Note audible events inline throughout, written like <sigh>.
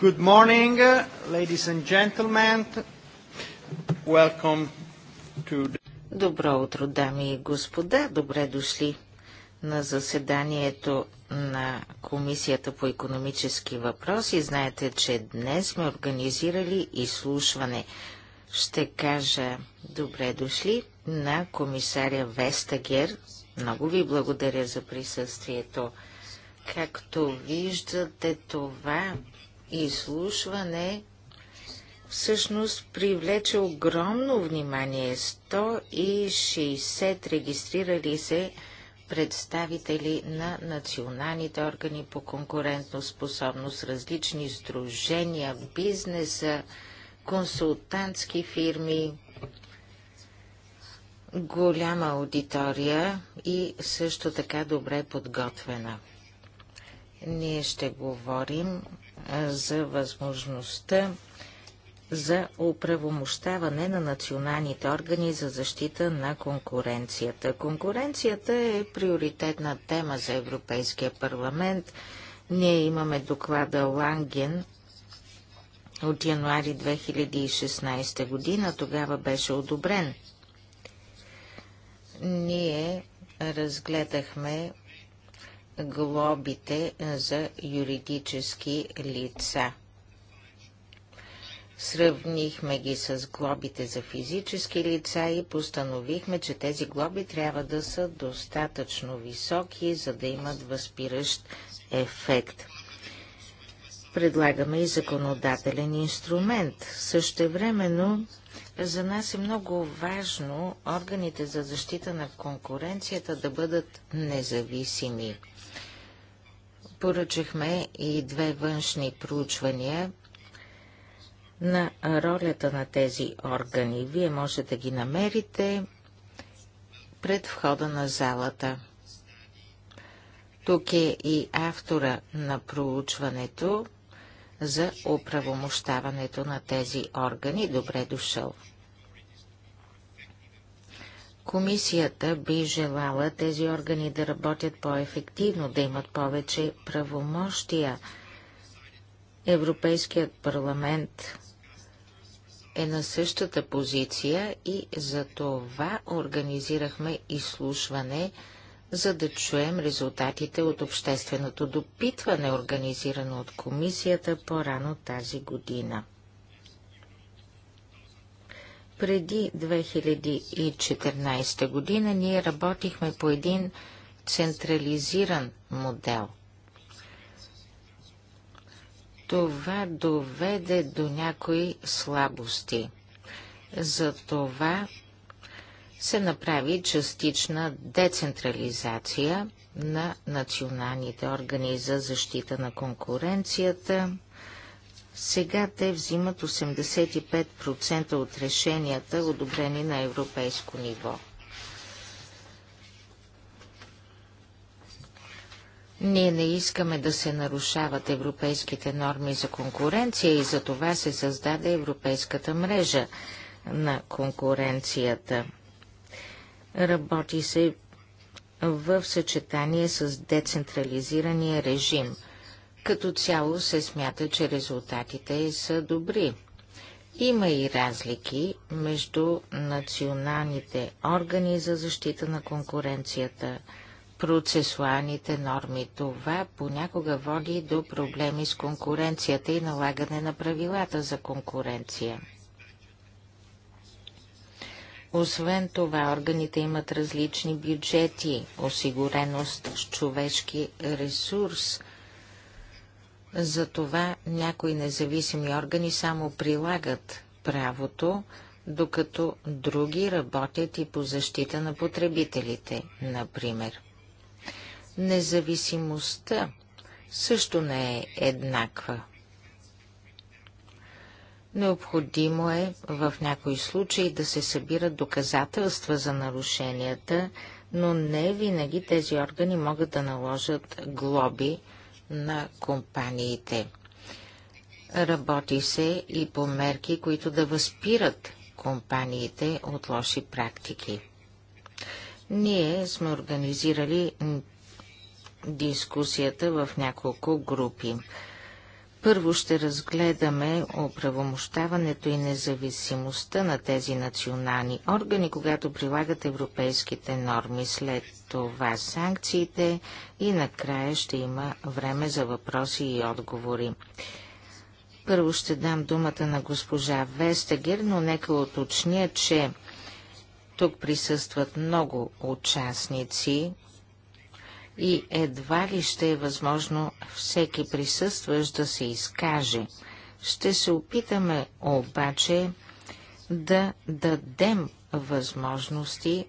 Good morning, ladies and gentlemen. Welcome to the... Добро утро, дами и господа. Добре дошли на заседанието на Комисията по економически въпроси. Знаете, че днес сме организирали изслушване. Ще кажа добре дошли на комисаря Вестагер. Много ви благодаря за присъствието. Както виждате, това изслушване всъщност привлече огромно внимание. 160 регистрирали се представители на националните органи по конкурентно способност, различни сдружения, бизнеса, консултантски фирми, голяма аудитория и също така добре подготвена. Ние ще говорим за възможността за управомощаване на националните органи за защита на конкуренцията. Конкуренцията е приоритетна тема за Европейския парламент. Ние имаме доклада Ланген от януари 2016 година. Тогава беше одобрен. Ние разгледахме глобите е, за юридически лица. Сравнихме ги с глобите за физически лица и постановихме, че тези глоби трябва да са достатъчно високи, за да имат възпиращ ефект. Предлагаме и законодателен инструмент. Същевременно за нас е много важно органите за защита на конкуренцията да бъдат независими поръчахме и две външни проучвания на ролята на тези органи. Вие може да ги намерите пред входа на залата. Тук е и автора на проучването за оправомощаването на тези органи. Добре дошъл! Комисията би желала тези органи да работят по-ефективно, да имат повече правомощия. Европейският парламент е на същата позиция и за това организирахме изслушване, за да чуем резултатите от общественото допитване, организирано от комисията по-рано тази година. Преди 2014 година ние работихме по един централизиран модел. Това доведе до някои слабости. Затова се направи частична децентрализация на националните органи за защита на конкуренцията сега те взимат 85% от решенията, одобрени на европейско ниво. Ние не искаме да се нарушават европейските норми за конкуренция и за това се създаде Европейската мрежа на конкуренцията. Работи се в съчетание с децентрализирания режим – като цяло се смята, че резултатите са добри. Има и разлики между националните органи за защита на конкуренцията, процесуалните норми. Това понякога води до проблеми с конкуренцията и налагане на правилата за конкуренция. Освен това, органите имат различни бюджети, осигуреност с човешки ресурс, затова някои независими органи само прилагат правото, докато други работят и по защита на потребителите, например. Независимостта също не е еднаква. Необходимо е в някои случаи да се събират доказателства за нарушенията, но не винаги тези органи могат да наложат глоби на компаниите. Работи се и по мерки, които да възпират компаниите от лоши практики. Ние сме организирали дискусията в няколко групи. Първо ще разгледаме оправомощаването и независимостта на тези национални органи, когато прилагат европейските норми. След това санкциите и накрая ще има време за въпроси и отговори. Първо ще дам думата на госпожа Вестагер, но нека уточня, че тук присъстват много участници и едва ли ще е възможно всеки присъстващ да се изкаже. Ще се опитаме обаче да дадем възможности,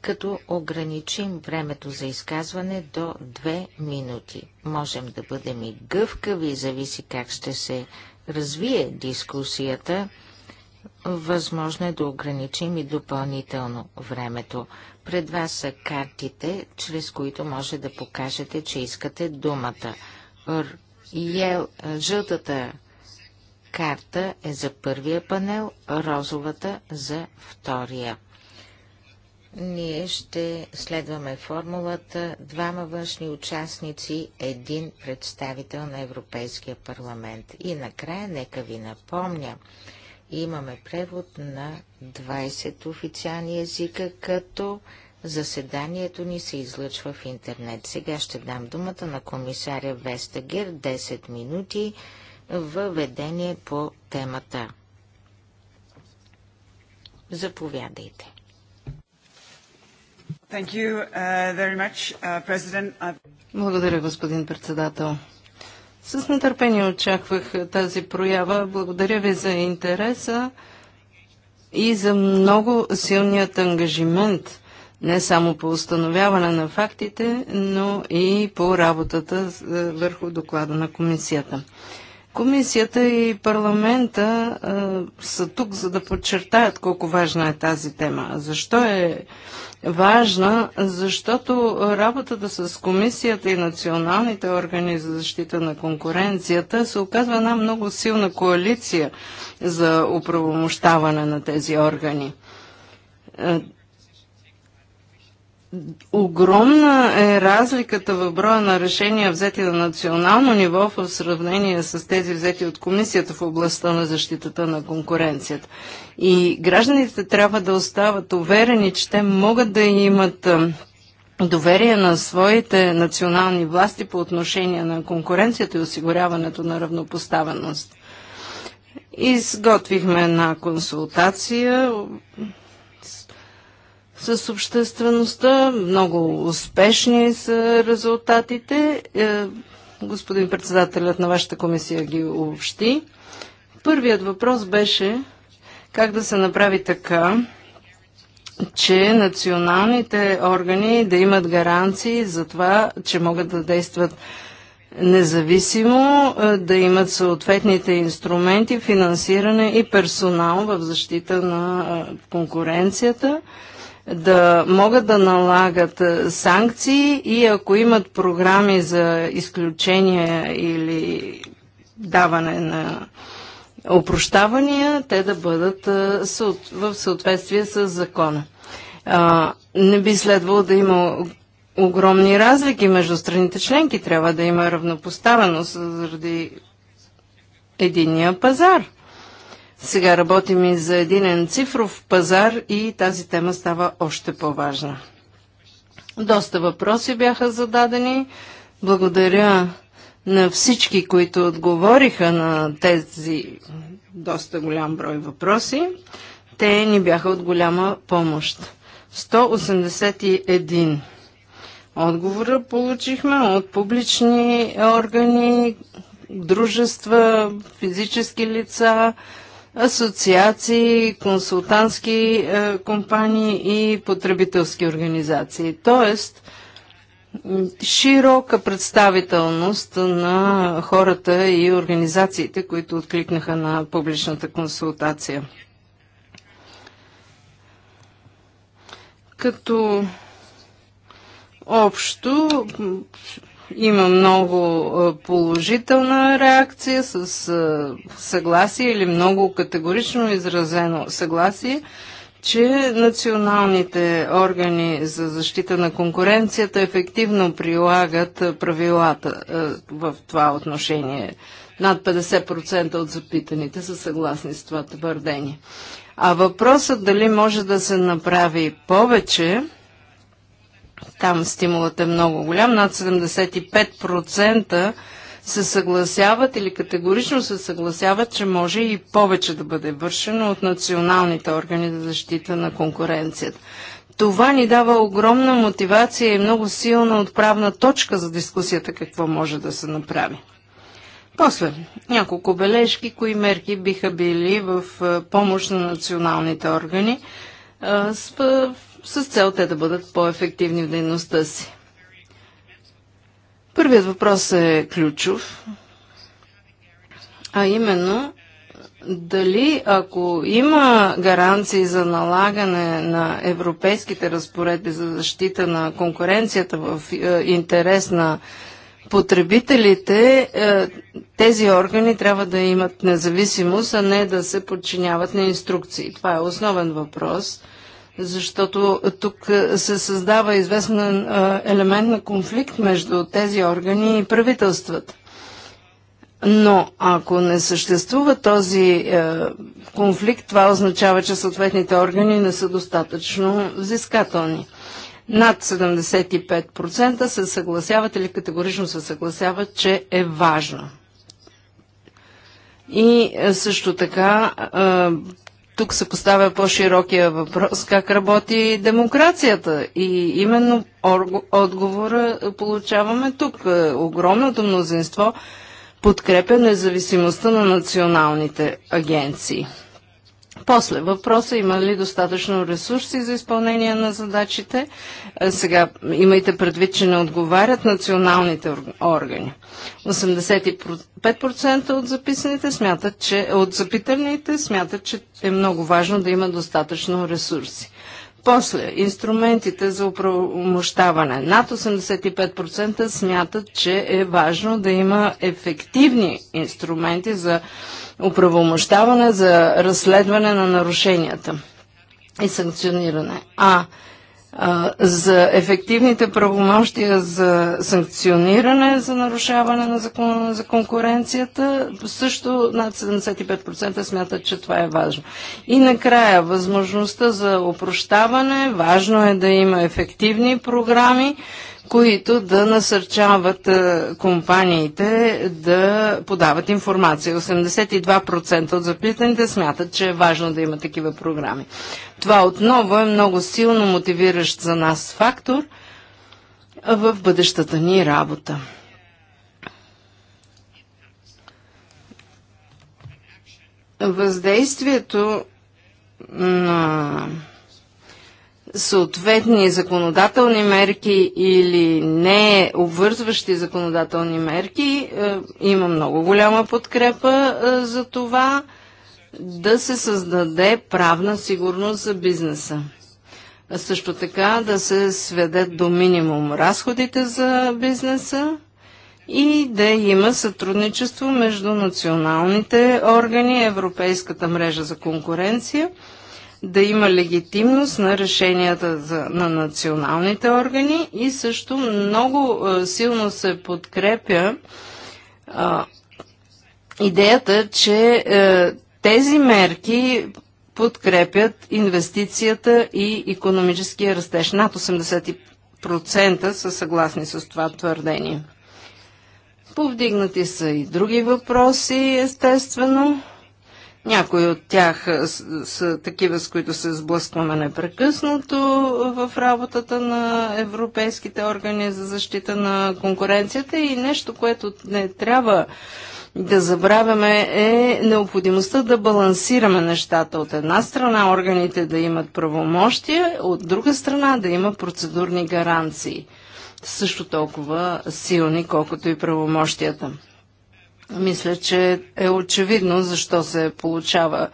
като ограничим времето за изказване до две минути. Можем да бъдем и гъвкави, зависи как ще се развие дискусията, Възможно е да ограничим и допълнително времето. Пред вас са картите, чрез които може да покажете, че искате думата. Р... Ел... Жълтата карта е за първия панел, розовата за втория. Ние ще следваме формулата двама външни участници, един представител на Европейския парламент. И накрая нека ви напомня, имаме превод на 20 официални езика, като заседанието ни се излъчва в интернет. Сега ще дам думата на комисаря Вестагер 10 минути въведение по темата. Заповядайте. Uh, uh, uh, Благодаря, господин председател. С нетърпение очаквах е, тази проява. Благодаря ви за интереса и за много силният ангажимент, не само по установяване на фактите, но и по работата е, върху доклада на комисията. Комисията и парламента а, са тук, за да подчертаят колко важна е тази тема. Защо е важна? Защото работата с комисията и националните органи за защита на конкуренцията се оказва една много силна коалиция за управомощаване на тези органи Огромна е разликата в броя на решения взети на национално ниво в сравнение с тези взети от комисията в областта на защитата на конкуренцията. И гражданите трябва да остават уверени, че те могат да имат доверие на своите национални власти по отношение на конкуренцията и осигуряването на равнопоставеност. Изготвихме една консултация с обществеността. Много успешни са резултатите. Е, господин председателят на вашата комисия ги общи. Първият въпрос беше как да се направи така, че националните органи да имат гаранции за това, че могат да действат независимо, е, да имат съответните инструменти, финансиране и персонал в защита на е, конкуренцията да могат да налагат санкции и ако имат програми за изключение или даване на опрощавания, те да бъдат в съответствие с закона. Не би следвало да има огромни разлики между страните членки. Трябва да има равнопоставеност заради единия пазар. Сега работим и за един цифров пазар и тази тема става още по-важна. Доста въпроси бяха зададени. Благодаря на всички, които отговориха на тези доста голям брой въпроси. Те ни бяха от голяма помощ. 181 отговора получихме от публични органи, дружества, физически лица, асоциации, консултантски е, компании и потребителски организации. Тоест, широка представителност на хората и организациите, които откликнаха на публичната консултация. Като общо има много положителна реакция с съгласие или много категорично изразено съгласие, че националните органи за защита на конкуренцията ефективно прилагат правилата в това отношение. Над 50% от запитаните са съгласни с това твърдение. А въпросът дали може да се направи повече там стимулът е много голям. Над 75% се съгласяват или категорично се съгласяват, че може и повече да бъде вършено от националните органи за защита на конкуренцията. Това ни дава огромна мотивация и много силна отправна точка за дискусията какво може да се направи. После, няколко бележки, кои мерки биха били в помощ на националните органи в с цел те да бъдат по-ефективни в дейността си. Първият въпрос е ключов, а именно дали ако има гаранции за налагане на европейските разпоредби за защита на конкуренцията в е, интерес на потребителите, е, тези органи трябва да имат независимост, а не да се подчиняват на инструкции. Това е основен въпрос – защото тук се създава известен елемент на конфликт между тези органи и правителствата. Но ако не съществува този е, конфликт, това означава, че съответните органи не са достатъчно взискателни. Над 75% се съгласяват или категорично се съгласяват, че е важно. И също така тук се поставя по-широкия въпрос как работи демокрацията. И именно отговора е, получаваме тук. Е, огромното мнозинство подкрепя независимостта на националните агенции. После въпроса има ли достатъчно ресурси за изпълнение на задачите. Е, сега имайте предвид, че не отговарят националните органи. 85% от записаните смятат, че от запитаните смятат, че е много важно да има достатъчно ресурси. После, инструментите за управомощаване. Над 85% смятат, че е важно да има ефективни инструменти за управомощаване, за разследване на нарушенията и санкциониране. А за ефективните правомощия за санкциониране за нарушаване на закона за конкуренцията, също над 75% смятат, че това е важно. И накрая, възможността за опрощаване, важно е да има ефективни програми, които да насърчават е, компаниите да подават информация. 82% от запитаните смятат, че е важно да има такива програми. Това отново е много силно мотивиращ за нас фактор в бъдещата ни работа. Въздействието на съответни законодателни мерки или не обвързващи законодателни мерки, е, има много голяма подкрепа е, за това да се създаде правна сигурност за бизнеса. Също така да се сведат до минимум разходите за бизнеса и да има сътрудничество между националните органи, Европейската мрежа за конкуренция – да има легитимност на решенията за, на националните органи и също много а, е, силно се подкрепя а, е, идеята, че а, е, тези мерки подкрепят инвестицията и економическия растеж. Над 80% са съгласни с това твърдение. Повдигнати са и други въпроси, естествено. Някои от тях е, са такива, с които се сблъскваме непрекъснато в работата на европейските органи за защита на конкуренцията и нещо, което не трябва да забравяме е необходимостта да балансираме нещата. От една страна органите да имат правомощия, от друга страна да има процедурни гаранции. Също толкова силни, колкото и правомощията. Мисля, че е очевидно защо се получава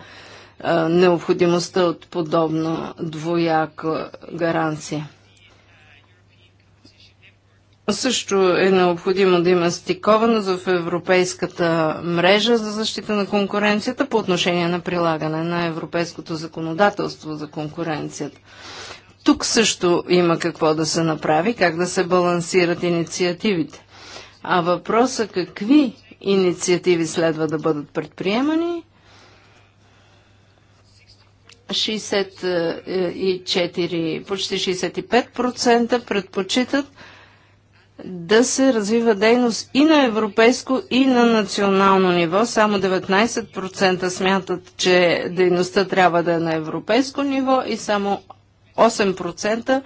а, необходимостта от подобно двояка гаранция. Също е необходимо да има стикованост в европейската мрежа за защита на конкуренцията по отношение на прилагане на европейското законодателство за конкуренцията. Тук също има какво да се направи, как да се балансират инициативите. А въпросът е какви инициативи следва да бъдат предприемани. 64, почти 65% предпочитат да се развива дейност и на европейско, и на национално ниво. Само 19% смятат, че дейността трябва да е на европейско ниво и само 8%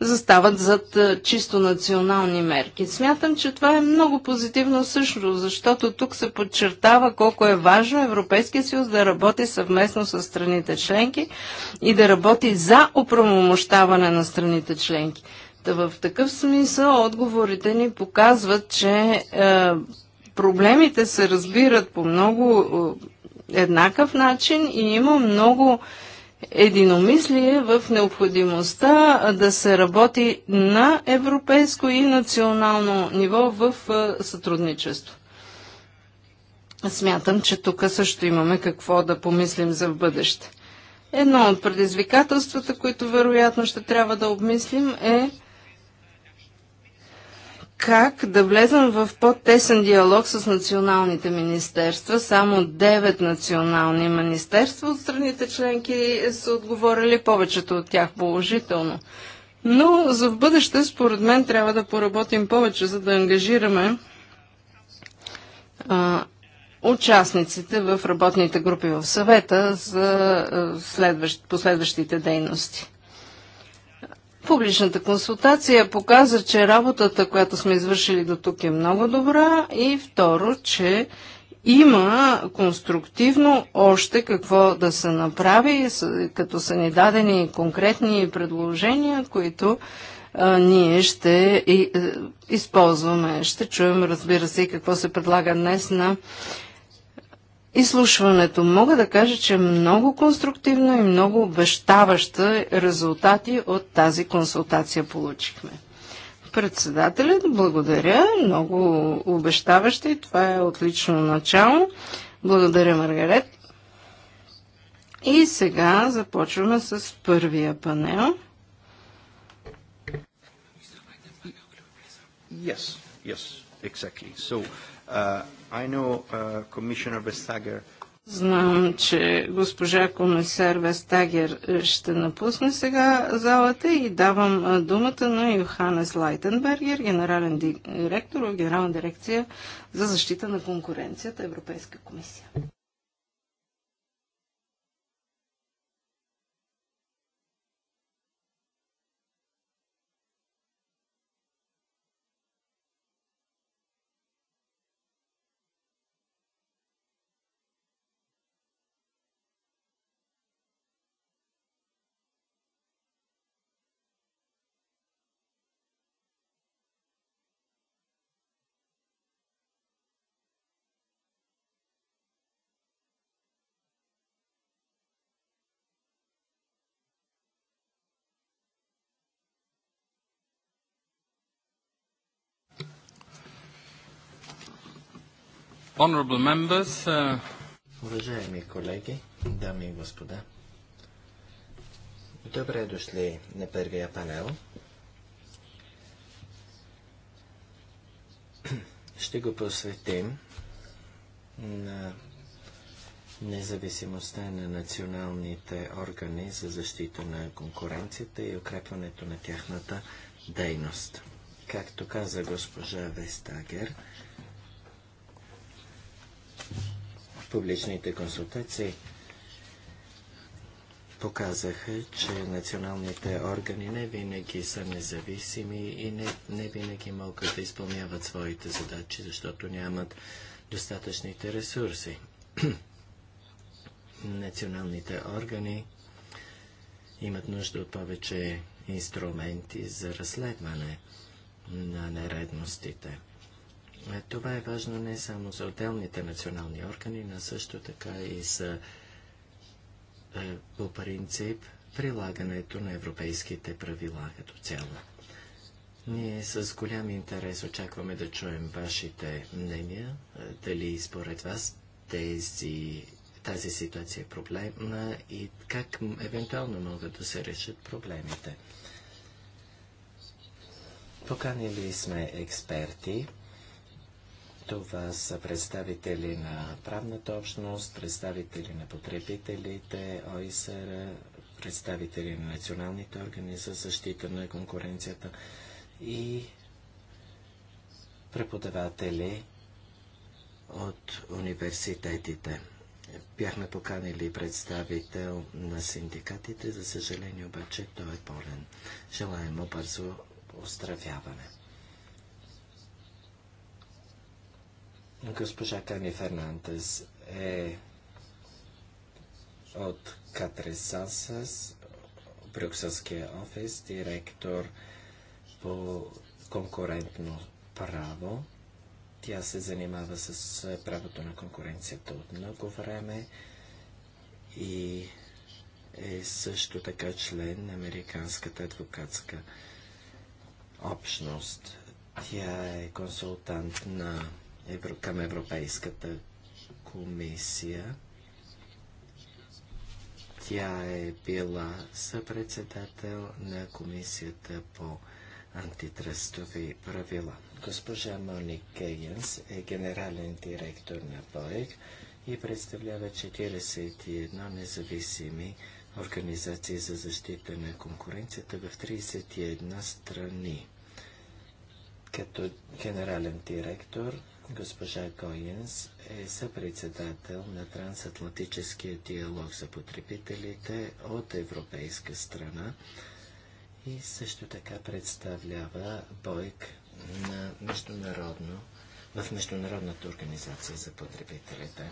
застават зад е, чисто национални мерки. Смятам, че това е много позитивно също, защото тук се подчертава колко е важно Европейския съюз да работи съвместно с страните членки и да работи за оправомощаване на страните членки. Та в такъв смисъл отговорите ни показват, че е, проблемите се разбират по много е, еднакъв начин и има много е, единомислие в необходимостта да се работи на европейско и национално ниво в сътрудничество. Смятам, че тук също имаме какво да помислим за в бъдеще. Едно от предизвикателствата, които вероятно ще трябва да обмислим е как да влезем в по-тесен диалог с националните министерства. Само 9 национални министерства от страните членки са отговорили повечето от тях положително. Но за в бъдеще, според мен, трябва да поработим повече, за да ангажираме а, участниците в работните групи в съвета за а, последващите дейности. Публичната консултация показа, че работата, която сме извършили до тук е много добра и второ, че има конструктивно още какво да се направи, като са ни дадени конкретни предложения, които а, ние ще и, е, използваме. Ще чуем, разбира се, какво се предлага днес на изслушването. Мога да кажа, че е много конструктивно и много обещаваща резултати от тази консултация получихме. Председателят, благодаря, много обещаваща и това е отлично начало. Благодаря, Маргарет. И сега започваме с първия панел. Yes, yes, exactly. So, uh... Uh, Знам, че госпожа комисар Вестагер е, ще напусне сега залата и давам е, думата на Йоханес Лайтенбергер, генерален директор в Генерална дирекция за защита на конкуренцията Европейска комисия. Uh... Уважаеми колеги, дами и господа, добре дошли на първия панел. Ще го посветим на независимостта на националните органи за защита на конкуренцията и укрепването на тяхната дейност. Както каза госпожа Вестагер, Публичните консултации показаха, че националните органи не винаги са независими и не, не винаги могат да изпълняват своите задачи, защото нямат достатъчните ресурси. <clears throat> националните органи имат нужда от повече инструменти за разследване на нередностите. Е, това е важно не само за отделните национални органи, но също така и за е, по принцип прилагането на европейските правила като цяло. Ние с голям интерес очакваме да чуем вашите мнения, е, дали според вас тези, тази ситуация е проблемна и как евентуално могат да се решат проблемите. Поканили сме експерти, това са представители на правната общност, представители на потребителите, ОИСР, представители на националните органи за защита на конкуренцията и преподаватели от университетите. Бяхме поканили представител на синдикатите, за съжаление обаче той е болен. Желаем му бързо оздравяване. Госпожа Кани Фернандес е от Катресансас, Брюкселския офис, директор по конкурентно право. Тя се занимава с правото на конкуренцията от много време и е също така член на Американската адвокатска общност. Тя е консултант на евро, към Европейската комисия. Тя е била съпредседател на комисията по антитръстови правила. Госпожа Мони Кейнс е генерален директор на БОЕК и представлява 41 независими организации за защита на конкуренцията в 31 страни. Като генерален директор Госпожа Коинс е съпредседател на Трансатлантическия диалог за потребителите от европейска страна и също така представлява БОЙК на международно, в Международната организация за потребителите.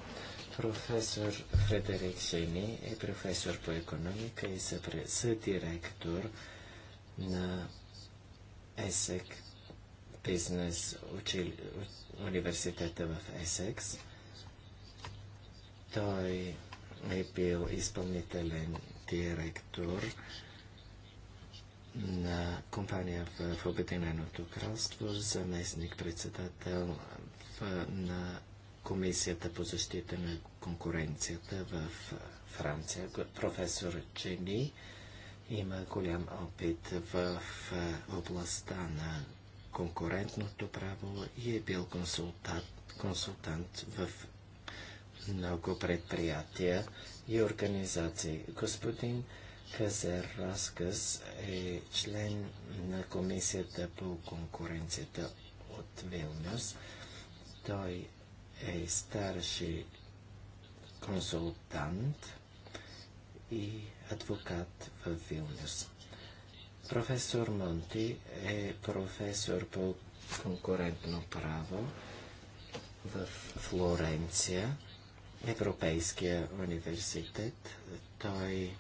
Професор Фредерик Шени е професор по економика и съдиректор на ЕСЕК бизнес учили, университета в Есекс. Той е бил изпълнителен директор на компания в, Обединеното кралство, заместник-председател на Комисията по защита на конкуренцията в Франция. Професор Чени има голям опит в областта на конкурентното право и е бил консултант, консултант в много предприятия и организации. Господин Казер Раскъс е член на Комисията по конкуренцията от Вилнюс. Той е старши консултант и адвокат в Вилнюс. Професор Монти е професор по конкурентно право в Флоренция, Европейския университет. Той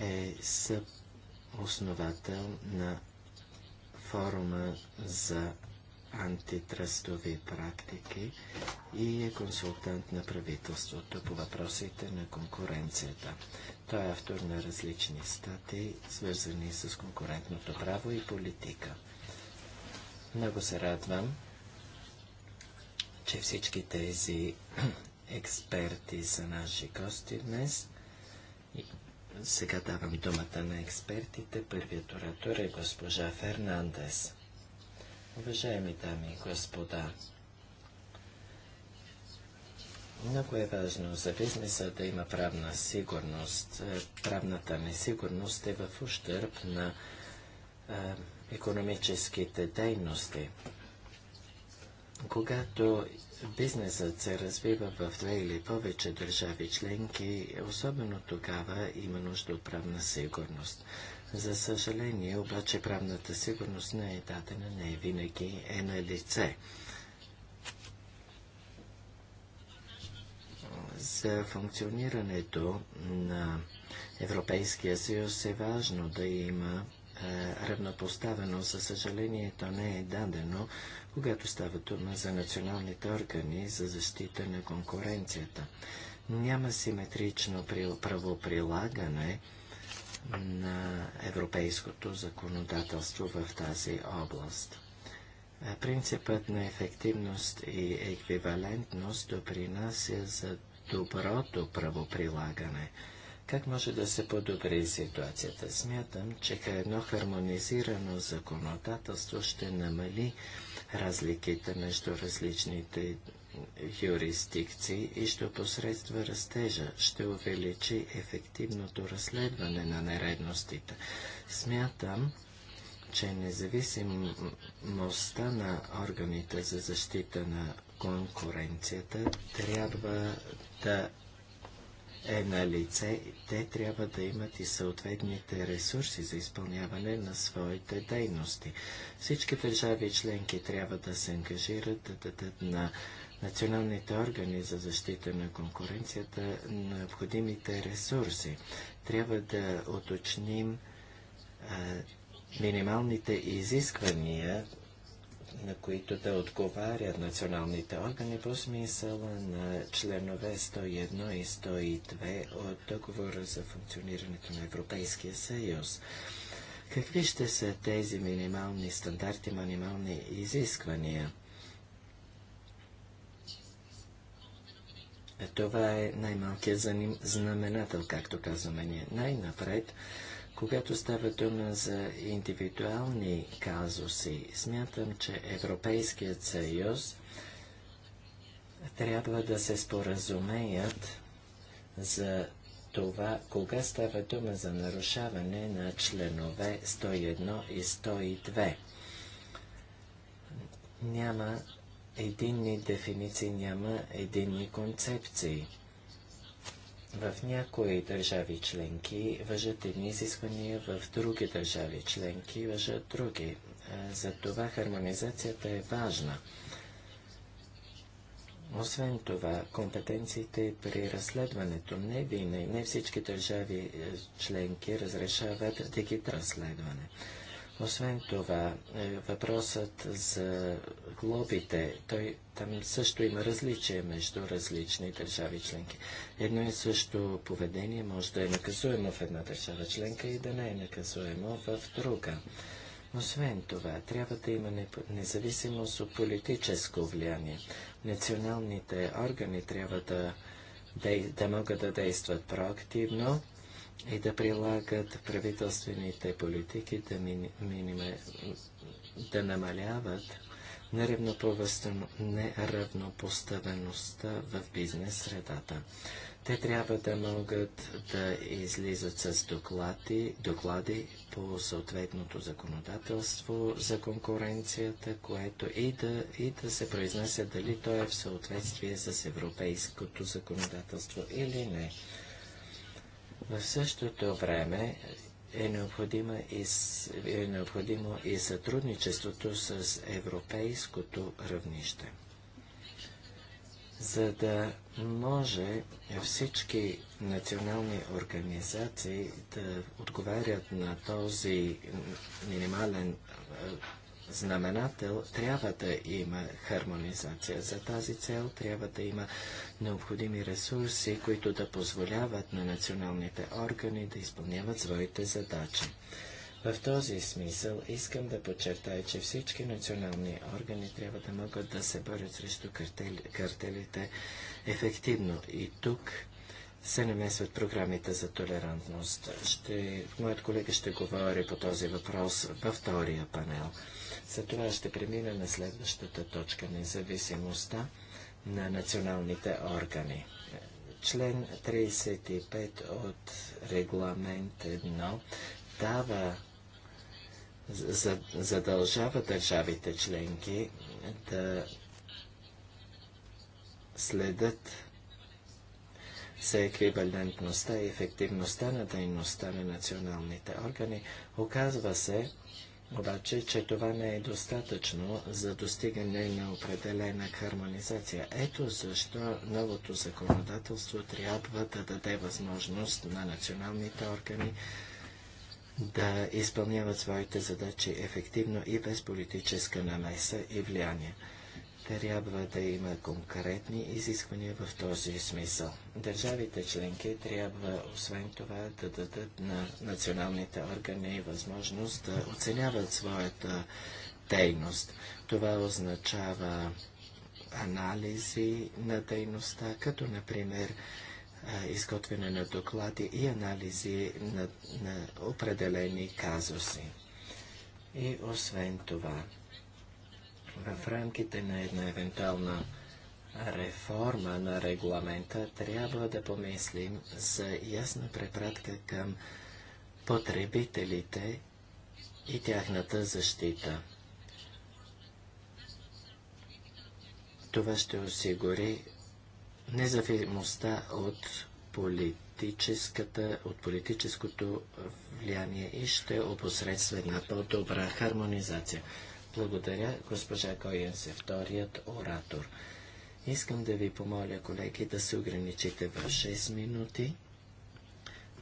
е съосновател на форума за антитръстови практики и е консултант на правителството по въпросите на конкуренцията. Той е автор на различни статии, свързани с конкурентното право и политика. Много се радвам, че всички тези <clears throat> експерти са наши гости днес. Сега давам думата на експертите. Първият оратор е госпожа Фернандес. Уважаеми дами и господа, много е важно за бизнеса да има правна сигурност. Е, правната несигурност е в ущърп на а, е, економическите дейности. Когато бизнесът се развива в две или повече държави членки, особено тогава има нужда от правна сигурност. За съжаление, обаче правната сигурност не е дадена, не е винаги е на лице. За функционирането на Европейския съюз е важно да има е, равнопоставено. За съжаление, то не е дадено, когато става дума за националните органи за защита на конкуренцията. Няма симетрично правоприлагане прилагане на европейското законодателство в тази област. Принципът на ефективност и еквивалентност допринася за доброто правоприлагане. Как може да се подобри ситуацията? Смятам, че едно хармонизирано законодателство ще намали разликите между различните юрисдикции и ще посредства растежа, ще увеличи ефективното разследване на нередностите. Смятам, че независимостта на органите за защита на конкуренцията трябва да е на лице, те трябва да имат и съответните ресурси за изпълняване на своите дейности. Всички държави и членки трябва да се ангажират да дадат на националните органи за защита на конкуренцията необходимите ресурси. Трябва да уточним минималните изисквания, на които да отговарят националните органи по смисъла на членове 101 и 102 от договора за функционирането на Европейския съюз. Какви ще са тези минимални стандарти, минимални изисквания? Е, това е най-малкият знаменател, както казваме ние. Най-напред, когато става дума за индивидуални казуси, смятам, че Европейският съюз трябва да се споразумеят за това, кога става дума за нарушаване на членове 101 и 102. Няма единни дефиниции, няма единни концепции. В някои държави членки въжат едни изисквания, в други държави членки въжат други. Затова хармонизацията е важна. Освен това, компетенциите при разследването не винаги, не всички държави е, членки разрешават дигитално разследване. Освен това, е, въпросът за глобите, той, там също има различие между различни държави членки. Едно и също поведение може да е наказуемо в една държава членка и да не е наказуемо в друга. Освен това, трябва да има независимост от политическо влияние. Националните органи трябва да, да, да могат да действат проактивно и да прилагат правителствените политики да, мини, миниме, да намаляват неравнопоставеността в бизнес средата. Те трябва да могат да излизат с доклади, доклади по съответното законодателство за конкуренцията, което и да, и да се произнася дали то е в съответствие с европейското законодателство или не. В същото време е необходимо и, е необходимо и сътрудничеството с европейското равнище. За да може всички национални организации да отговарят на този минимален знаменател, трябва да има хармонизация. За тази цел трябва да има необходими ресурси, които да позволяват на националните органи да изпълняват своите задачи. В този смисъл искам да подчертая, че всички национални органи трябва да могат да се борят срещу картели, картелите ефективно. И тук се намесват програмите за толерантност. Ще, моят колега ще говори по този въпрос във втория панел. За това ще премина на следващата точка независимостта на националните органи. Член 35 от регламент 1 дава задължава държавите членки да следят за еквивалентността и ефективността на дейността на националните органи. Оказва се, обаче, че това не е достатъчно за достигане на определена хармонизация. Ето защо новото законодателство трябва да даде възможност на националните органи да изпълняват своите задачи ефективно и без политическа намеса и влияние трябва да има конкретни изисквания в този смисъл. Държавите членки трябва, освен това, да дадат на националните органи възможност да оценяват своята дейност. Това означава анализи на дейността, като, например, изготвяне на доклади и анализи на, на определени казуси. И освен това, в рамките на една евентуална реформа на регламента трябва да помислим за ясна препратка към потребителите и тяхната защита. Това ще осигури независимостта от политическата, от политическото влияние и ще опосредства една по-добра хармонизация. Благодаря, госпожа Коян се вторият оратор. Искам да ви помоля, колеги, да се ограничите в 6 минути,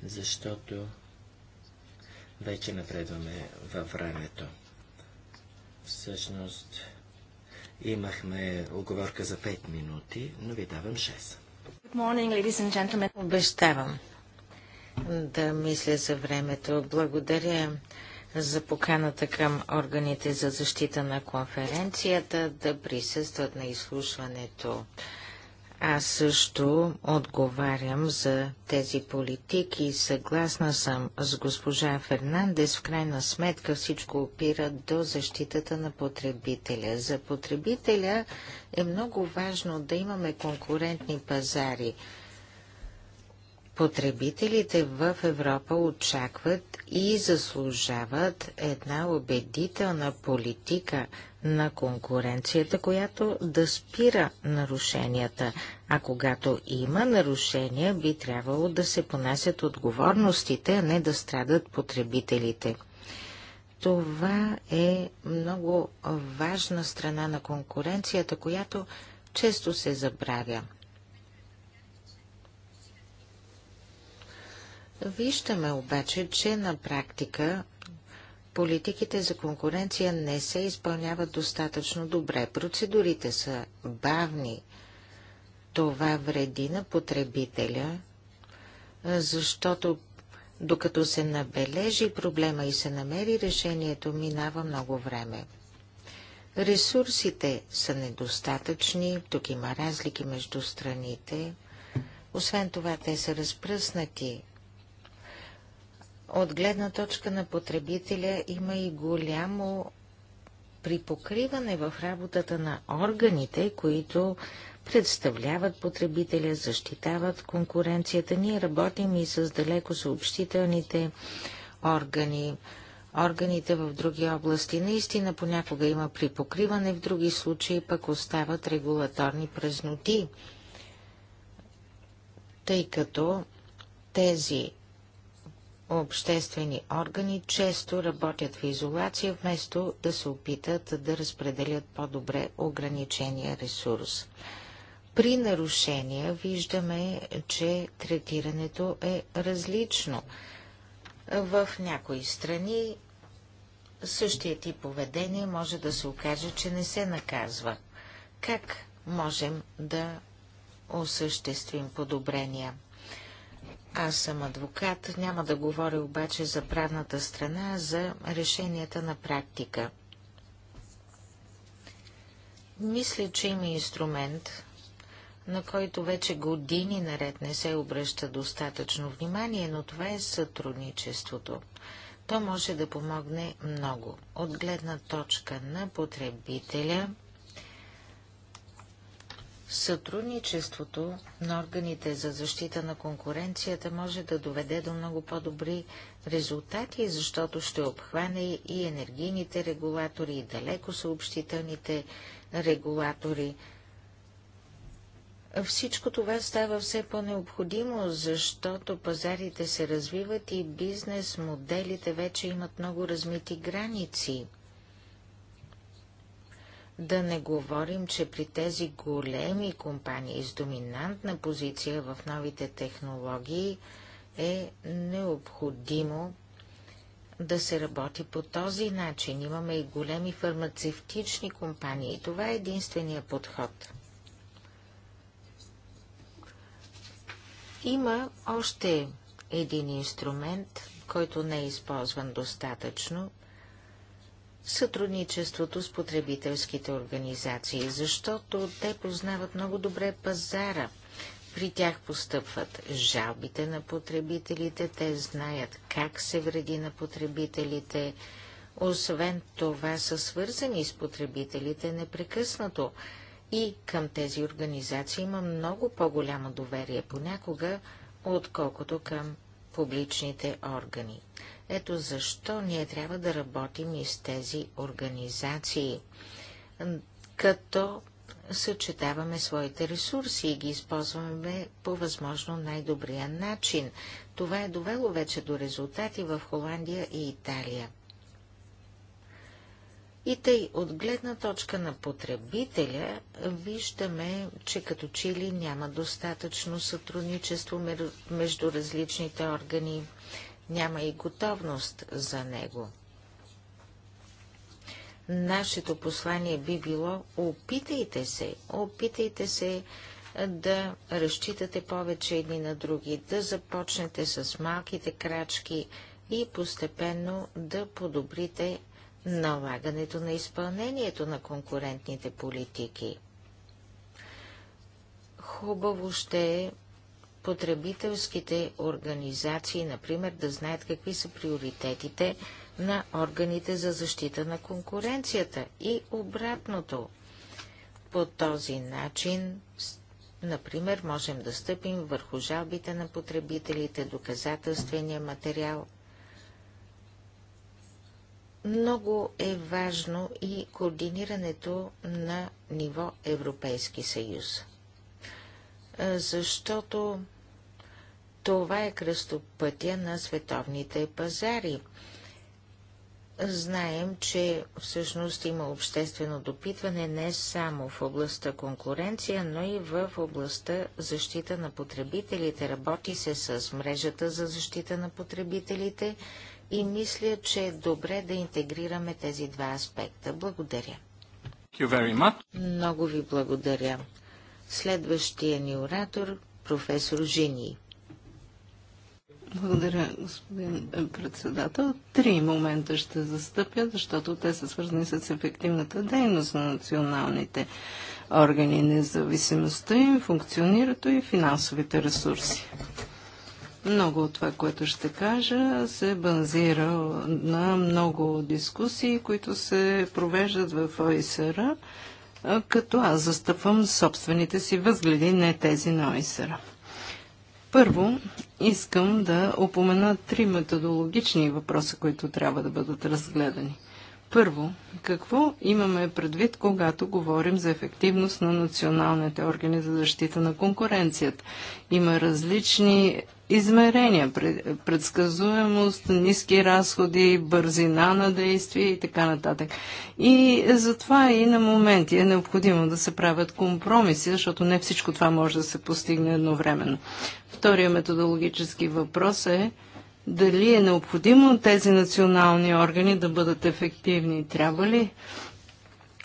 защото вече напредваме във времето. Всъщност, имахме оговорка за 5 минути, но ви давам 6. Morning, Обещавам да мисля за времето. Благодаря за поканата към органите за защита на конференцията да присъстват на изслушването. Аз също отговарям за тези политики и съгласна съм с госпожа Фернандес. В крайна сметка всичко опира до защитата на потребителя. За потребителя е много важно да имаме конкурентни пазари – Потребителите в Европа очакват и заслужават една убедителна политика на конкуренцията, която да спира нарушенията. А когато има нарушения, би трябвало да се понасят отговорностите, а не да страдат потребителите. Това е много важна страна на конкуренцията, която често се забравя. Виждаме обаче, че на практика политиките за конкуренция не се изпълняват достатъчно добре. Процедурите са бавни. Това вреди на потребителя, защото докато се набележи проблема и се намери решението, минава много време. Ресурсите са недостатъчни, тук има разлики между страните. Освен това, те са разпръснати. От гледна точка на потребителя има и голямо припокриване в работата на органите, които представляват потребителя, защитават конкуренцията. Ние работим и с далеко съобщителните органи, органите в други области. Наистина понякога има припокриване, в други случаи пък остават регулаторни празноти, тъй като тези обществени органи често работят в изолация, вместо да се опитат да разпределят по-добре ограничения ресурс. При нарушения виждаме, че третирането е различно. В някои страни същия тип поведение може да се окаже, че не се наказва. Как можем да осъществим подобрения? Аз съм адвокат, няма да говоря обаче за правната страна, за решенията на практика. Мисля, че има инструмент, на който вече години наред не се обръща достатъчно внимание, но това е сътрудничеството. То може да помогне много. От гледна точка на потребителя, Сътрудничеството на органите за защита на конкуренцията може да доведе до много по-добри резултати, защото ще обхване и енергийните регулатори, и далеко съобщителните регулатори. Всичко това става все по-необходимо, защото пазарите се развиват и бизнес моделите вече имат много размити граници – да не говорим, че при тези големи компании с доминантна позиция в новите технологии е необходимо да се работи по този начин. Имаме и големи фармацевтични компании. Това е единствения подход. Има още един инструмент, който не е използван достатъчно сътрудничеството с потребителските организации, защото те познават много добре пазара. При тях постъпват жалбите на потребителите, те знаят как се вреди на потребителите. Освен това са свързани с потребителите непрекъснато и към тези организации има много по-голямо доверие понякога, отколкото към публичните органи. Ето защо ние трябва да работим и с тези организации, като съчетаваме своите ресурси и ги използваме по възможно най-добрия начин. Това е довело вече до резултати в Холандия и Италия. И тъй, от гледна точка на потребителя, виждаме, че като чили няма достатъчно сътрудничество между различните органи няма и готовност за него. Нашето послание би било опитайте се, опитайте се да разчитате повече едни на други, да започнете с малките крачки и постепенно да подобрите налагането на изпълнението на конкурентните политики. Хубаво ще е потребителските организации, например, да знаят какви са приоритетите на органите за защита на конкуренцията и обратното. По този начин, например, можем да стъпим върху жалбите на потребителите, доказателствения материал. Много е важно и координирането на ниво Европейски съюз защото това е кръстопътя на световните пазари. Знаем, че всъщност има обществено допитване не само в областта конкуренция, но и в областта защита на потребителите. Работи се с мрежата за защита на потребителите и мисля, че е добре да интегрираме тези два аспекта. Благодаря. Много ви благодаря. Следващия ни оратор – професор Жени. Благодаря, господин е, председател. Три момента ще застъпя, защото те са свързани с ефективната дейност на националните органи, независимостта им, функционирането и финансовите ресурси. Много от това, което ще кажа, се базира на много дискусии, които се провеждат в ОИСР като аз застъпвам собствените си възгледи, не тези на ОИСЕРА. Първо, искам да опомена три методологични въпроса, които трябва да бъдат разгледани – първо, какво имаме предвид, когато говорим за ефективност на националните органи за защита на конкуренцията? Има различни измерения, предсказуемост, ниски разходи, бързина на действие и така нататък. И затова и на моменти е необходимо да се правят компромиси, защото не всичко това може да се постигне едновременно. Втория методологически въпрос е дали е необходимо тези национални органи да бъдат ефективни? Трябва ли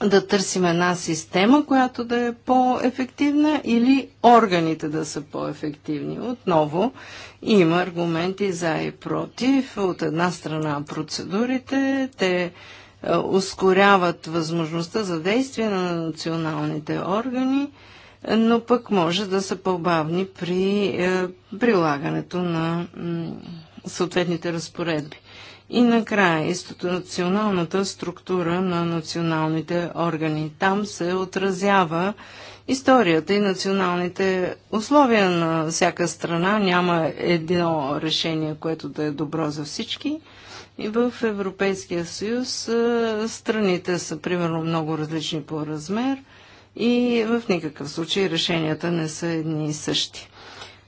да търсим една система, която да е по-ефективна или органите да са по-ефективни. Отново има аргументи за и против. От една страна процедурите, те е, ускоряват възможността за действие на националните органи, но пък може да са по-бавни при е, прилагането на съответните разпоредби. И накрая, институционалната структура на националните органи. Там се отразява историята и националните условия на всяка страна. Няма едно решение, което да е добро за всички. И в Европейския съюз страните са примерно много различни по размер и в никакъв случай решенията не са едни и същи.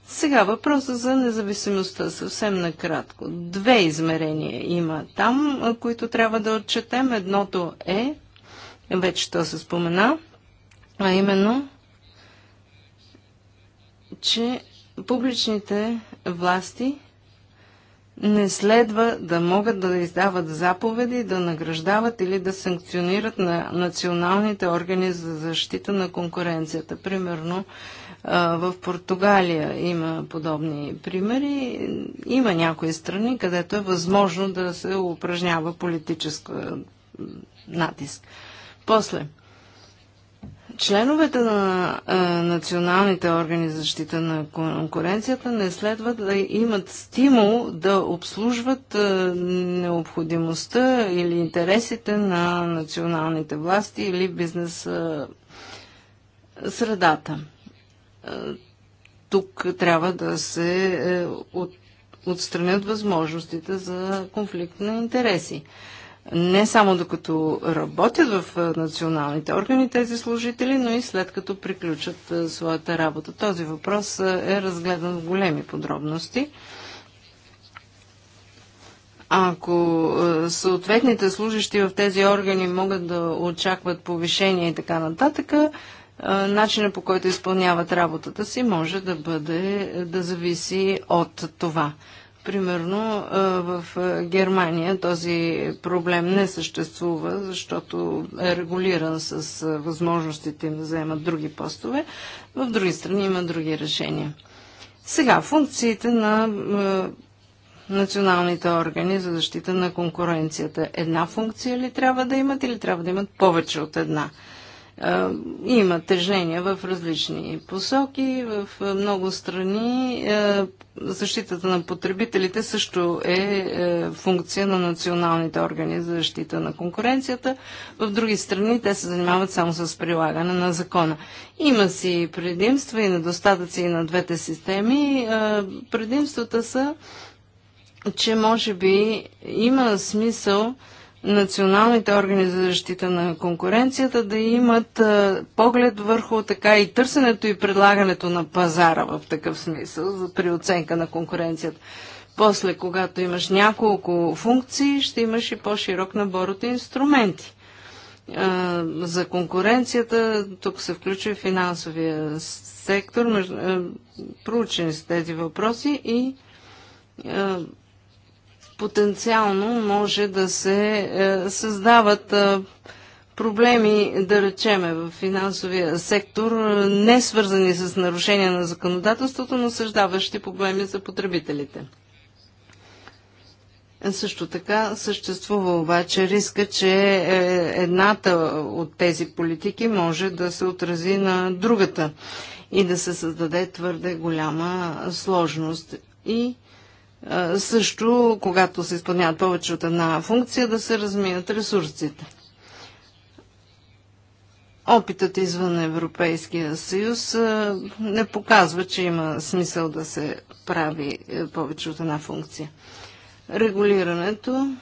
Сега въпроса за независимостта съвсем накратко. Две измерения има там, които трябва да отчетем. Едното е, вече то се спомена, а именно, че публичните власти не следва да могат да издават заповеди, да награждават или да санкционират на националните органи за защита на конкуренцията. Примерно, в Португалия има подобни примери. Има някои страни, където е възможно да се упражнява политическа натиск. После, членовете на а, националните органи за защита на конкуренцията не следва да имат стимул да обслужват а, необходимостта или интересите на националните власти или бизнес а, средата тук трябва да се е, от, отстранят възможностите за конфликт на интереси. Не само докато работят в е, националните органи тези служители, но и след като приключат е, своята работа. Този въпрос е разгледан в големи подробности. Ако съответните служащи в тези органи могат да очакват повишение и така нататък, начина по който изпълняват работата си може да бъде, да зависи от това. Примерно в Германия този проблем не съществува, защото е регулиран с възможностите им да вземат други постове. В други страни има други решения. Сега, функциите на националните органи за защита на конкуренцията. Една функция ли трябва да имат или трябва да имат повече от една? има тежения в различни посоки. В много страни защитата на потребителите също е, е функция на националните органи за защита на конкуренцията. В други страни те се занимават само с прилагане на закона. Има си предимства и недостатъци на двете системи. Предимствата са, че може би има смисъл националните органи за защита на конкуренцията да имат поглед върху така и търсенето и предлагането на пазара в такъв смисъл при оценка на конкуренцията. После, когато имаш няколко функции, ще имаш и по-широк набор от инструменти. За конкуренцията тук се включва и финансовия сектор. Проучени са тези въпроси и потенциално може да се е, създават е, проблеми, да речеме, в финансовия сектор, е, не свързани с нарушения на законодателството, но съждаващи проблеми за потребителите. Също така съществува обаче риска, че едната от тези политики може да се отрази на другата и да се създаде твърде голяма сложност. И също, когато се изпълняват повече от една функция, да се разминат ресурсите. Опитът извън Европейския съюз не показва, че има смисъл да се прави е, повече от една функция. Регулирането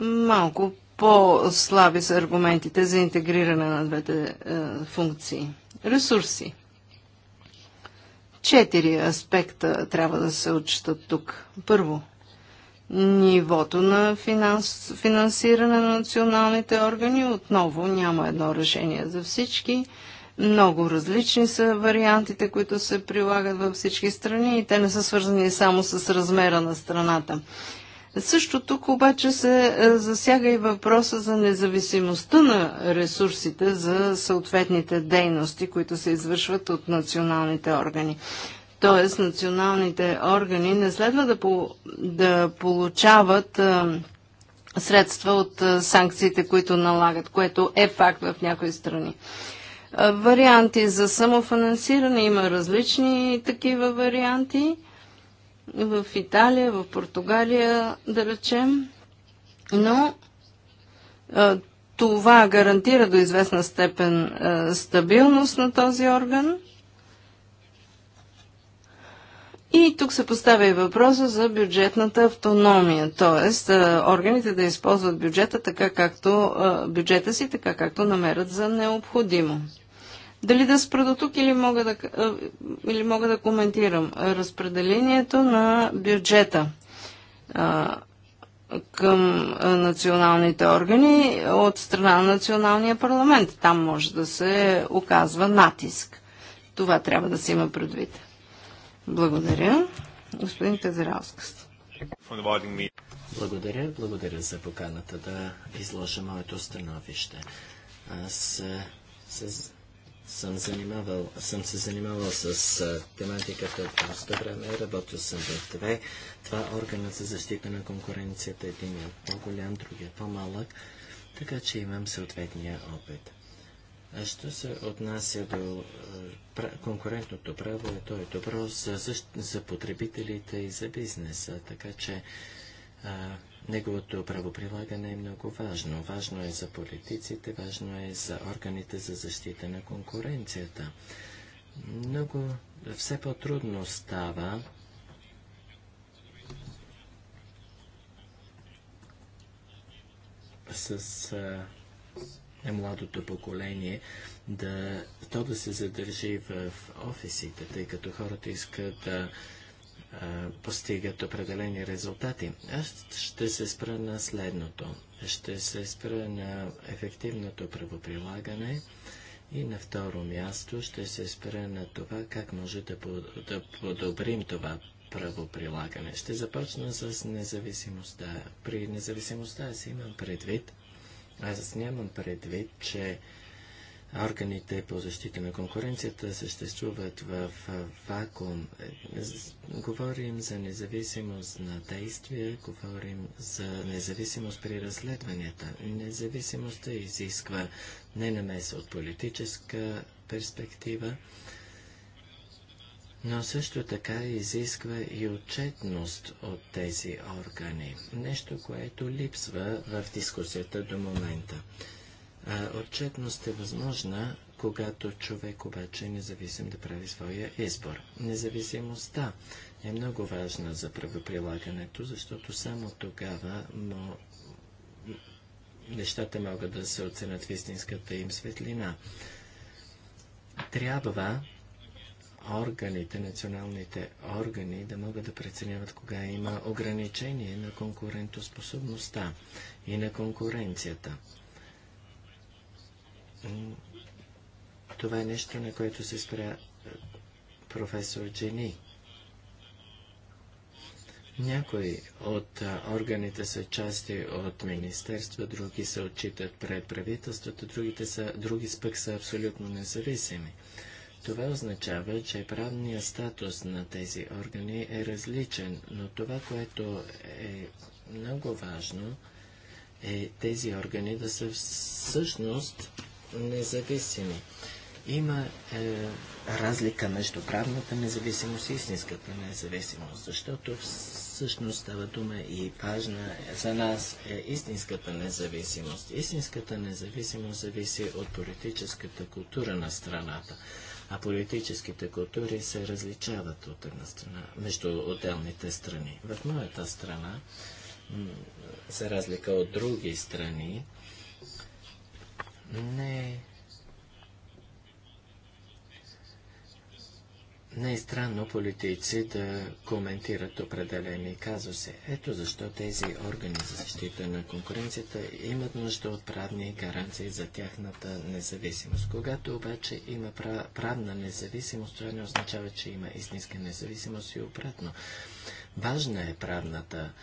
малко по-слаби са аргументите за интегриране на двете е, функции. Ресурси. Четири аспекта трябва да се отчитат тук. Първо, нивото на финанс, финансиране на националните органи. Отново няма едно решение за всички. Много различни са вариантите, които се прилагат във всички страни и те не са свързани само с размера на страната. Също тук обаче се е, засяга и въпроса за независимостта на ресурсите за съответните дейности, които се извършват от националните органи. Тоест, националните органи не следва да, по, да получават а, е, средства от а, е, санкциите, които налагат, което е факт в някои страни. А, варианти за самофинансиране има различни такива варианти в Италия, в Португалия, да речем, но това гарантира до известна степен стабилност на този орган. И тук се поставя и въпроса за бюджетната автономия, т.е. органите да използват бюджета така както бюджета си, така както намерят за необходимо. Дали да спра до тук или мога да, или мога да коментирам разпределението на бюджета а, към националните органи от страна на националния парламент. Там може да се оказва натиск. Това трябва да се има предвид. Благодаря. Господин Тазараускас. Благодаря, благодаря за поканата да изложа моето становище. Аз с съм, занимавал, съм се занимавал с а, тематиката доста време, работил съм в две. Това органа за защита на конкуренцията, един е по-голям, другия е по-малък, така че имам съответния опит. А що се отнася до а, конкурентното право, е то е добро за, за, за потребителите и за бизнеса, така че а, Неговото правоприлагане е много важно. Важно е за политиците, важно е за органите за защита на конкуренцията. Много все по-трудно става с а, младото поколение да, то да се задържи в, в офисите, тъй като хората искат да постигат определени резултати. Аз ще се спра на следното. Ще се спра на ефективното правоприлагане и на второ място ще се спра на това как може да, да подобрим това правоприлагане. Ще започна с независимостта. При независимостта аз имам предвид, аз нямам предвид, че органите по защита на конкуренцията съществуват в вакуум. Говорим за независимост на действия, говорим за независимост при разследванията. Независимостта изисква не намеса от политическа перспектива, но също така изисква и отчетност от тези органи. Нещо, което липсва в дискусията до момента. Отчетност е възможна, когато човек обаче е независим да прави своя избор. Независимостта е много важна за правоприлагането, защото само тогава но нещата могат да се оценят в истинската им светлина. Трябва органите, националните органи да могат да преценяват кога има ограничение на конкурентоспособността и на конкуренцията това е нещо, на което се спря е, професор Джени. Някои от е, органите са части от министерства, други се отчитат пред правителството, другите са, други пък са абсолютно независими. Това означава, че правният статус на тези органи е различен, но това, което е много важно, е тези органи да са всъщност независими. Има е, разлика между правната независимост и истинската независимост, защото всъщност става дума и важна за нас е истинската независимост. Истинската независимост зависи от политическата култура на страната, а политическите култури се различават от една страна, между отделните страни. В моята страна, за разлика от други страни, не не е странно политици да коментират определени казуси. Ето защо тези органи за защита на конкуренцията имат нужда от правни гаранции за тяхната независимост. Когато обаче има правна независимост, това не означава, че има истинска независимост и обратно. Важна е правната независимост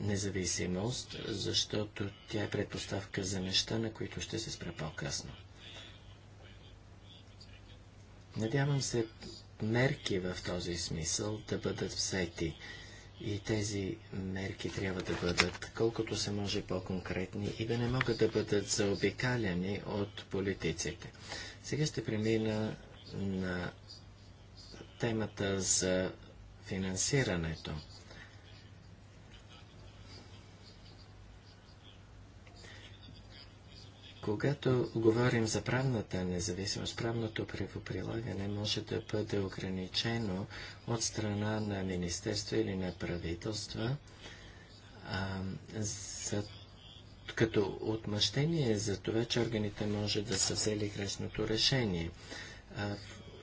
независимост, защото тя е предпоставка за неща, на които ще се спра по-късно. Надявам се мерки в този смисъл да бъдат взети. И тези мерки трябва да бъдат колкото се може по-конкретни и да не могат да бъдат заобикаляни от политиците. Сега ще премина на темата за финансирането. Когато говорим за правната независимост, правното правоприлагане може да бъде ограничено от страна на министерство или на правителства, а, за, като отмъщение за това, че органите може да са взели грешното решение. А,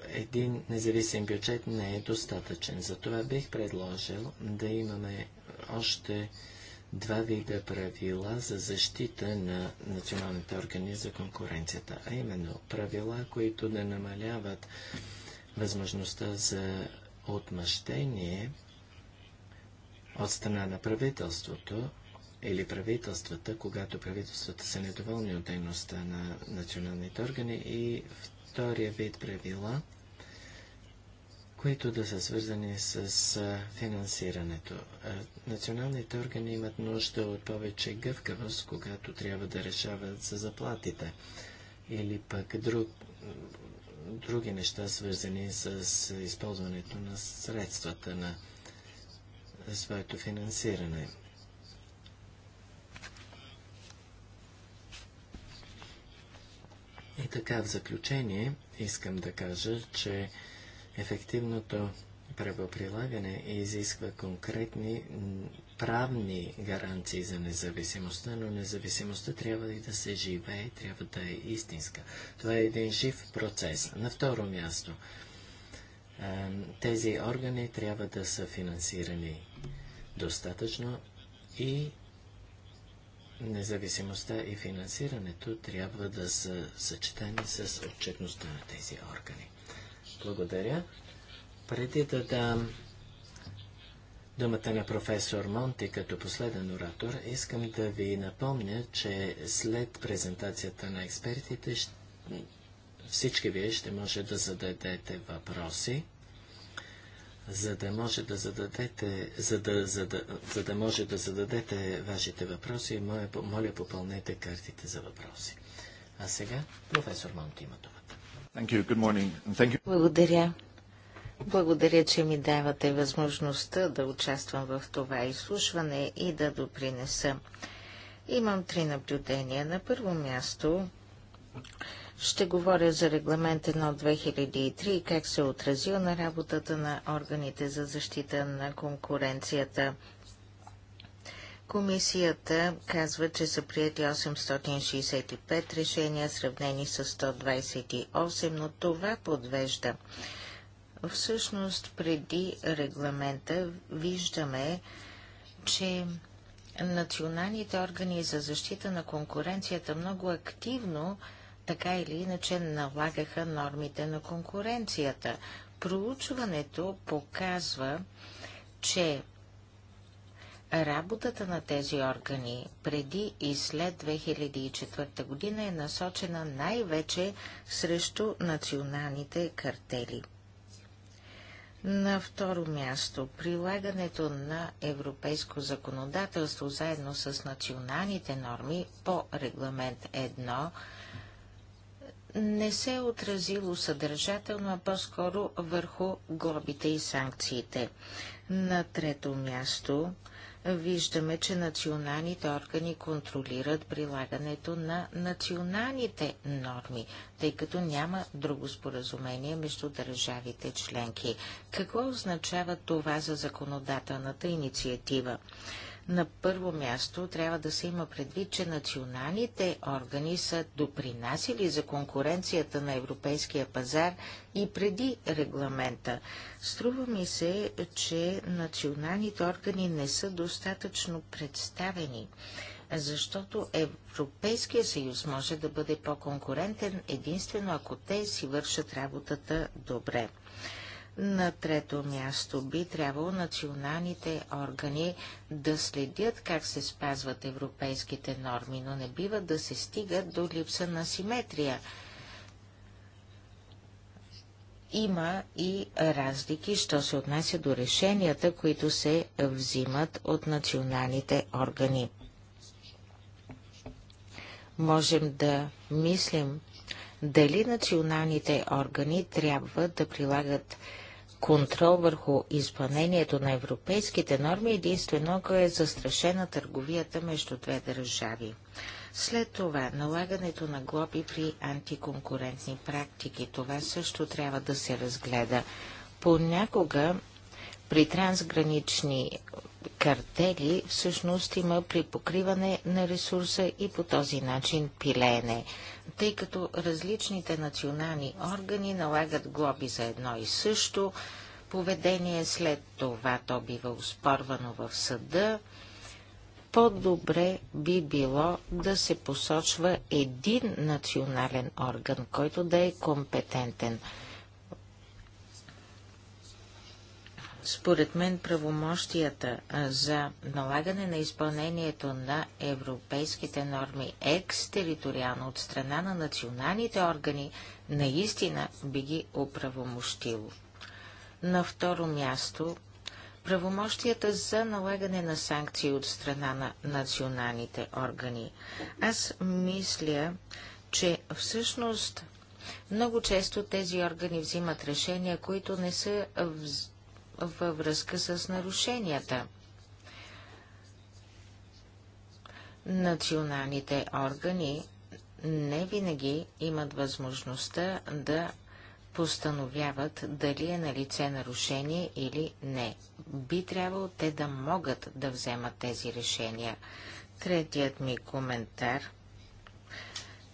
един независим бюджет не е достатъчен. Затова бих предложил да имаме още два вида правила за защита на националните органи за конкуренцията, а именно правила, които да намаляват възможността за отмъщение от страна на правителството или правителствата, когато правителствата са недоволни от дейността на националните органи и втория вид правила – които да са свързани с финансирането. Националните органи имат нужда от повече гъвкавост, когато трябва да решават за заплатите или пък друг, други неща, свързани с използването на средствата на своето финансиране. И така, в заключение, искам да кажа, че Ефективното правоприлагане изисква конкретни правни гаранции за независимостта, но независимостта трябва и да се живее, трябва да е истинска. Това е един жив процес. На второ място, тези органи трябва да са финансирани достатъчно и независимостта и финансирането трябва да са съчетани с отчетността на тези органи. Благодаря. Преди да дам думата на професор Монти като последен оратор, искам да ви напомня, че след презентацията на експертите всички вие ще може да зададете въпроси за да може да зададете, за да, за да, за да може да зададете вашите въпроси, моля, моля попълнете картите за въпроси. А сега професор Монти има това. Благодаря. Благодаря, че ми давате възможността да участвам в това изслушване и да допринеса. Имам три наблюдения. На първо място ще говоря за регламент 1 от 2003 и как се отразил на работата на органите за защита на конкуренцията. Комисията казва, че са прияти 865 решения, сравнени с 128, но това подвежда. Всъщност, преди регламента виждаме, че националните органи за защита на конкуренцията много активно, така или иначе, налагаха нормите на конкуренцията. Проучването показва, че Работата на тези органи преди и след 2004 година е насочена най-вече срещу националните картели. На второ място, прилагането на европейско законодателство заедно с националните норми по регламент 1 не се е отразило съдържателно, а по-скоро върху глобите и санкциите. На трето място, виждаме, че националните органи контролират прилагането на националните норми, тъй като няма друго споразумение между държавите членки. Какво означава това за законодателната инициатива? На първо място трябва да се има предвид, че националните органи са допринасили за конкуренцията на европейския пазар и преди регламента. Струва ми се, че националните органи не са достатъчно представени, защото Европейския съюз може да бъде по-конкурентен единствено ако те си вършат работата добре. На трето място би трябвало националните органи да следят как се спазват европейските норми, но не бива да се стига до липса на симетрия. Има и разлики, що се отнася до решенията, които се взимат от националните органи. Можем да мислим дали националните органи трябва да прилагат контрол върху изпълнението на европейските норми, единствено ако е застрашена търговията между две държави. След това налагането на глоби при антиконкурентни практики. Това също трябва да се разгледа. Понякога при трансгранични картели, всъщност има при покриване на ресурса и по този начин пилеене, тъй като различните национални органи налагат глоби за едно и също поведение, след това то бива успорвано в съда, по-добре би било да се посочва един национален орган, който да е компетентен – Според мен правомощията за налагане на изпълнението на европейските норми екстериториално от страна на националните органи наистина би ги оправомощило. На второ място правомощията за налагане на санкции от страна на националните органи. Аз мисля, че всъщност много често тези органи взимат решения, които не са във връзка с нарушенията. Националните органи не винаги имат възможността да постановяват дали е на лице нарушение или не. Би трябвало те да могат да вземат тези решения. Третият ми коментар –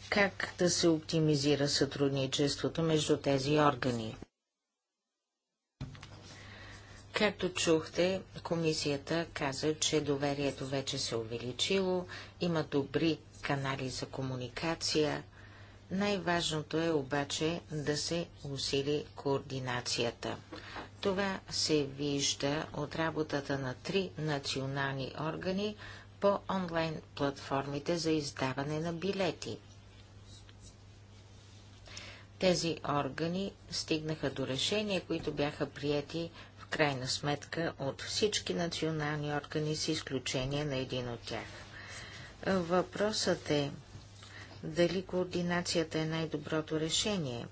как да се оптимизира сътрудничеството между тези органи? Както чухте, комисията каза, че доверието вече се е увеличило, има добри канали за комуникация. Най-важното е обаче да се усили координацията. Това се вижда от работата на три национални органи по онлайн платформите за издаване на билети. Тези органи стигнаха до решения, които бяха приети крайна сметка от всички национални органи с изключение на един от тях. Въпросът е дали координацията е най-доброто решение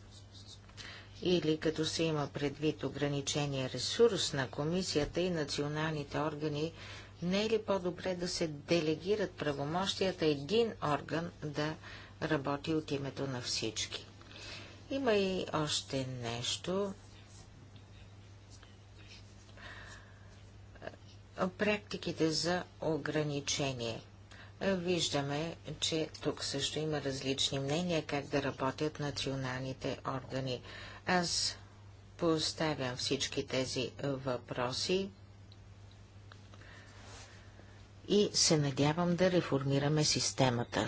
или като се има предвид ограничения ресурс на комисията и националните органи, не е ли по-добре да се делегират правомощията един орган да работи от името на всички? Има и още нещо. Практиките за ограничение. Виждаме, че тук също има различни мнения как да работят националните органи. Аз поставям всички тези въпроси и се надявам да реформираме системата.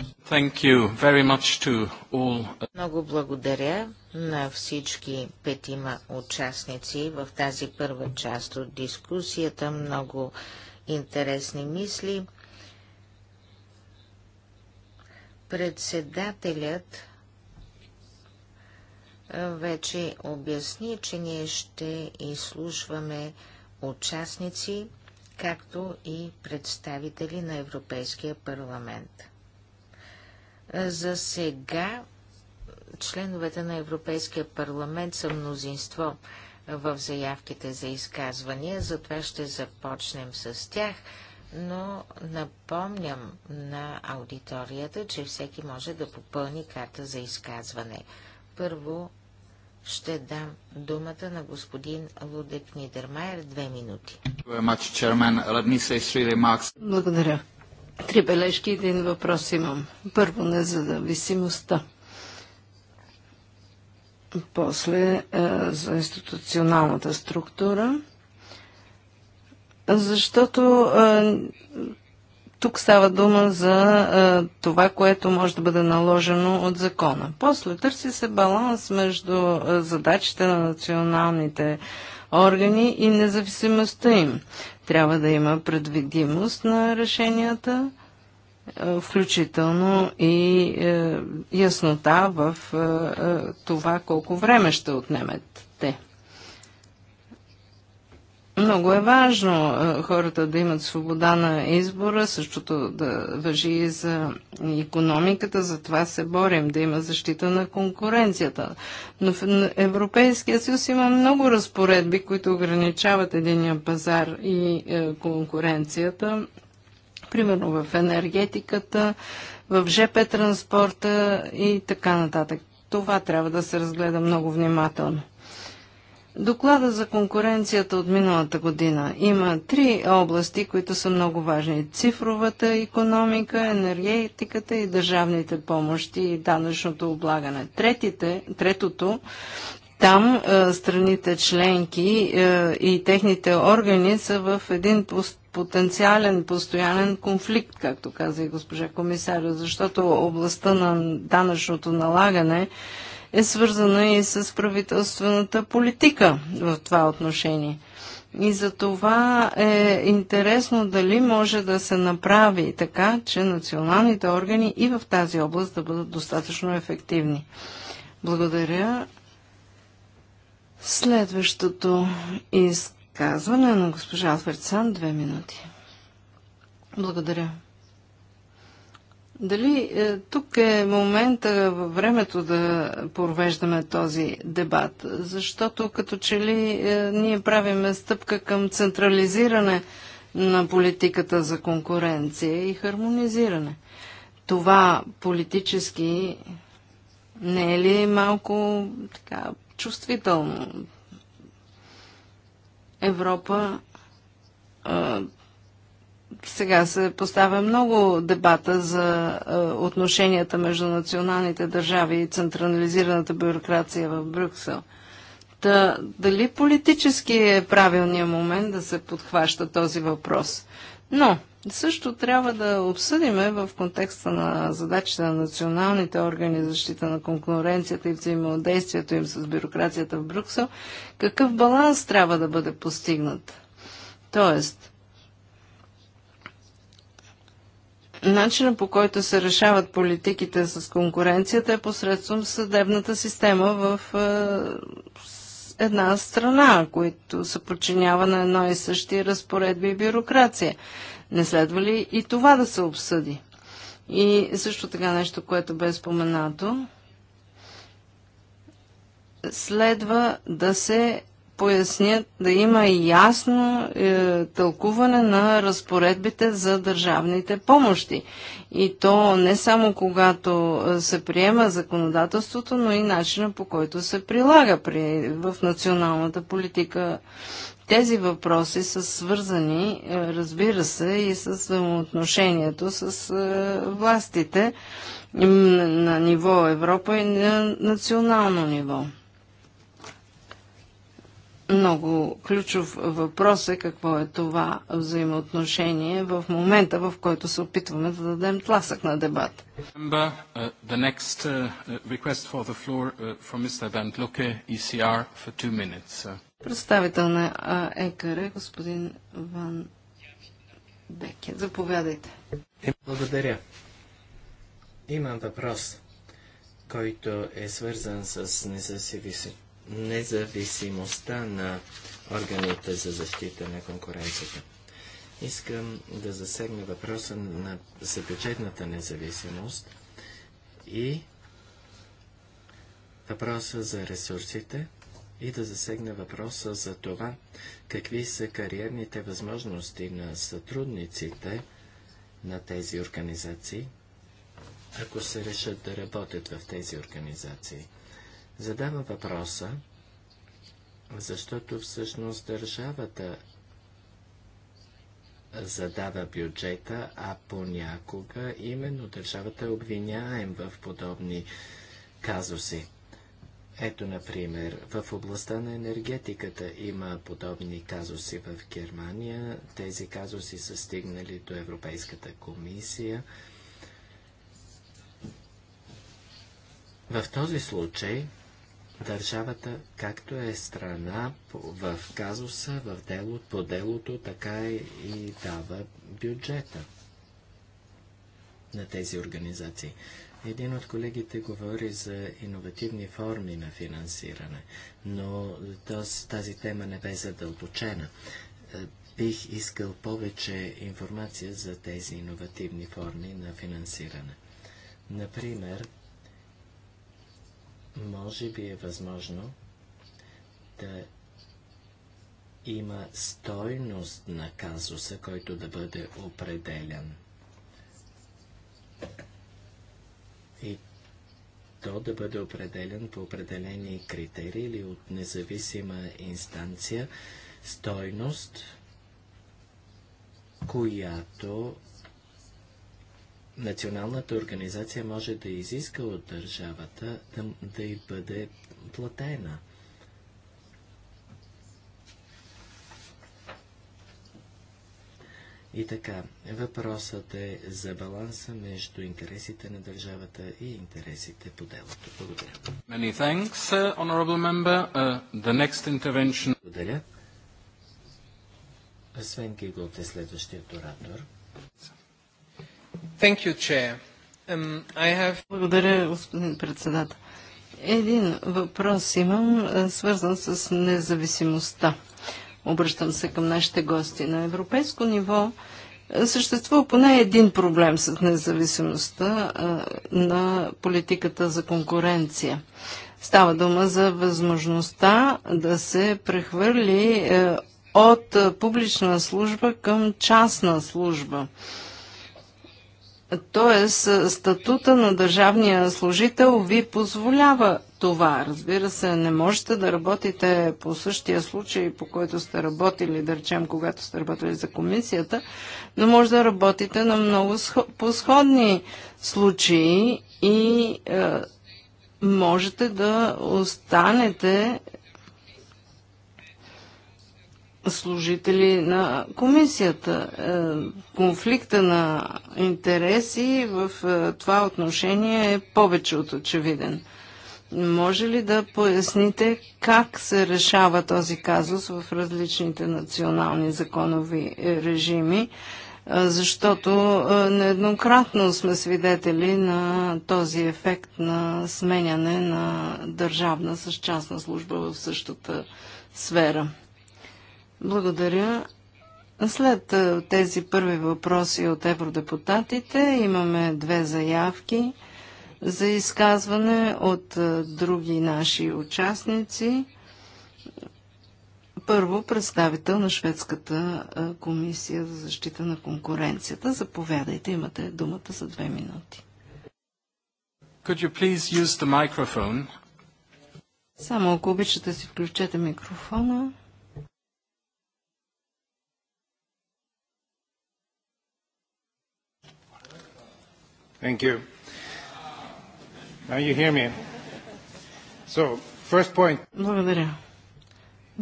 Много благодаря на всички петима участници в тази първа част от дискусията. Много интересни мисли. Председателят вече обясни, че ние ще изслушваме участници, както и представители на Европейския парламент. За сега членовете на Европейския парламент са мнозинство в заявките за изказвания, затова ще започнем с тях, но напомням на аудиторията, че всеки може да попълни карта за изказване. Първо ще дам думата на господин Лудек Нидермайер. Две минути. Благодаря. Три бележки и един въпрос имам. Първо, независимостта. После е, за институционалната структура. Защото е, тук става дума за а, това, което може да бъде наложено от закона. После търси се баланс между а, задачите на националните органи и независимостта им. Трябва да има предвидимост на решенията, а, включително и а, яснота в а, а, това колко време ще отнемет те. Много е важно хората да имат свобода на избора, същото да въжи и за економиката, за това се борим, да има защита на конкуренцията. Но в Европейския съюз има много разпоредби, които ограничават единия пазар и е, конкуренцията. Примерно в енергетиката, в ЖП транспорта и така нататък. Това трябва да се разгледа много внимателно. Доклада за конкуренцията от миналата година има три области, които са много важни. Цифровата економика, енергетиката и държавните помощи и данъчното облагане. Третите, третото там е, страните членки е, и техните органи са в един потенциален постоянен конфликт, както каза и госпожа комисаря, защото областта на данъчното налагане е свързана и с правителствената политика в това отношение. И за това е интересно дали може да се направи така, че националните органи и в тази област да бъдат достатъчно ефективни. Благодаря. Следващото изказване е на госпожа Алферцан, две минути. Благодаря. Дали е, тук е момента във времето да провеждаме този дебат? Защото като че ли е, ние правиме стъпка към централизиране на политиката за конкуренция и хармонизиране. Това политически не е ли малко така чувствително? Европа е, сега се поставя много дебата за е, отношенията между националните държави и централизираната бюрокрация в Брюксел. Та, дали политически е правилният момент да се подхваща този въпрос? Но също трябва да обсъдиме в контекста на задачите на националните органи за защита на конкуренцията и взаимодействието им с бюрокрацията в Брюксел, какъв баланс трябва да бъде постигнат. Тоест, начина по който се решават политиките с конкуренцията е посредством съдебната система в е, една страна, които се подчинява на едно и същи разпоредби и бюрокрация. Не следва ли и това да се обсъди? И също така нещо, което бе споменато, следва да се пояснят, да има ясно е, тълкуване на разпоредбите за държавните помощи. И то не само когато е, се приема законодателството, но и начина по който се прилага при, в националната политика. Тези въпроси са свързани, е, разбира се, и с взаимоотношението с е, властите на ниво Европа и на национално ниво. Много ключов въпрос е какво е това взаимоотношение в момента, в който се опитваме да дадем тласък на дебат. Uh, uh, uh, e Представител на ЕКР, господин Ван Беке. Заповядайте. Благодаря. Имам въпрос, който е свързан с независимост независимостта на органите за защита на конкуренцията. Искам да засегна въпроса на, за бюджетната независимост и въпроса за ресурсите и да засегна въпроса за това, какви са кариерните възможности на сътрудниците на тези организации, ако се решат да работят в тези организации задава въпроса, защото всъщност държавата задава бюджета, а понякога именно държавата е обвиняем в подобни казуси. Ето, например, в областта на енергетиката има подобни казуси в Германия. Тези казуси са стигнали до Европейската комисия. В този случай държавата, както е страна в казуса, в дело, по делото, така и дава бюджета на тези организации. Един от колегите говори за иновативни форми на финансиране, но тази тема не бе задълбочена. Е, бих искал повече информация за тези иновативни форми на финансиране. Например, може би е възможно да има стойност на казуса, който да бъде определен. И то да бъде определен по определени критерии или от независима инстанция стойност, която националната организация може да изиска от държавата да, да й бъде платена. И така, въпросът е за баланса между интересите на държавата и интересите по делото. Благодаря. Many thanks, uh, honorable member. Uh, the next intervention... Благодаря. Свен Гигот е следващият оратор. Thank you, Chair. Um, I have... Благодаря, господин председател. Един въпрос имам, е, свързан с независимостта. Обръщам се към нашите гости. На европейско ниво е, съществува поне един проблем с независимостта е, на политиката за конкуренция. Става дума за възможността да се прехвърли от публична служба към частна служба. Тоест, е, статута на държавния служител ви позволява това. Разбира се, не можете да работите по същия случай, по който сте работили, да речем, когато сте работили за комисията, но може да работите на много посходни случаи и е, можете да останете служители на комисията. Е, конфликта на интереси в е, това отношение е повече от очевиден. Може ли да поясните как се решава този казус в различните национални законови е, режими? Защото нееднократно сме свидетели на този ефект на сменяне на държавна с частна служба в същата сфера. Благодаря. След е, тези първи въпроси от евродепутатите имаме две заявки за изказване от е, други наши участници. Първо представител на Шведската е, комисия за защита на конкуренцията. Заповядайте, имате думата за две минути. Could you please use the microphone? Само ако обичате си включете микрофона. Thank you. Now you hear me. So, first point. Благодаря.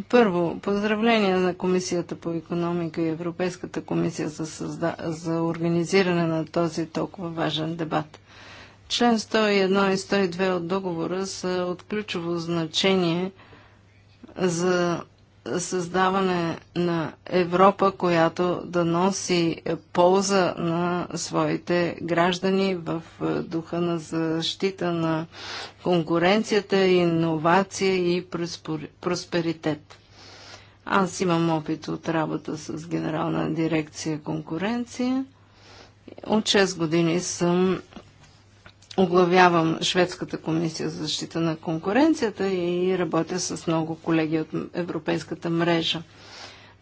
Първо, поздравления на Комисията по економика и Европейската комисия за, създа... за организиране на този толкова важен дебат. Член 101 и 102 от договора са от ключово значение за създаване на Европа, която да носи полза на своите граждани в духа на защита на конкуренцията, иновация и просперитет. Аз имам опит от работа с Генерална дирекция конкуренция. От 6 години съм оглавявам Шведската комисия за защита на конкуренцията и работя с много колеги от Европейската мрежа.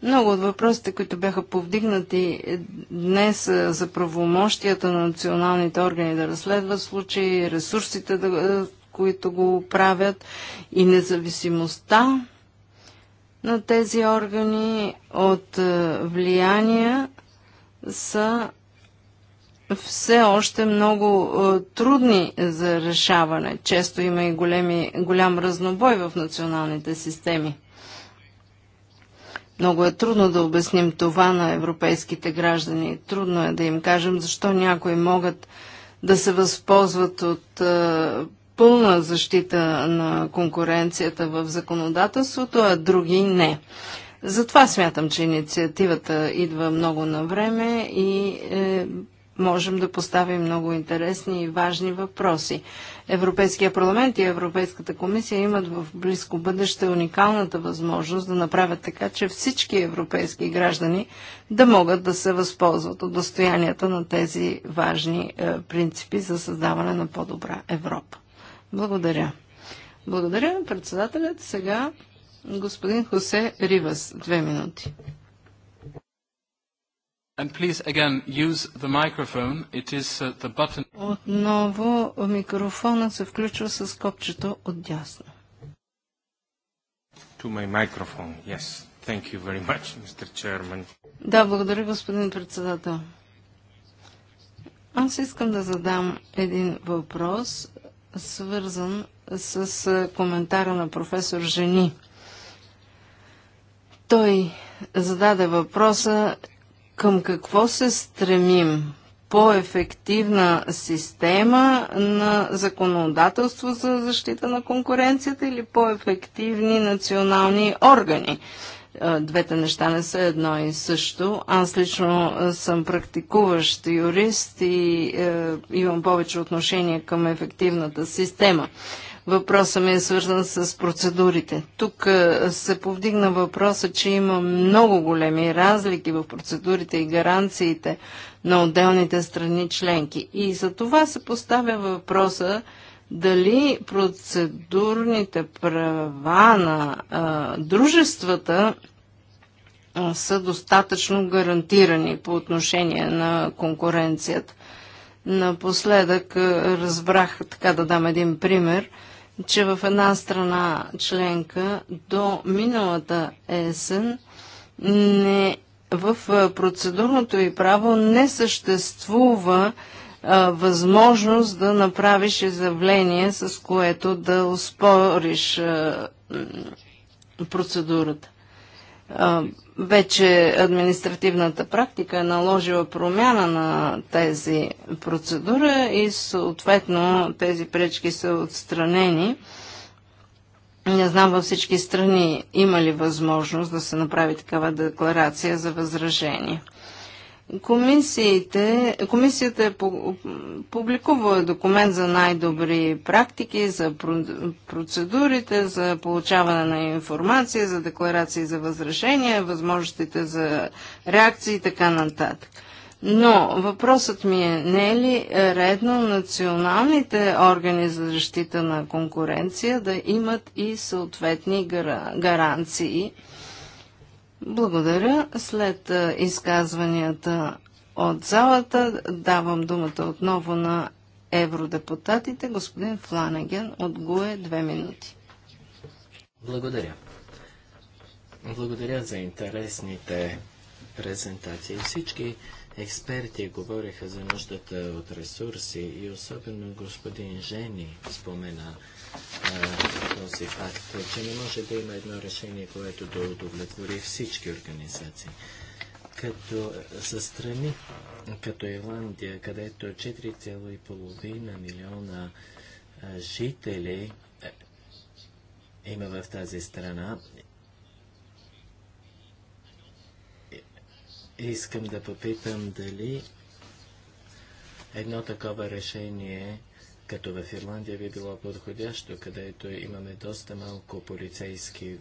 Много от въпросите, които бяха повдигнати днес е, за правомощията на националните органи да разследват случаи, ресурсите, е, които го правят и независимостта на тези органи от е, влияния са все още много е, трудни за решаване. Често има и големи, голям разнобой в националните системи. Много е трудно да обясним това на европейските граждани. Трудно е да им кажем защо някои могат да се възползват от е, пълна защита на конкуренцията в законодателството, а други не. Затова смятам, че инициативата идва много на време и е можем да поставим много интересни и важни въпроси. Европейския парламент и Европейската комисия имат в близко бъдеще уникалната възможност да направят така, че всички европейски граждани да могат да се възползват от достоянията на тези важни е, принципи за създаване на по-добра Европа. Благодаря. Благодаря, председателят. Сега господин Хосе Ривас. Две минути please again use the microphone. It is uh, the button. Отново микрофонът се включва с копчето от To my microphone. Yes. Thank you very much, Mr. Chairman. Да, благодаря, господин председател. Аз искам да задам един въпрос, свързан с коментара на професор Жени. Той зададе въпроса, към какво се стремим? По-ефективна система на законодателство за защита на конкуренцията или по-ефективни национални органи? Двете неща не са едно и също. Аз лично съм практикуващ юрист и е, имам повече отношение към ефективната система. Въпросът ми е свързан с процедурите. Тук се повдигна въпроса, че има много големи разлики в процедурите и гаранциите на отделните страни членки. И за това се поставя въпроса дали процедурните права на а, дружествата а, са достатъчно гарантирани по отношение на конкуренцията. Напоследък разбрах, така да дам един пример – че в една страна членка до миналата есен не, в процедурното и право не съществува а, възможност да направиш изявление, с което да успориш а, процедурата. Вече административната практика е наложила промяна на тези процедура и съответно тези пречки са отстранени. Не знам във всички страни има ли възможност да се направи такава декларация за възражение. Комисиите, комисията е публикува документ за най-добри практики, за процедурите, за получаване на информация, за декларации за възражения, възможностите за реакции и така нататък. Но въпросът ми е, не е ли редно националните органи за защита на конкуренция да имат и съответни гаранции? Благодаря. След изказванията от залата давам думата отново на евродепутатите. Господин Фланеген от ГУЕ, две минути. Благодаря. Благодаря за интересните презентации. Всички експерти говориха за нуждата от ресурси и особено господин Жени спомена този факт, че не може да има едно решение, което да удовлетвори всички организации. Като за страни, като Ирландия, където 4,5 милиона жители има в тази страна, искам да попитам дали едно такова решение като в Ирландия би било подходящо, където имаме доста малко полицейски е,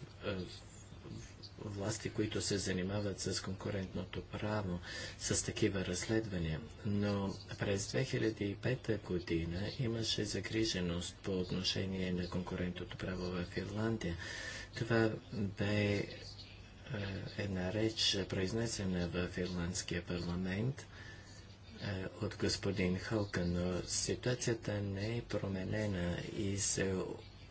власти, които се занимават с конкурентното право, с такива разследвания. Но през 2005 година имаше загриженост по отношение на конкурентното право в Ирландия. Това бе е, една реч, произнесена в Ирландския парламент е, от господин Халка, но ситуацията не е променена и се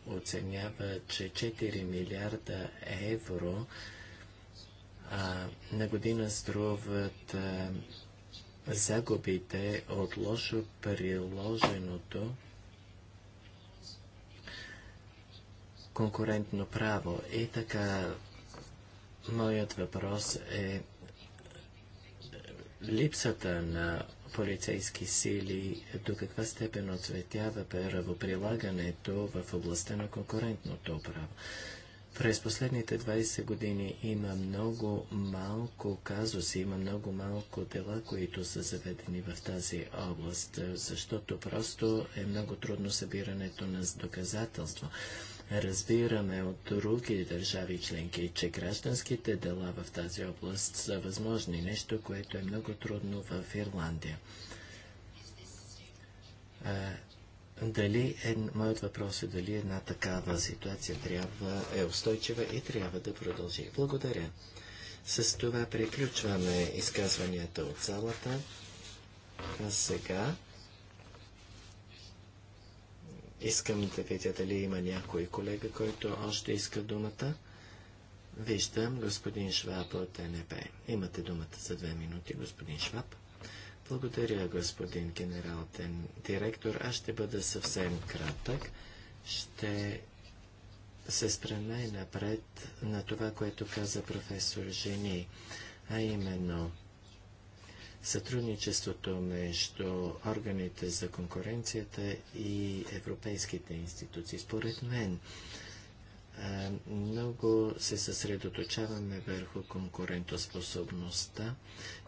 оценява, че 4 милиарда евро а, на година струват а, загубите от лошо приложеното конкурентно право. И така, моят въпрос е липсата на полицейски сили, до каква степен отцветява правоприлагането в областта на конкурентното право. През последните 20 години има много малко казуси, има много малко дела, които са заведени в тази област, защото просто е много трудно събирането на доказателство. Разбираме от други държави членки, че гражданските дела в тази област са възможни, нещо, което е много трудно в Ирландия. А, дали е, моят въпрос е дали една такава ситуация трябва, е устойчива и трябва да продължи. Благодаря. С това приключваме изказванията от залата. А сега Искам да видя дали има някой колега, който още иска думата. Виждам господин Шваб от НП. Имате думата за две минути, господин Шваб. Благодаря, господин генерален директор. Аз ще бъда съвсем кратък. Ще се спра най-напред на това, което каза професор Жени, а именно – сътрудничеството между органите за конкуренцията и европейските институции. Според мен, много се съсредоточаваме върху конкурентоспособността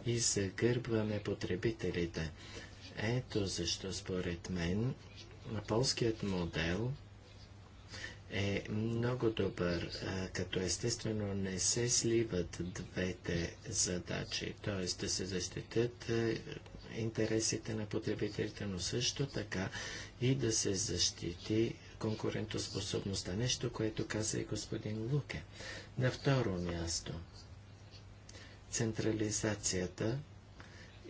и загърбваме потребителите. Ето защо, според мен, полският модел – е много добър, а, като естествено не се сливат двете задачи, т.е. да се защитят а, интересите на потребителите, но също така и да се защити конкурентоспособността. Нещо, което каза и господин Луке. На второ място централизацията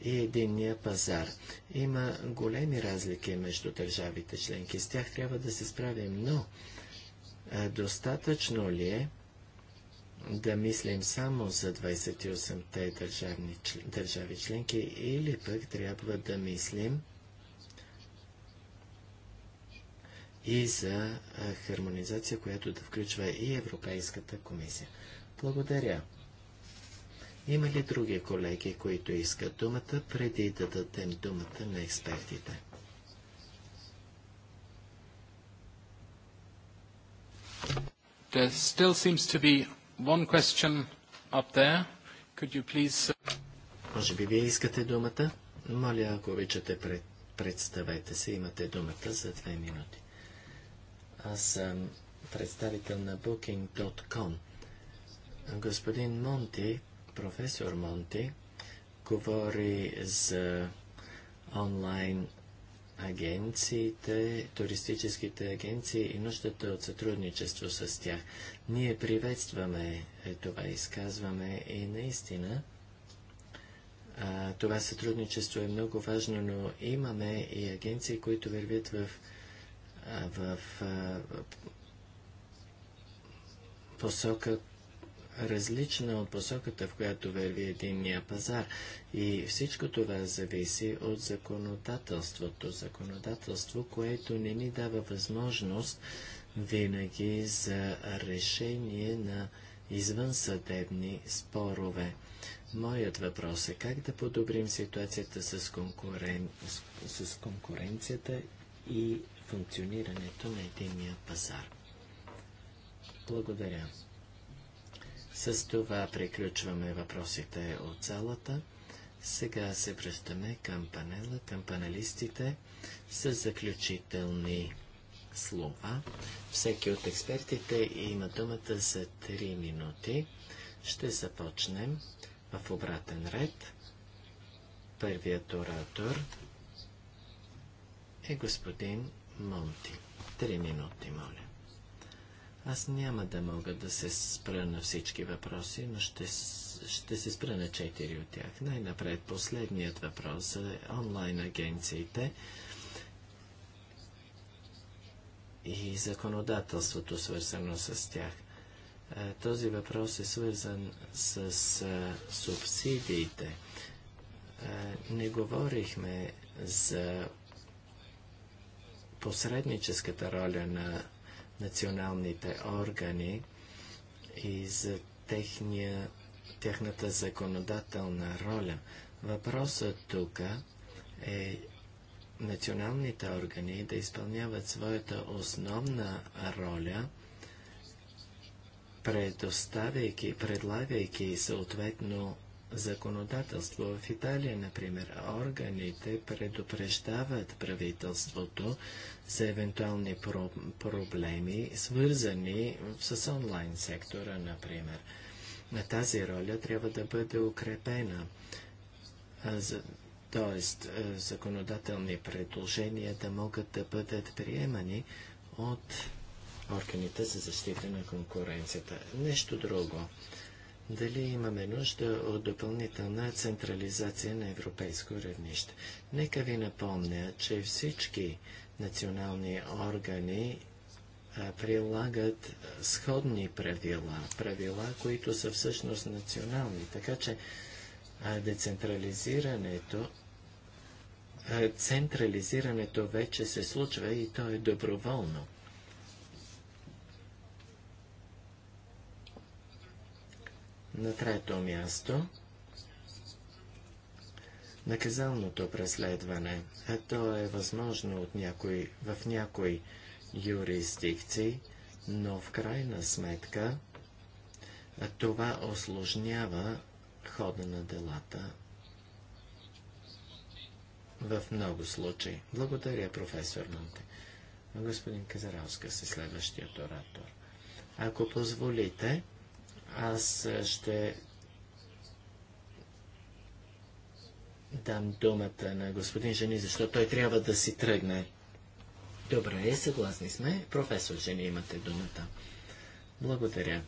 и единния пазар. Има големи разлики между държавите членки. С тях трябва да се справим, но Достатъчно ли е да мислим само за 28-те държавни, държави членки или пък трябва да мислим и за хармонизация, която да включва и Европейската комисия. Благодаря. Има ли други колеги, които искат думата, преди да дадем думата на експертите? There still seems to be one question up there. Could you please... Uh, Може би вие искате думата? Моля, ако обичате, представете се. Имате думата за две минути. Аз съм представител на Booking.com. Господин Монти, професор Монти, говори за онлайн агенциите, туристическите агенции и нуждата от сътрудничество с тях. Ние приветстваме е, това изказваме и наистина а, това сътрудничество е много важно, но имаме и агенции, които вървят в, а, в а, посока, различна от посоката, в която върви единния пазар. И всичко това зависи от законодателството. Законодателство, което не ни дава възможност винаги за решение на извънсъдебни спорове. Моят въпрос е как да подобрим ситуацията с, конкурен... с, с конкуренцията и функционирането на единния пазар. Благодаря. С това приключваме въпросите от залата. Сега се връщаме към панела, към панелистите с заключителни слова. Всеки от експертите има думата за 3 минути. Ще започнем в обратен ред. Първият оратор е господин Монти. Три минути, моля. Аз няма да мога да се спра на всички въпроси, но ще, ще се спра на четири от тях. Най-напред последният въпрос е онлайн агенциите и законодателството, свързано с тях. Е, този въпрос е свързан с е, субсидиите. Е, не говорихме за посредническата роля на националните органи и за техния, тяхната законодателна роля. Въпросът тук е националните органи да изпълняват своята основна роля, предоставяйки, предлагайки съответно законодателство. В Италия, например, органите предупреждават правителството за евентуални про проблеми, свързани с онлайн сектора, например. На тази роля трябва да бъде укрепена. Т.е. тоест, законодателни предложения да могат да бъдат приемани от органите за защита на конкуренцията. Нещо друго дали имаме нужда от допълнителна централизация на европейско равнище. Нека ви напомня, че всички национални органи прилагат сходни правила, правила, които са всъщност национални. Така че децентрализирането, централизирането вече се случва и то е доброволно. На трето място наказалното преследване, а то е възможно от някой, в някои юрисдикции, но в крайна сметка това осложнява хода на делата в много случаи. Благодаря, професор Монте. Господин Казаралска е следващият оратор. Ако позволите, аз ще дам думата на господин Жени, защото той трябва да си тръгне. Добре, е, съгласни сме. Професор Жени, имате думата. Благодаря.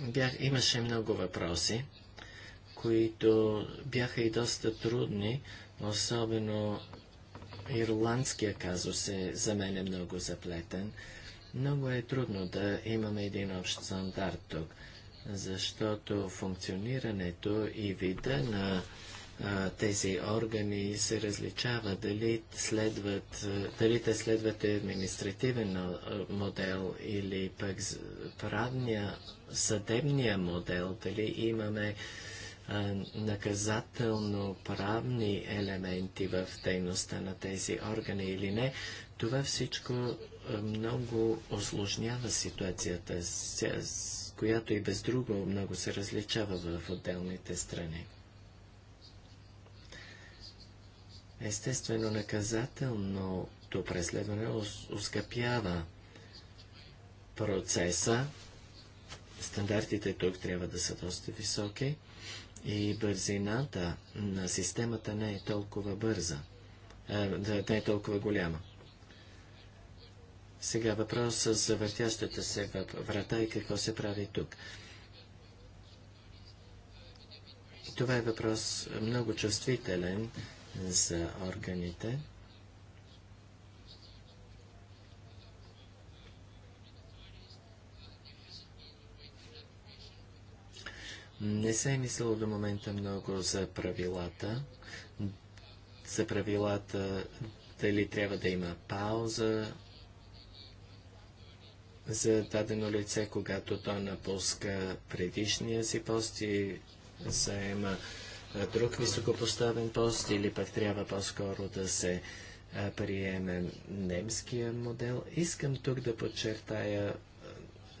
Бях, имаше много въпроси, които бяха и доста трудни, особено Ирландския казус е за мен е много заплетен. Много е трудно да имаме един общ стандарт тук, защото функционирането и вида на а, тези органи се различава. Дали, следват, дали те следват административен модел или пък правния, съдебния модел, дали имаме наказателно-правни елементи в дейността на тези органи или не, това всичко много осложнява ситуацията, с която и без друго много се различава в отделните страни. Естествено, наказателното преследване ускъпява процеса. Стандартите тук трябва да са доста високи и бързината на системата не е толкова бърза, е, не е толкова голяма. Сега въпрос за въртящата се врата и какво се прави тук. Това е въпрос много чувствителен за органите. Не се е мислило до момента много за правилата. За правилата дали трябва да има пауза за дадено лице, когато то напуска предишния си пост и заема друг високопоставен пост или пък трябва по-скоро да се приеме немския модел. Искам тук да подчертая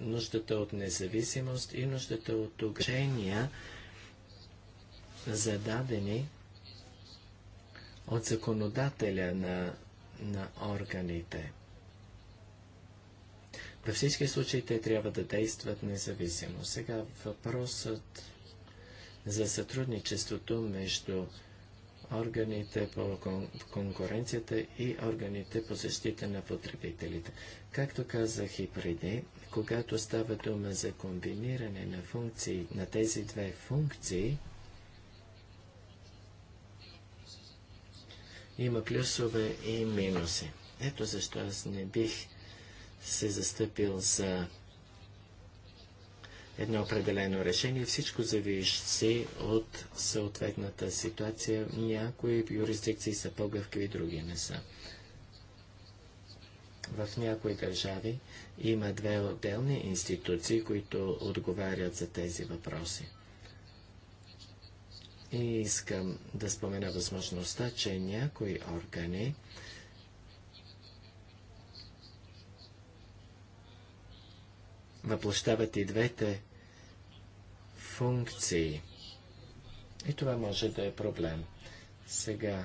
нуждата от независимост и нуждата от ограничения, зададени от законодателя на, на органите. Във всички случаи те трябва да действат независимо. Сега въпросът за сътрудничеството между органите по конкуренцията и органите по защита на потребителите. Както казах и преди, когато става дума за комбиниране на функции, на тези две функции, има плюсове и минуси. Ето защо аз не бих се застъпил за едно определено решение. Всичко зависи от съответната ситуация. Някои юрисдикции са по-гъвкави, други не са. В някои държави има две отделни институции, които отговарят за тези въпроси. И искам да спомена възможността, че някои органи въплощават и двете функции. И това може да е проблем. Сега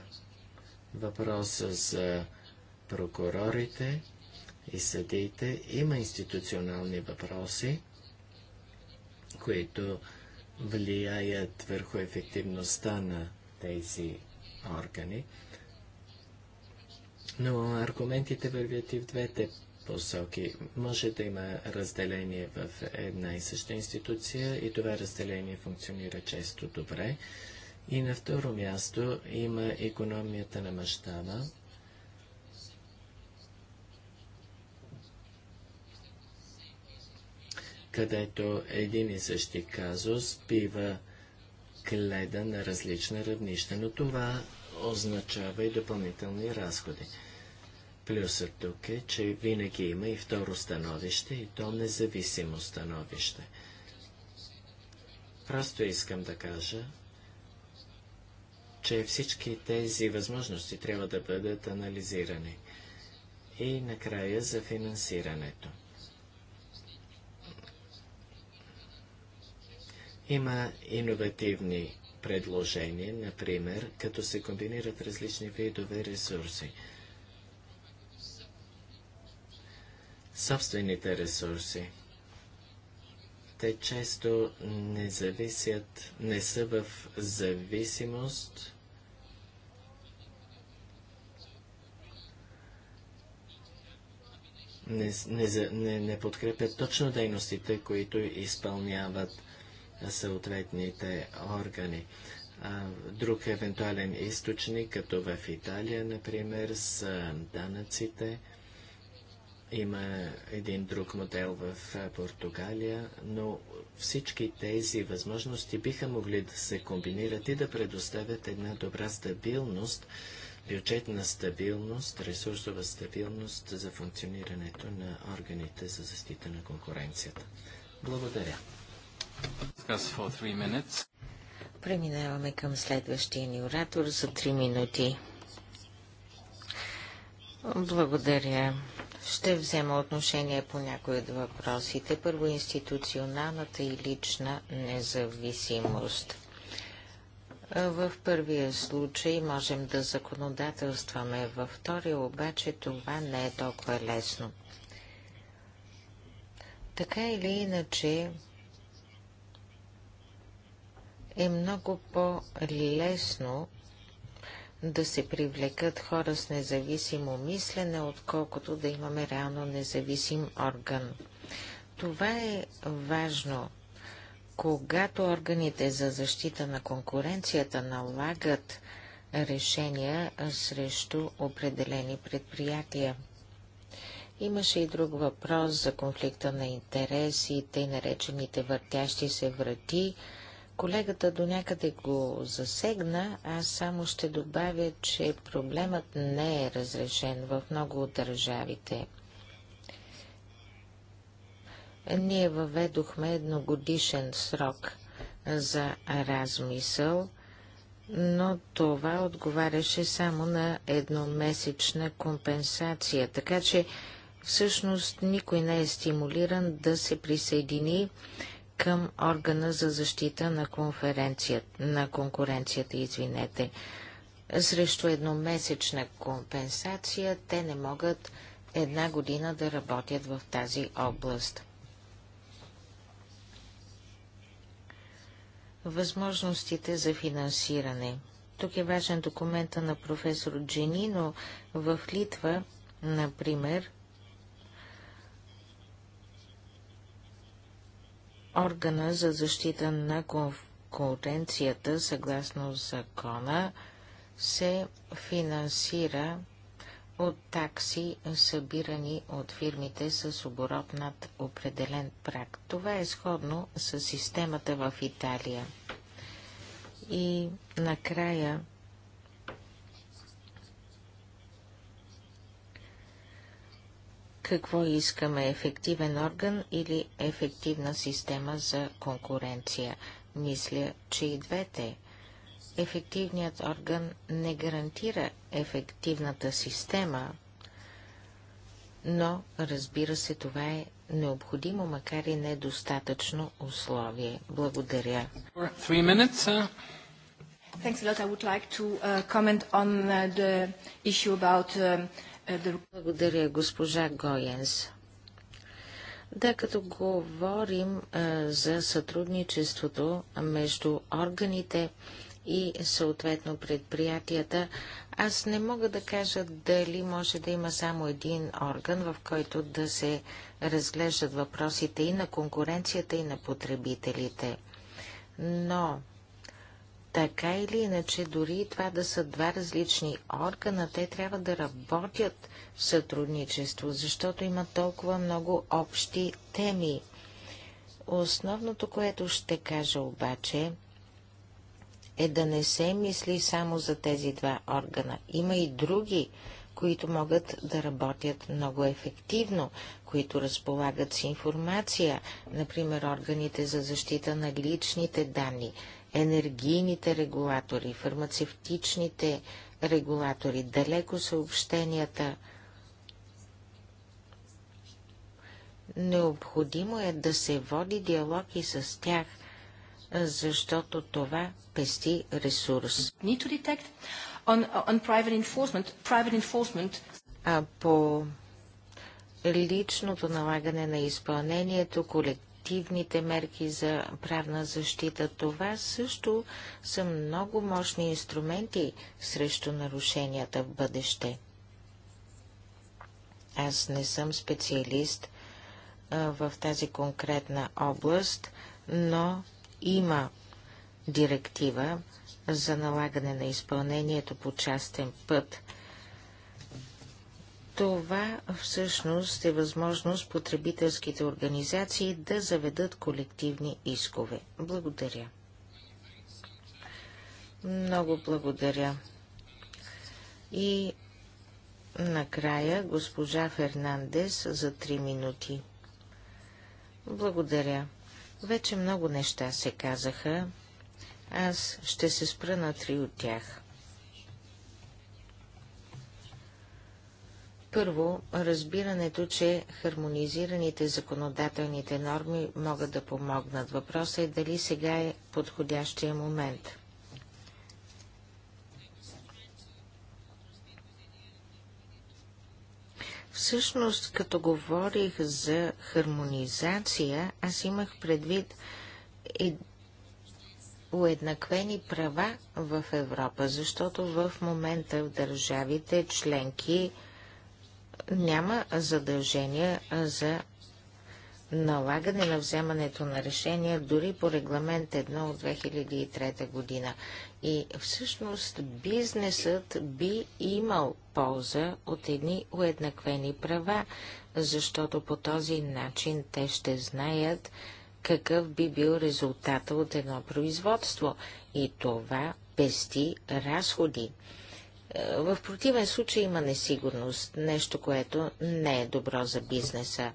въпросът за прокурорите и съдиите. Има институционални въпроси, които влияят върху ефективността на тези органи. Но аргументите вървят и в двете посоки. Може да има разделение в една и съща институция и това разделение функционира често добре. И на второ място има економията на мащаба. където един и същи казус бива гледан на различна равнища, но това означава и допълнителни разходи. Плюсът тук е, че винаги има и второ становище, и то независимо становище. Просто искам да кажа, че всички тези възможности трябва да бъдат анализирани. И накрая за финансирането. Има иновативни предложения, например, като се комбинират различни видове ресурси. Собствените ресурси. Те често не зависят, не са в зависимост не, не, не, подкрепят точно дейностите, които изпълняват съответните органи. Друг евентуален източник, като в Италия, например, с данъците. Има един друг модел в Португалия, но всички тези възможности биха могли да се комбинират и да предоставят една добра стабилност, бюджетна стабилност, ресурсова стабилност за функционирането на органите за защита на конкуренцията. Благодаря. Преминаваме към следващия ни оратор за три минути. Благодаря. Ще взема отношение по някои от въпросите. Първо институционалната и лична независимост. В първия случай можем да законодателстваме, във втория обаче това не е толкова лесно. Така или иначе, е много по-лесно да се привлекат хора с независимо мислене, отколкото да имаме реално независим орган. Това е важно. Когато органите за защита на конкуренцията налагат решения срещу определени предприятия. Имаше и друг въпрос за конфликта на интереси, тъй наречените въртящи се врати – Колегата до някъде го засегна, аз само ще добавя, че проблемът не е разрешен в много от държавите. Ние въведохме едногодишен срок за размисъл, но това отговаряше само на едномесечна компенсация, така че всъщност никой не е стимулиран да се присъедини към органа за защита на, на конкуренцията. Извинете. Срещу едномесечна компенсация те не могат една година да работят в тази област. Възможностите за финансиране. Тук е важен документа на професор Дженино. в Литва, например, Органа за защита на конкуренцията, съгласно закона, се финансира от такси, събирани от фирмите с оборот над определен прак. Това е сходно с системата в Италия. И накрая какво искаме – ефективен орган или ефективна система за конкуренция. Мисля, че и двете. Ефективният орган не гарантира ефективната система, но, разбира се, това е необходимо, макар и недостатъчно условие. Благодаря. Thanks a lot. I would like to uh, comment on uh, the issue about uh, благодаря, госпожа Гоенс. Да, като говорим а, за сътрудничеството между органите и съответно предприятията, аз не мога да кажа дали може да има само един орган, в който да се разглеждат въпросите и на конкуренцията, и на потребителите. Но така или иначе, дори това да са два различни органа, те трябва да работят в сътрудничество, защото има толкова много общи теми. Основното, което ще кажа обаче, е да не се мисли само за тези два органа. Има и други, които могат да работят много ефективно, които разполагат с информация, например органите за защита на личните данни енергийните регулатори, фармацевтичните регулатори, далеко съобщенията. Необходимо е да се води диалог и с тях, защото това пести ресурс. On, on private enforcement. Private enforcement. А по личното налагане на изпълнението, колективно, превентивните мерки за правна защита. Това също са много мощни инструменти срещу нарушенията в бъдеще. Аз не съм специалист а, в тази конкретна област, но има директива за налагане на изпълнението по частен път – това всъщност е възможност потребителските организации да заведат колективни искове. Благодаря. Много благодаря. И накрая госпожа Фернандес за три минути. Благодаря. Вече много неща се казаха. Аз ще се спра на три от тях. Първо, разбирането, че хармонизираните законодателните норми могат да помогнат. Въпросът е дали сега е подходящия момент. Всъщност, като говорих за хармонизация, аз имах предвид е... уеднаквени права в Европа, защото в момента в държавите членки няма задължения за налагане на вземането на решения дори по регламент 1 от 2003 година. И всъщност бизнесът би имал полза от едни уеднаквени права, защото по този начин те ще знаят какъв би бил резултата от едно производство и това пести разходи. Е, в противен случай има несигурност, нещо, което не е добро за бизнеса.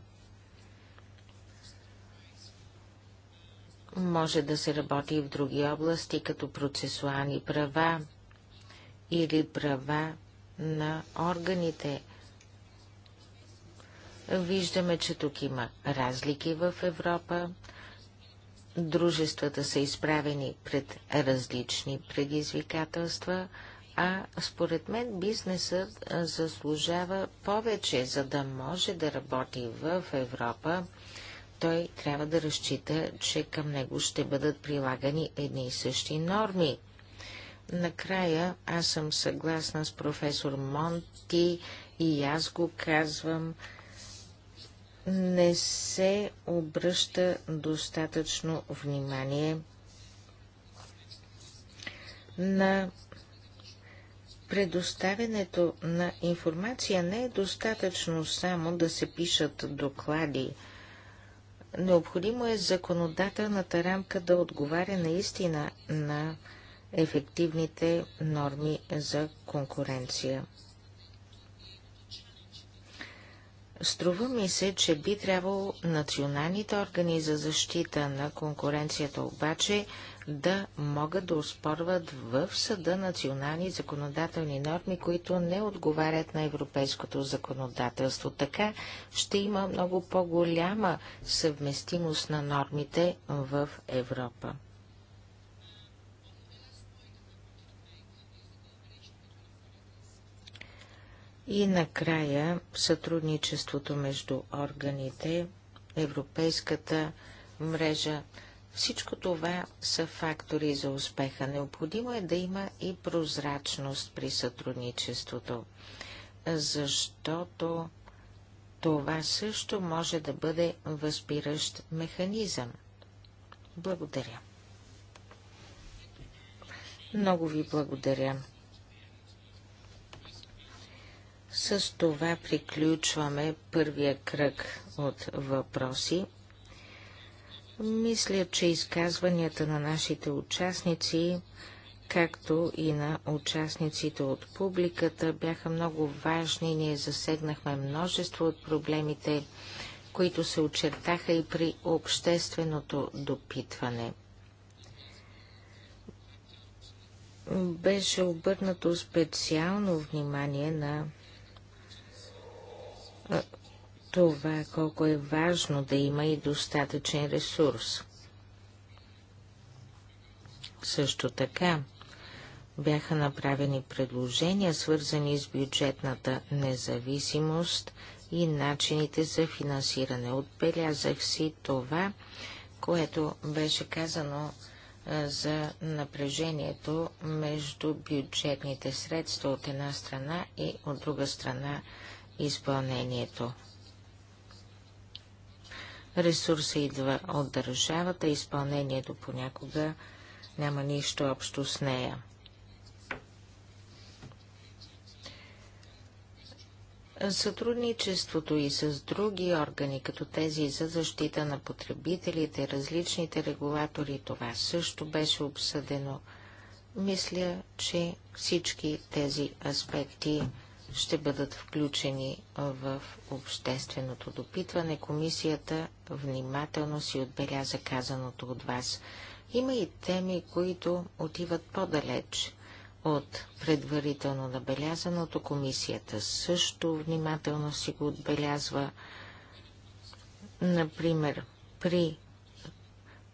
Може да се работи и в други области, като процесуални права или права на органите. Виждаме, че тук има разлики в Европа. Дружествата са изправени пред различни предизвикателства – а според мен бизнесът заслужава повече, за да може да работи в Европа. Той трябва да разчита, че към него ще бъдат прилагани едни и същи норми. Накрая аз съм съгласна с професор Монти и аз го казвам. Не се обръща достатъчно внимание на Предоставянето на информация не е достатъчно само да се пишат доклади. Необходимо е законодателната рамка да отговаря наистина на ефективните норми за конкуренция. Струва ми се, че би трябвало националните органи за защита на конкуренцията обаче да могат да успорват в съда национални законодателни норми, които не отговарят на европейското законодателство. Така ще има много по-голяма съвместимост на нормите в Европа. И накрая сътрудничеството между органите, Европейската мрежа всичко това са фактори за успеха. Необходимо е да има и прозрачност при сътрудничеството, защото това също може да бъде възпиращ механизъм. Благодаря. Много ви благодаря. С това приключваме първия кръг от въпроси. Мисля, че изказванията на нашите участници, както и на участниците от публиката, бяха много важни. Ние засегнахме множество от проблемите, които се очертаха и при общественото допитване. Беше обърнато специално внимание на това колко е важно да има и достатъчен ресурс. Също така бяха направени предложения, свързани с бюджетната независимост и начините за финансиране. Отбелязах си това, което беше казано за напрежението между бюджетните средства от една страна и от друга страна изпълнението. Ресурса идва от държавата, изпълнението понякога няма нищо общо с нея. Сътрудничеството и с други органи, като тези за защита на потребителите, различните регулатори, това също беше обсъдено. Мисля, че всички тези аспекти ще бъдат включени в общественото допитване. Комисията внимателно си отбеляза казаното от вас. Има и теми, които отиват по-далеч от предварително набелязаното. Комисията също внимателно си го отбелязва. Например, при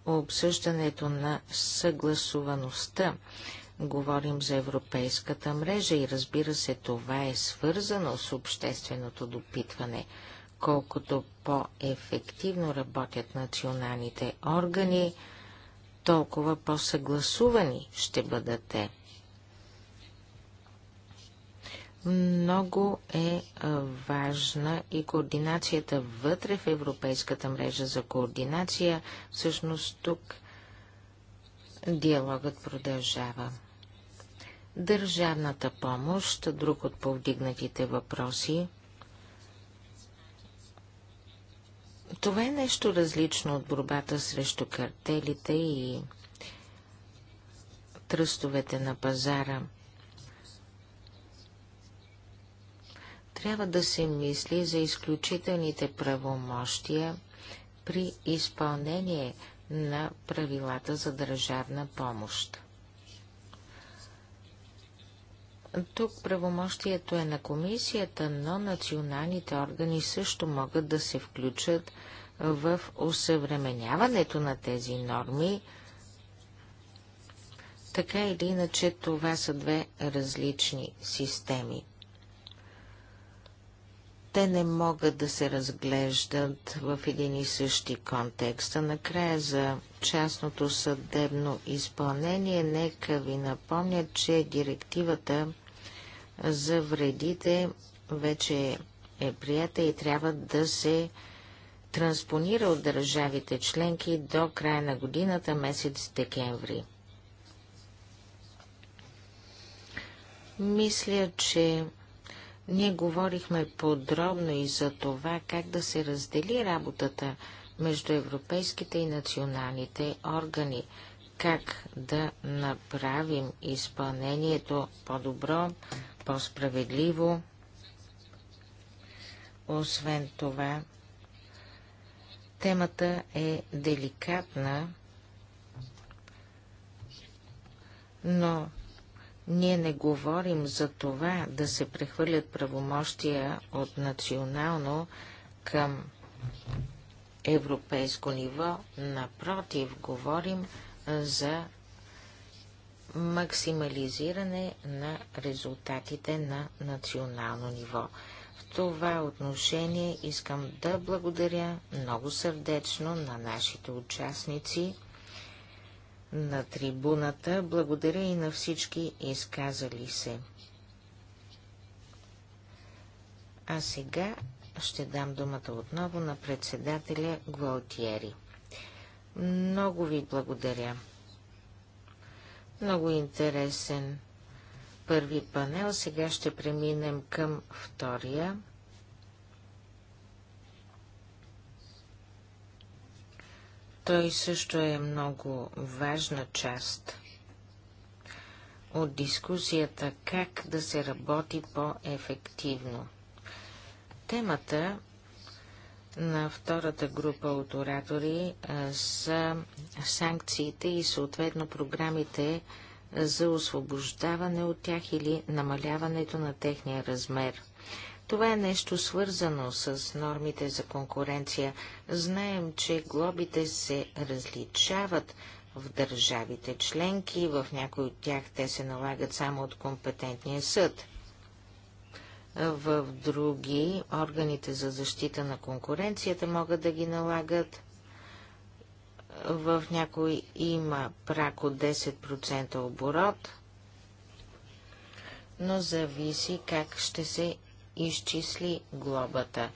обсъждането на съгласуваността говорим за европейската мрежа и разбира се, това е свързано с общественото допитване – колкото по-ефективно работят националните органи, толкова по-съгласувани ще бъдат те. Много е важна и координацията вътре в Европейската мрежа за координация. Всъщност тук диалогът продължава. Държавната помощ, друг от повдигнатите въпроси, Това е нещо различно от борбата срещу картелите и тръстовете на пазара. Трябва да се мисли за изключителните правомощия при изпълнение на правилата за държавна помощ. Тук правомощието е на комисията, но националните органи също могат да се включат в усъвременяването на тези норми. Така или иначе, това са две различни системи. Те не могат да се разглеждат в един и същи контекст. А накрая за частното съдебно изпълнение, нека ви напомня, че директивата за вредите вече е прията и трябва да се транспонира от държавите членки до края на годината, месец декември. Мисля, че ние говорихме подробно и за това, как да се раздели работата между европейските и националните органи, как да направим изпълнението по-добро, по-справедливо. Освен това, темата е деликатна, но ние не говорим за това да се прехвърлят правомощия от национално към европейско ниво. Напротив, говорим за максимализиране на резултатите на национално ниво. В това отношение искам да благодаря много сърдечно на нашите участници на трибуната. Благодаря и на всички изказали се. А сега ще дам думата отново на председателя Гвалтиери. Много ви благодаря. Много интересен първи панел. Сега ще преминем към втория. Той също е много важна част от дискусията как да се работи по-ефективно. Темата на втората група от оратори са санкциите и съответно програмите за освобождаване от тях или намаляването на техния размер. Това е нещо свързано с нормите за конкуренция. Знаем, че глобите се различават в държавите членки, в някои от тях те се налагат само от компетентния съд – в други. Органите за защита на конкуренцията могат да ги налагат. В някой има прак от 10% оборот, но зависи как ще се изчисли глобата.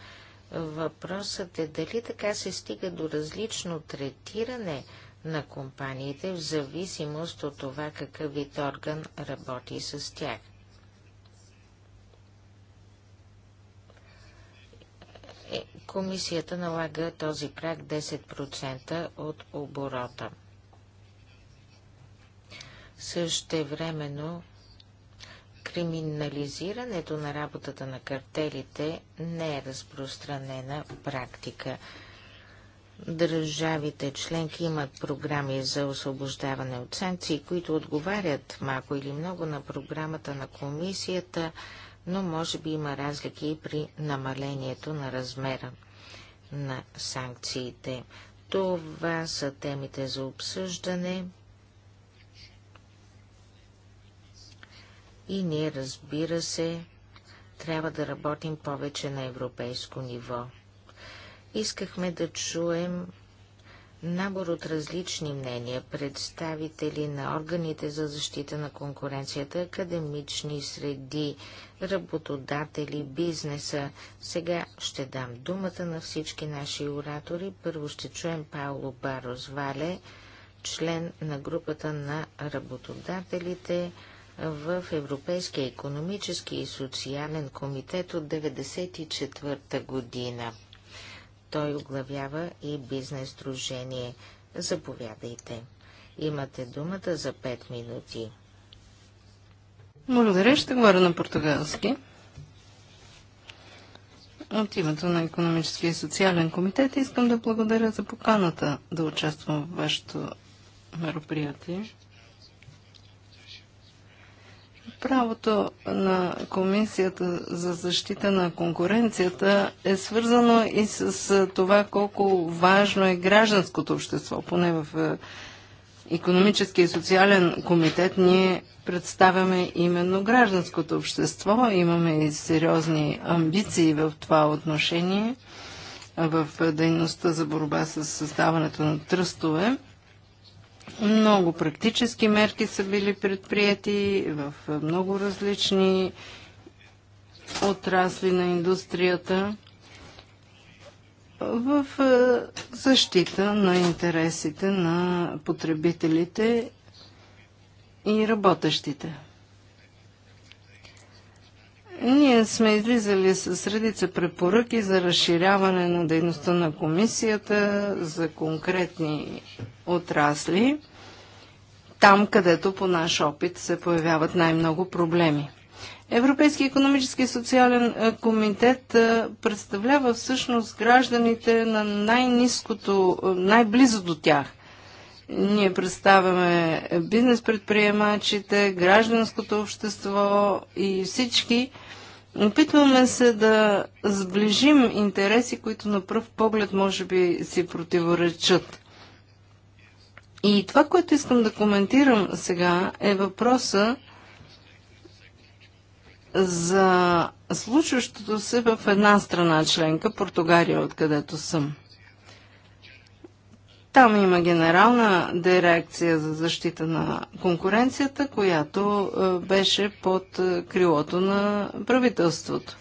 Въпросът е дали така се стига до различно третиране на компаниите в зависимост от това какъв вид орган работи с тях. комисията налага този праг 10% от оборота. Също времено криминализирането на работата на картелите не е разпространена практика. Държавите членки имат програми за освобождаване от санкции, които отговарят малко или много на програмата на комисията но може би има разлики и при намалението на размера на санкциите. Това са темите за обсъждане. И ние, разбира се, трябва да работим повече на европейско ниво. Искахме да чуем набор от различни мнения, представители на органите за защита на конкуренцията, академични среди, работодатели, бизнеса. Сега ще дам думата на всички наши оратори. Първо ще чуем Пауло Барос Вале, член на групата на работодателите в Европейския економически и социален комитет от 1994 година. Той оглавява и бизнес дружение. Заповядайте. Имате думата за 5 минути. Благодаря, ще говоря на португалски. От името на Економическия и социален комитет искам да благодаря за поканата да участвам в вашето мероприятие. Правото на Комисията за защита на конкуренцията е свързано и с това колко важно е гражданското общество. Поне в економически и социален комитет ние представяме именно гражданското общество. Имаме и сериозни амбиции в това отношение в дейността за борба с създаването на тръстове. Много практически мерки са били предприяти в много различни отрасли на индустрията в е, защита на интересите на потребителите и работещите. Ние сме излизали с редица препоръки за разширяване на дейността на комисията за конкретни отрасли, там където по наш опит се появяват най-много проблеми. Европейски економически и социален е, комитет е, представлява всъщност гражданите на най-низкото, е, най-близо до тях – ние представяме бизнес предприемачите, гражданското общество и всички Опитваме се да сближим интереси, които на пръв поглед може би си противоречат. И това, което искам да коментирам сега, е въпроса за случващото се в една страна членка, Португалия, откъдето съм. Там има генерална дирекция за защита на конкуренцията, която е, беше под е, крилото на правителството.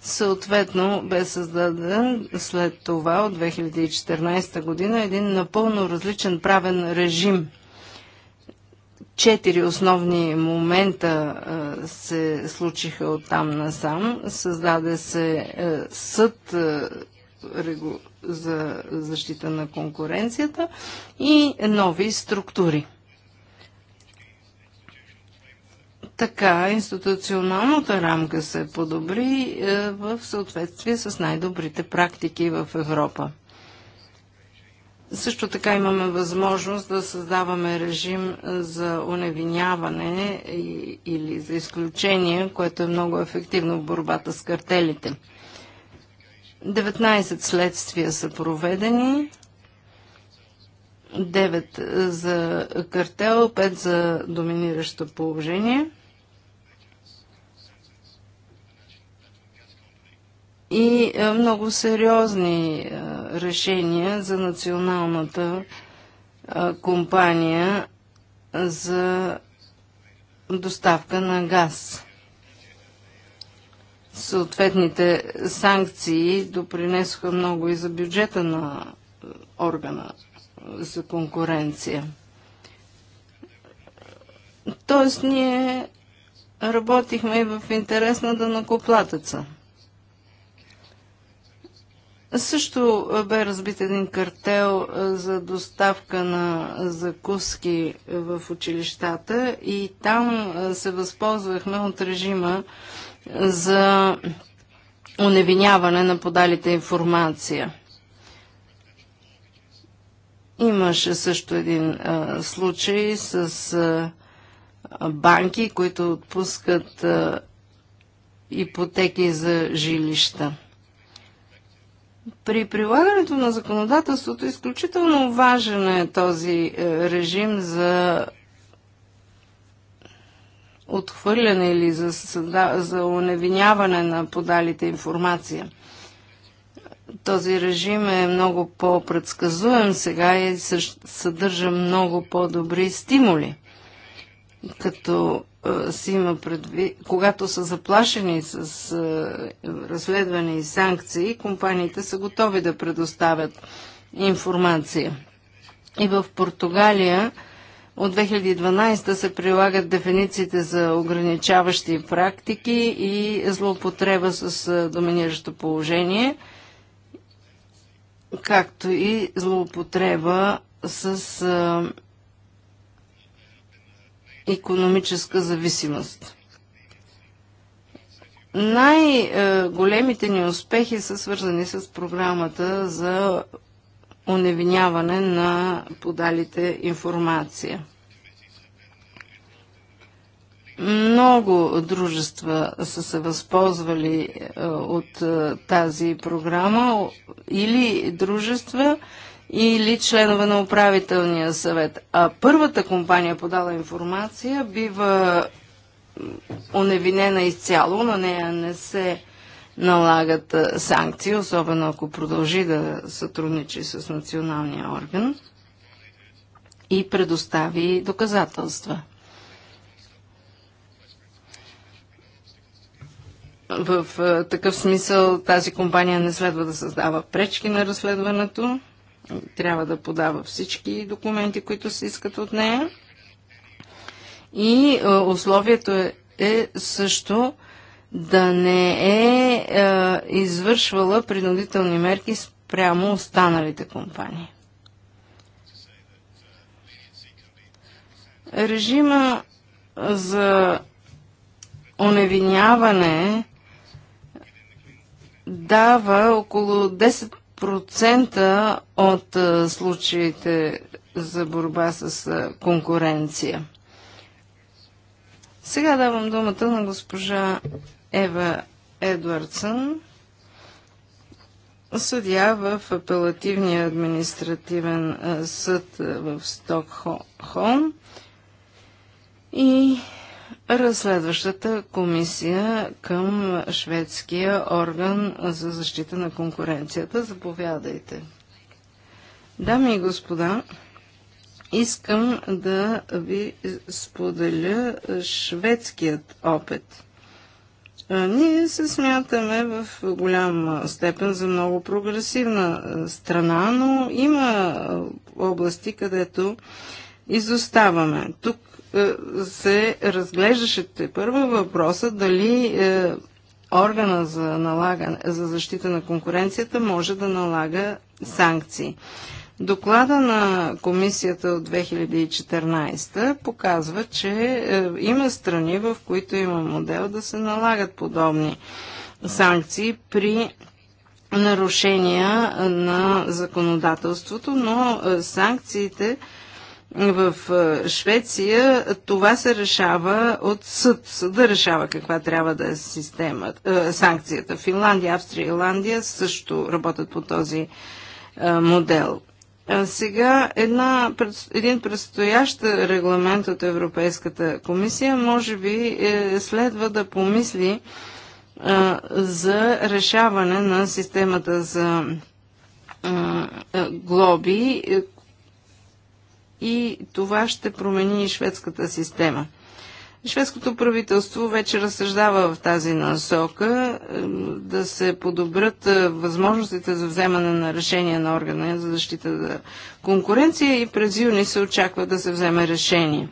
Съответно бе създаден след това от 2014 година един напълно различен правен режим. Четири основни момента е, се случиха от там насам. Създаде се съд за защита на конкуренцията и нови структури. Така институционалната рамка се подобри е, в съответствие с най-добрите практики в Европа. Също така имаме възможност да създаваме режим е, за уневиняване или за изключение, което е много ефективно в борбата с картелите. 19 следствия са проведени, 9 за картел, 5 за доминиращо положение. И много сериозни решения за националната компания за доставка на газ съответните санкции допринесоха много и за бюджета на органа за конкуренция. Тоест ние работихме и в интерес на дънакоплатеца. Също бе разбит един картел за доставка на закуски в училищата и там се възползвахме от режима за оневиняване на подалите информация. Имаше също един а, случай с а, банки, които отпускат а, ипотеки за жилища. При прилагането на законодателството изключително важен е този е, режим за отхвърляне или за, за уневиняване на подалите информация. Този режим е много по-предсказуем сега и съдържа много по-добри стимули. Като е, си има предвид, когато са заплашени с е, разследване и санкции, компаниите са готови да предоставят информация. И в Португалия от 2012 се прилагат дефинициите за ограничаващи практики и злоупотреба с доминиращо положение, както и злоупотреба с економическа зависимост. Най-големите ни успехи са свързани с програмата за оневиняване на подалите информация. Много дружества са се възползвали е, от е, тази програма или дружества, или членове на управителния съвет. А първата компания подала информация бива оневинена изцяло, на нея не се налагат санкции, особено ако продължи да сътрудничи с националния орган и предостави доказателства. В такъв смисъл тази компания не следва да създава пречки на разследването, трябва да подава всички документи, които се искат от нея. И условието е, е също да не е, е извършвала принудителни мерки спрямо останалите компании. Режима за оневиняване дава около 10% от е, случаите за борба с е, конкуренция. Сега давам думата на госпожа Ева Едвардсън, съдя в апелативния административен съд в Стокхолм и разследващата комисия към шведския орган за защита на конкуренцията. Заповядайте. Дами и господа, искам да ви споделя шведският опит. Ние се смятаме в голяма степен за много прогресивна страна, но има области, където изоставаме. Тук се разглеждаше първо въпроса дали органа за, налагане, за защита на конкуренцията може да налага санкции. Доклада на комисията от 2014 показва, че е, има страни, в които има модел да се налагат подобни санкции при нарушения на законодателството, но е, санкциите в е, Швеция това се решава от съд. Съда решава каква трябва да е система, е, санкцията. Финландия, Австрия, и Ирландия също работят по този е, модел. А сега една, един предстоящ регламент от Европейската комисия може би е, следва да помисли за решаване на системата за глоби е, и това ще промени и шведската система. Шведското правителство вече разсъждава в тази насока е, да се подобрят е, възможностите за вземане на решение на органа за защита на конкуренция и през юни се очаква да се вземе решение.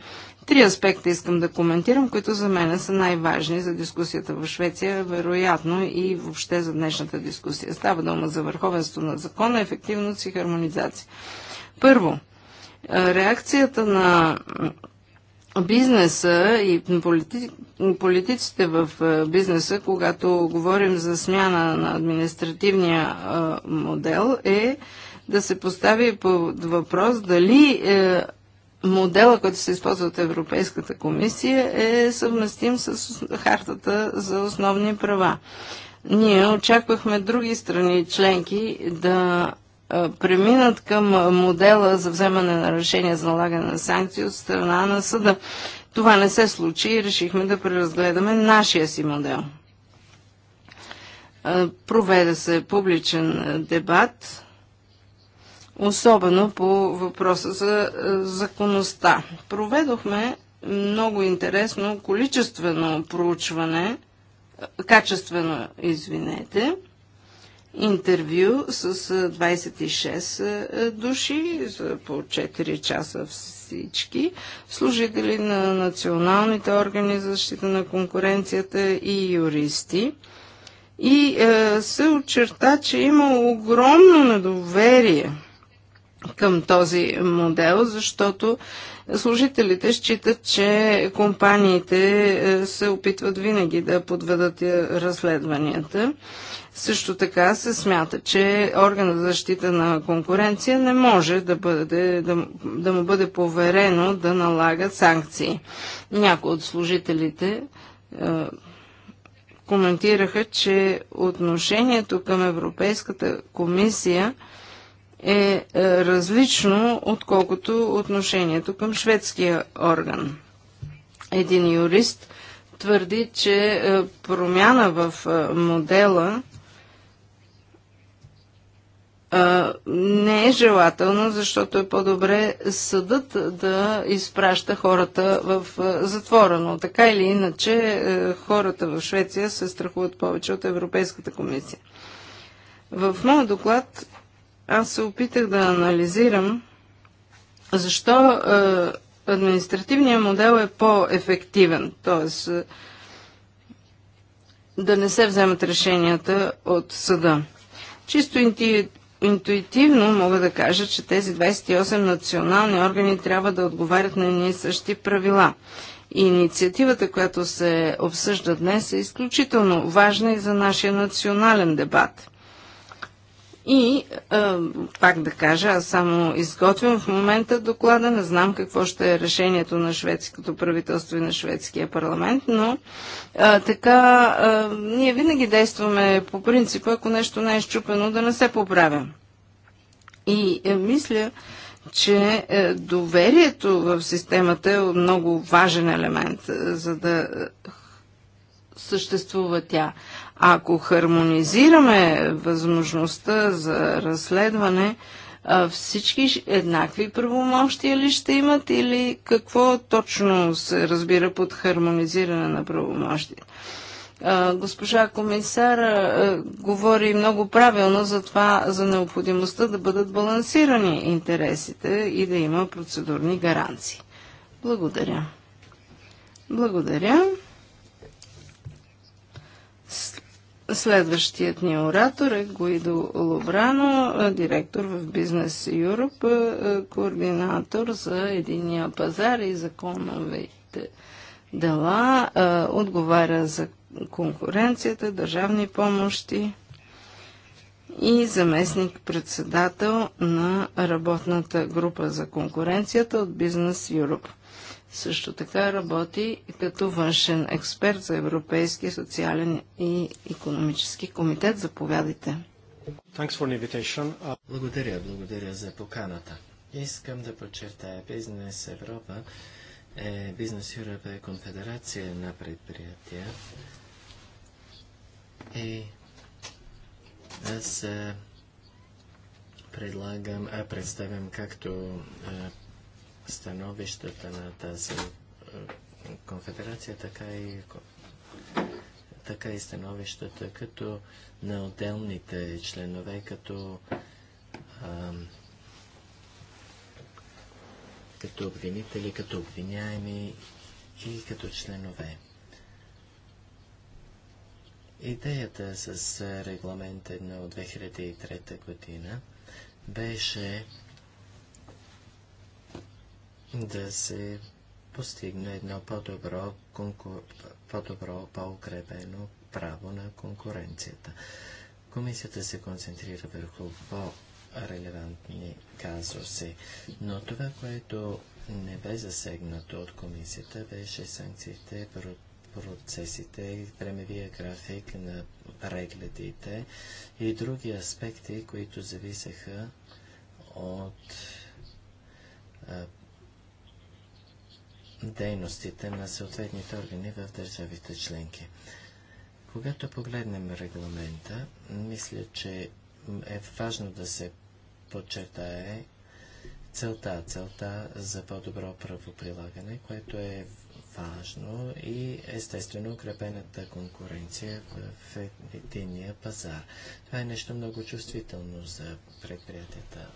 Три аспекта искам да коментирам, които за мен са най-важни за дискусията в Швеция, вероятно и въобще за днешната дискусия. Става дума за върховенство на закона, ефективност и хармонизация. Първо, е, реакцията на бизнеса и полити... политиците в бизнеса, когато говорим за смяна на административния модел, е да се постави под въпрос дали е, модела, който се използва от Европейската комисия, е съвместим с хартата за основни права. Ние очаквахме други страни членки да преминат към модела за вземане на решение за налагане на санкции от страна на съда. Това не се случи и решихме да преразгледаме нашия си модел. Проведе се публичен дебат, особено по въпроса за законността. Проведохме много интересно количествено проучване, качествено, извинете, интервю с 26 души за по 4 часа всички, служители на националните органи за защита на конкуренцията и юристи. И е, се очерта, че има огромно недоверие към този модел, защото служителите считат, че компаниите се опитват винаги да подведат разследванията също така се смята, че органът за защита на конкуренция не може да, бъде, да, да му бъде поверено да налага санкции. Някои от служителите е, коментираха, че отношението към Европейската комисия е, е различно, отколкото отношението към шведския орган. Един юрист твърди, че е, промяна в е, модела не е желателно, защото е по-добре съдът да изпраща хората в затвора. Но така или иначе, е, хората в Швеция се страхуват повече от Европейската комисия. В моят доклад аз се опитах да анализирам защо е, административният модел е по-ефективен, т.е. да не се вземат решенията от съда. Чисто интуитивно мога да кажа, че тези 28 национални органи трябва да отговарят на едни и същи правила. И инициативата, която се обсъжда днес, е изключително важна и за нашия национален дебат. И, а, пак да кажа, аз само изготвям в момента доклада, не знам какво ще е решението на шведското правителство и на шведския парламент, но а, така а, ние винаги действаме по принципа, ако нещо не е щупено, да не се поправя. И е, мисля, че е, доверието в системата е много важен елемент, е, за да е, съществува тя. Ако хармонизираме възможността за разследване, всички еднакви правомощия ли ще имат или какво точно се разбира под хармонизиране на правомощия? Госпожа комисар говори много правилно за това, за необходимостта да бъдат балансирани интересите и да има процедурни гаранции. Благодаря. Благодаря. Следващият ни оратор е Гуидо Лобрано, е, директор в Бизнес Юруп, е, е, координатор за единия пазар и законовите дела, отговаря за конкуренцията, държавни помощи и заместник-председател на работната група за конкуренцията от Бизнес Юруп. Също така работи като външен експерт за Европейския социален и економически комитет. Заповядайте. Uh, благодаря, благодаря за поканата. Искам да подчертая, Бизнес Европа е, Бизнес Европа е конфедерация на предприятия и аз предлагам, а представям както становищата на тази е, конфедерация, така и, така и становищата като на отделните членове, като, а, като обвинители, като обвиняеми и като членове. Идеята с регламент 1 от 2003 година беше да се постигне едно по-добро, конкур... по-добро, по-укрепено право на конкуренцията. Комисията се концентрира върху по-релевантни казуси, но това, което не бе засегнато от комисията, беше санкциите, процесите и времевия график на прегледите и други аспекти, които зависеха от дейностите на съответните органи в държавите членки. Когато погледнем регламента, мисля, че е важно да се подчертае целта, целта за по-добро правоприлагане, което е важно и естествено укрепената конкуренция в единия пазар. Това е нещо много чувствително за предприятията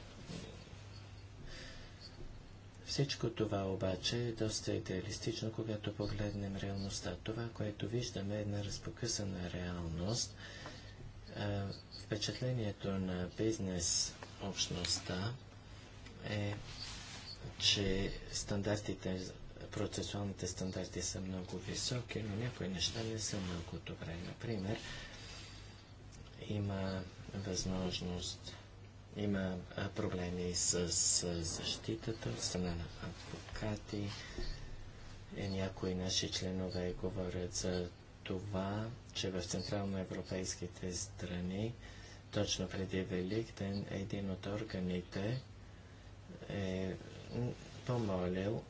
всичко това обаче е доста идеалистично, когато погледнем реалността. Това, което виждаме е една разпокъсана реалност. Е, впечатлението на бизнес общността е, че стандартите, процесуалните стандарти са много високи, но някои неща не са много добре. Например, има възможност има проблеми с, защитата от страна на адвокати. Е, някои наши членове говорят за това, че в централноевропейските страни, точно преди Великден, един от органите е помолил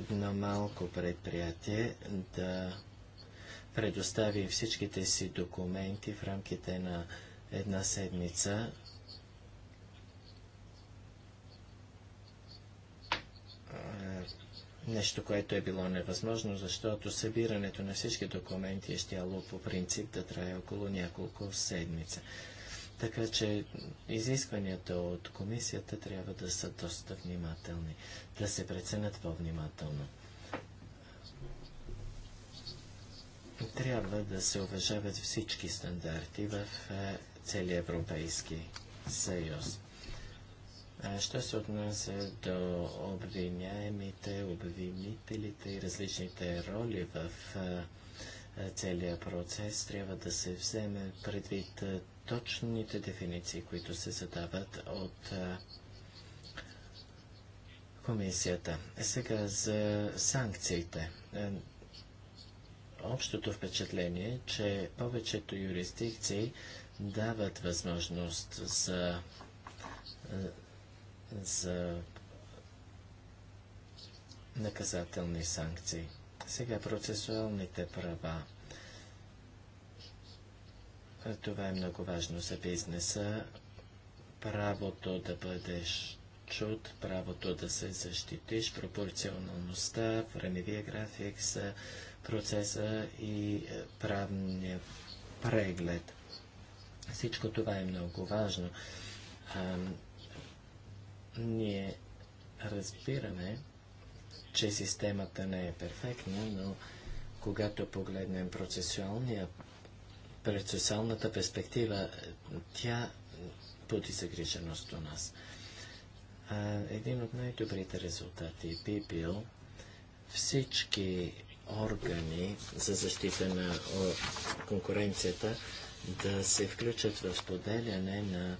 едно малко предприятие да предостави всичките си документи в рамките на една седмица е, нещо, което е било невъзможно, защото събирането на всички документи е щяло по принцип да трае около няколко седмица. Така че изискванията от комисията трябва да са доста внимателни, да се преценят по-внимателно. Трябва да се уважават всички стандарти в е, целия Европейски съюз. Що се отнася до обвиняемите, обвинителите и различните роли в целия процес, трябва да се вземе предвид точните дефиниции, които се задават от комисията. Сега за санкциите. Общото впечатление е, че повечето юрисдикции дават възможност за, е, за наказателни санкции. Сега процесуалните права. Това е много важно за бизнеса. Правото да бъдеш чуд, правото да се защитиш, пропорционалността, времевия график процеса и е, правния преглед. Всичко това е много важно. А, ние разбираме, че системата не е перфектна, но когато погледнем процесуалната перспектива, тя поди загриженост у нас. А, един от най-добрите резултати би бил всички органи за защита на конкуренцията да се включат в споделяне на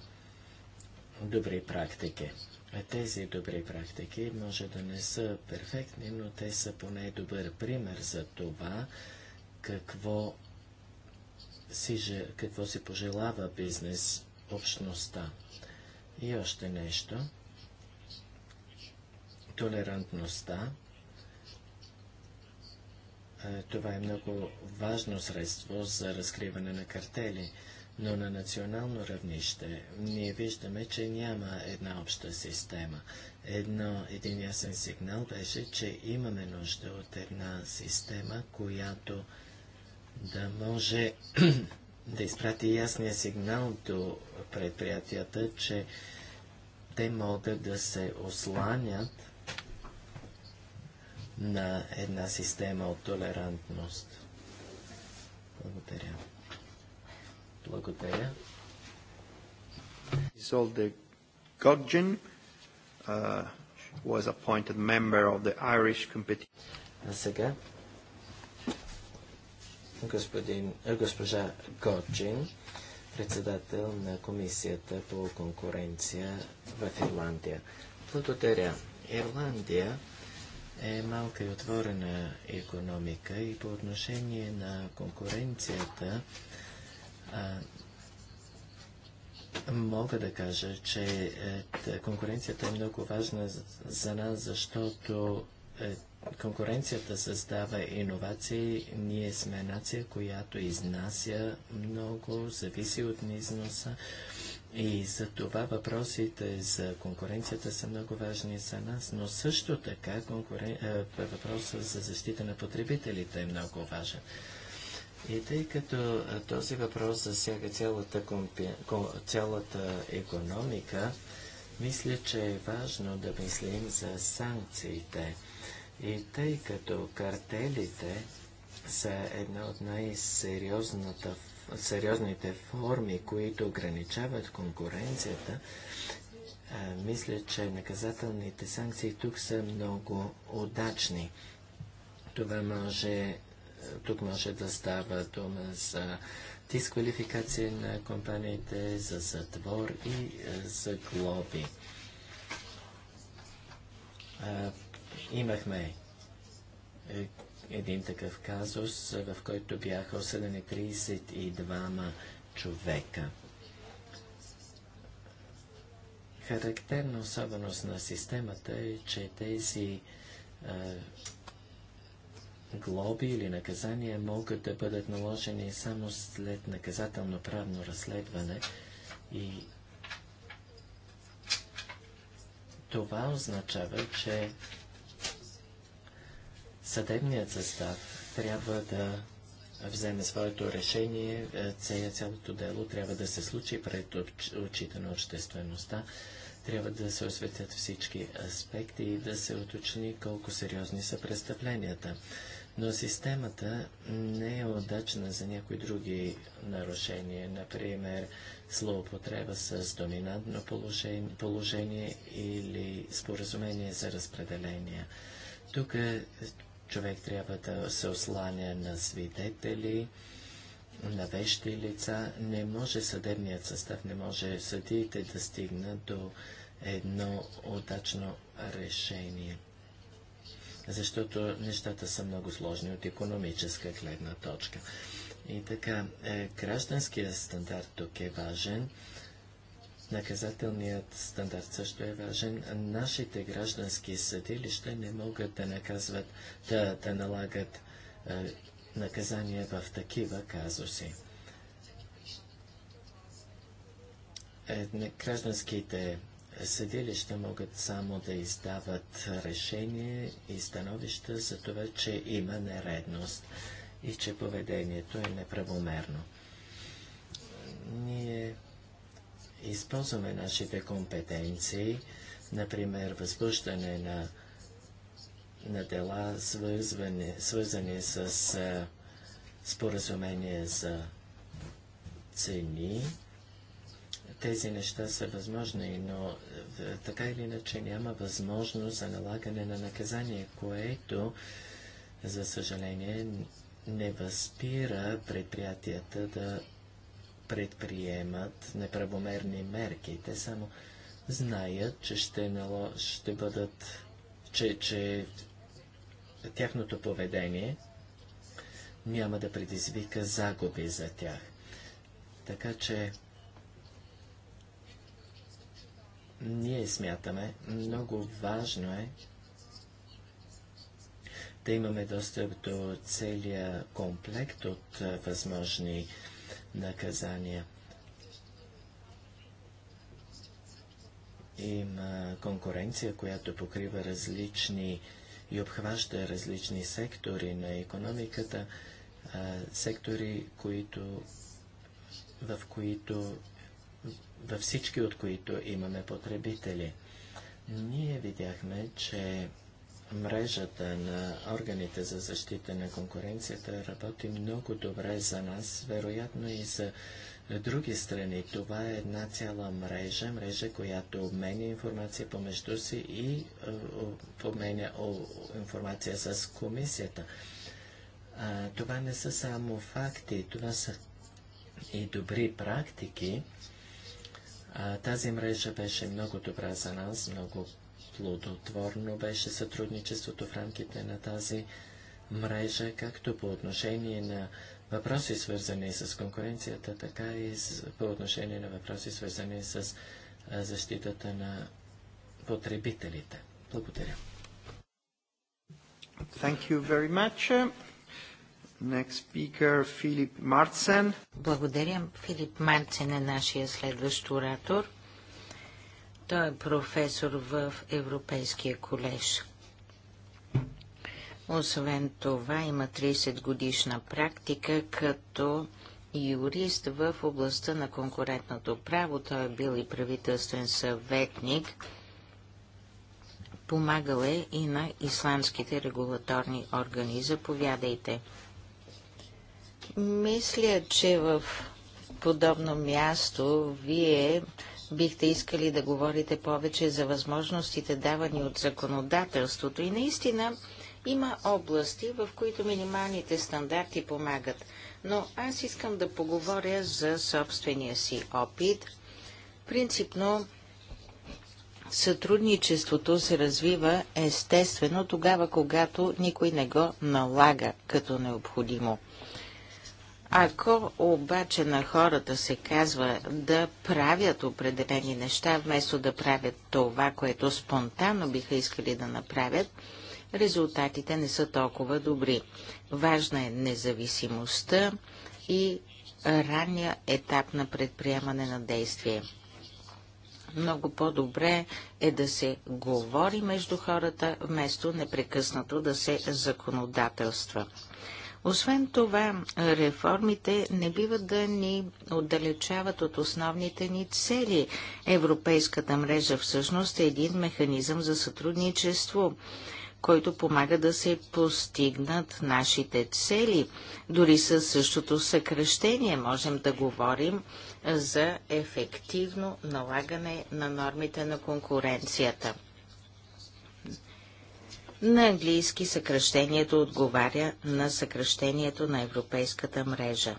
добри практики. А Тези добри практики може да не са перфектни, но те са поне добър пример за това, какво си, какво си пожелава бизнес общността. И още нещо. Толерантността това е много важно средство за разкриване на картели, но на национално равнище ние виждаме, че няма една обща система. Едно, един ясен сигнал беше, че имаме нужда от една система, която да може <clears throat> да изпрати ясния сигнал до предприятията, че те могат да се осланят на една система от толерантност. Благодаря. Благодаря. Isolde Годжин uh, was appointed member of the Irish competition. А сега господин, госпожа Годжин, председател на Комисията по конкуренция в Ирландия. Благодаря. Ирландия е малка и отворена економика и по отношение на конкуренцията а, мога да кажа, че е, конкуренцията е много важна за нас, защото е, конкуренцията създава иновации. Ние сме нация, която изнася много, зависи от износа. И за това въпросите за конкуренцията са много важни за нас, но също така конкурен... Е, въпросът за защита на потребителите е много важен. И тъй като е, този въпрос засяга цялата, компи... цялата економика, мисля, че е важно да мислим за санкциите. И тъй като картелите са една от най-сериозната сериозните форми, които ограничават конкуренцията, мисля, че наказателните санкции тук са много удачни. Това може, тук може да става дума за дисквалификация на компаниите, за затвор и е, за глоби. имахме е, един такъв казус, в който бяха осъдени 32 човека. Характерна особеност на системата е, че тези е, глоби или наказания могат да бъдат наложени само след наказателно-правно разследване и това означава, че съдебният състав трябва да вземе своето решение, е, цялото дело трябва да се случи пред очите на обществеността, трябва да се осветят всички аспекти и да се уточни колко сериозни са престъпленията. Но системата не е удачна за някои други нарушения, например злоупотреба с доминантно положение, положение или споразумение за разпределение. Тук е човек трябва да се осланя на свидетели, на вещи лица. Не може съдебният състав, не може съдиите да стигнат до едно удачно решение. Защото нещата са много сложни от економическа гледна точка. И така, е, гражданският стандарт тук е важен. Наказателният стандарт също е важен. Нашите граждански съдилища не могат да наказват, да, да налагат е, наказания в такива казуси. Е, гражданските съдилища могат само да издават решение и становища за това, че има нередност и че поведението е неправомерно. Ние използваме нашите компетенции, например възбуждане на, на дела, свързване, свързани с споразумение за цени. Тези неща са възможни, но така или иначе няма възможност за налагане на наказание, което, за съжаление, не възпира предприятията да предприемат неправомерни мерки. Те само знаят, че ще, нало... ще бъдат, че, че тяхното поведение няма да предизвика загуби за тях. Така че ние смятаме, много важно е да имаме достъп до целия комплект от възможни наказания. Има конкуренция, която покрива различни и обхваща различни сектори на економиката, сектори, които, в които, във всички от които имаме потребители. Ние видяхме, че мрежата на органите за защита на конкуренцията работи много добре за нас, вероятно и за други страни. Това е една цяла мрежа, мрежа, която обменя информация помежду си и е, обменя информация с комисията. това не са само факти, това са и добри практики. тази мрежа беше много добра за нас, много плодотворно беше сътрудничеството в рамките на тази мрежа, както по отношение на въпроси, свързани с конкуренцията, така и по отношение на въпроси, свързани с защитата на потребителите. Благодаря. Thank you very much. Next speaker, Филип Марцен. Благодаря. Филип Марцен е нашия следващ оратор. Той е професор в Европейския колеж. Освен това има 30 годишна практика като юрист в областта на конкурентното право. Той е бил и правителствен съветник. Помагал е и на исландските регулаторни органи. Заповядайте. Мисля, че в подобно място вие бихте искали да говорите повече за възможностите давани от законодателството и наистина има области, в които минималните стандарти помагат, но аз искам да поговоря за собствения си опит. Принципно сътрудничеството се развива естествено тогава, когато никой не го налага като необходимо. Ако обаче на хората се казва да правят определени неща, вместо да правят това, което спонтанно биха искали да направят, резултатите не са толкова добри. Важна е независимостта и ранния етап на предприемане на действие. Много по-добре е да се говори между хората, вместо непрекъснато да се законодателства. Освен това, реформите не биват да ни отдалечават от основните ни цели. Европейската мрежа всъщност е един механизъм за сътрудничество който помага да се постигнат нашите цели. Дори със същото съкръщение можем да говорим за ефективно налагане на нормите на конкуренцията. На английски съкръщението отговаря на съкръщението на Европейската мрежа.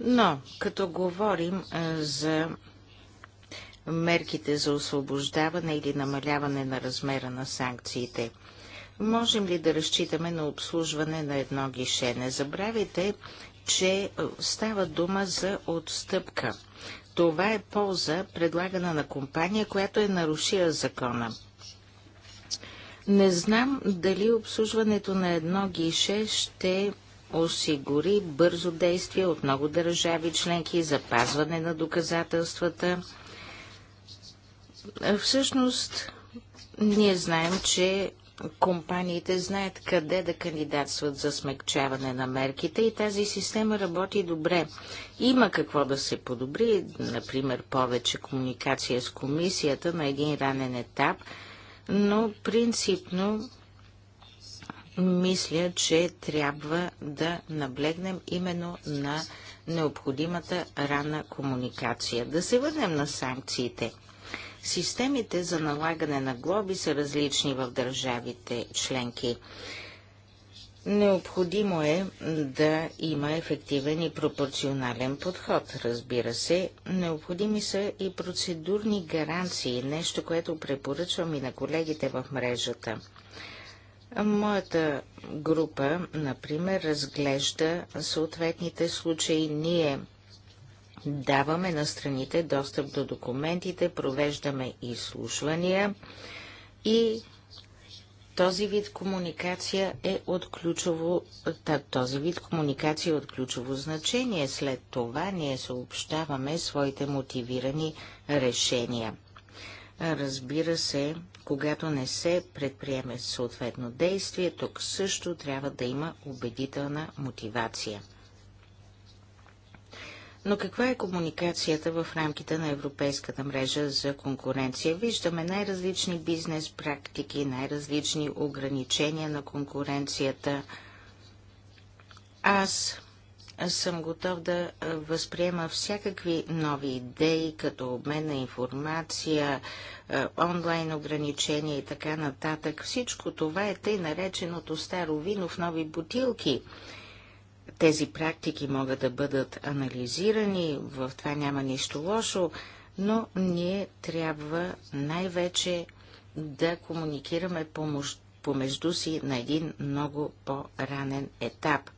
Но, като говорим за мерките за освобождаване или намаляване на размера на санкциите, можем ли да разчитаме на обслужване на едно гише? Не забравяйте, че става дума за отстъпка. Това е полза, предлагана на компания, която е нарушила закона. Не знам дали обслужването на едно гише ще осигури бързо действие от много държави членки, запазване на доказателствата. Всъщност, ние знаем, че компаниите знаят къде да кандидатстват за смягчаване на мерките и тази система работи добре. Има какво да се подобри, например повече комуникация с комисията на един ранен етап – но принципно мисля, че трябва да наблегнем именно на необходимата рана комуникация. Да се върнем на санкциите. Системите за налагане на глоби са различни в държавите членки. Необходимо е да има ефективен и пропорционален подход, разбира се. Необходими са и процедурни гаранции, нещо, което препоръчвам и на колегите в мрежата. Моята група, например, разглежда съответните случаи. Ние даваме на страните достъп до документите, провеждаме изслушвания и този вид комуникация е от ключово, този вид комуникация е от ключово значение. След това ние съобщаваме своите мотивирани решения. Разбира се, когато не се предприеме съответно действие, тук също трябва да има убедителна мотивация. Но каква е комуникацията в рамките на Европейската мрежа за конкуренция? Виждаме най-различни бизнес практики, най-различни ограничения на конкуренцията. Аз съм готов да възприема всякакви нови идеи, като обмен на информация, е, онлайн ограничения и така нататък. Всичко това е тъй нареченото старо вино в нови бутилки – тези практики могат да бъдат анализирани, в това няма нищо лошо, но ние трябва най-вече да комуникираме помощ, помежду си на един много по-ранен етап.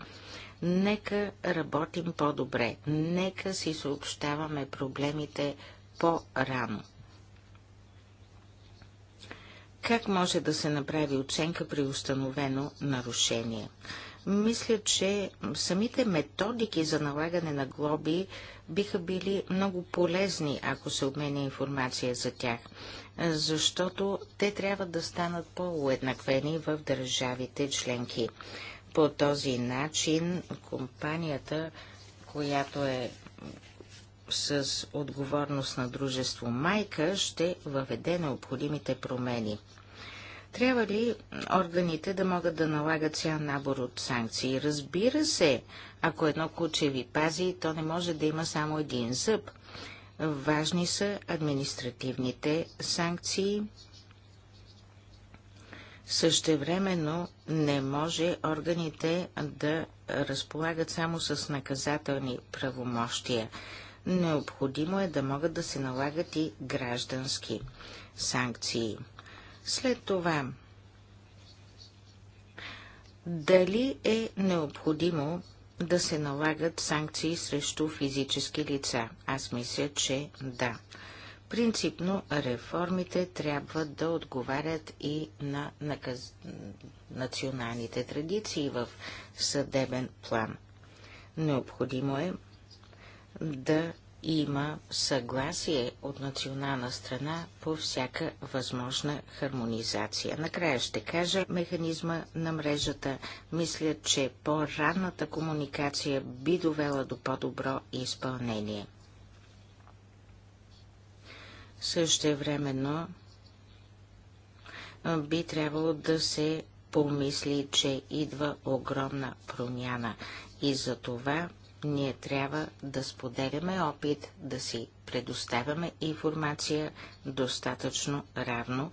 Нека работим по-добре, нека си съобщаваме проблемите по-рано. Как може да се направи оценка при установено нарушение? Мисля, че самите методики за налагане на глоби биха били много полезни, ако се обменя информация за тях, защото те трябва да станат по-уеднаквени в държавите членки. По този начин компанията, която е с отговорност на дружество майка, ще въведе необходимите промени. Трябва ли органите да могат да налагат цял набор от санкции? Разбира се, ако едно куче ви пази, то не може да има само един зъб. Важни са административните санкции. Същевременно не може органите да разполагат само с наказателни правомощия. Необходимо е да могат да се налагат и граждански санкции. След това, дали е необходимо да се налагат санкции срещу физически лица? Аз мисля, че да. Принципно реформите трябва да отговарят и на наказ... националните традиции в съдебен план. Необходимо е да има съгласие от национална страна по всяка възможна хармонизация. Накрая ще кажа механизма на мрежата. Мисля, че по-ранната комуникация би довела до по-добро изпълнение. Също времено би трябвало да се помисли, че идва огромна промяна и за това ние трябва да споделяме опит, да си предоставяме информация достатъчно равно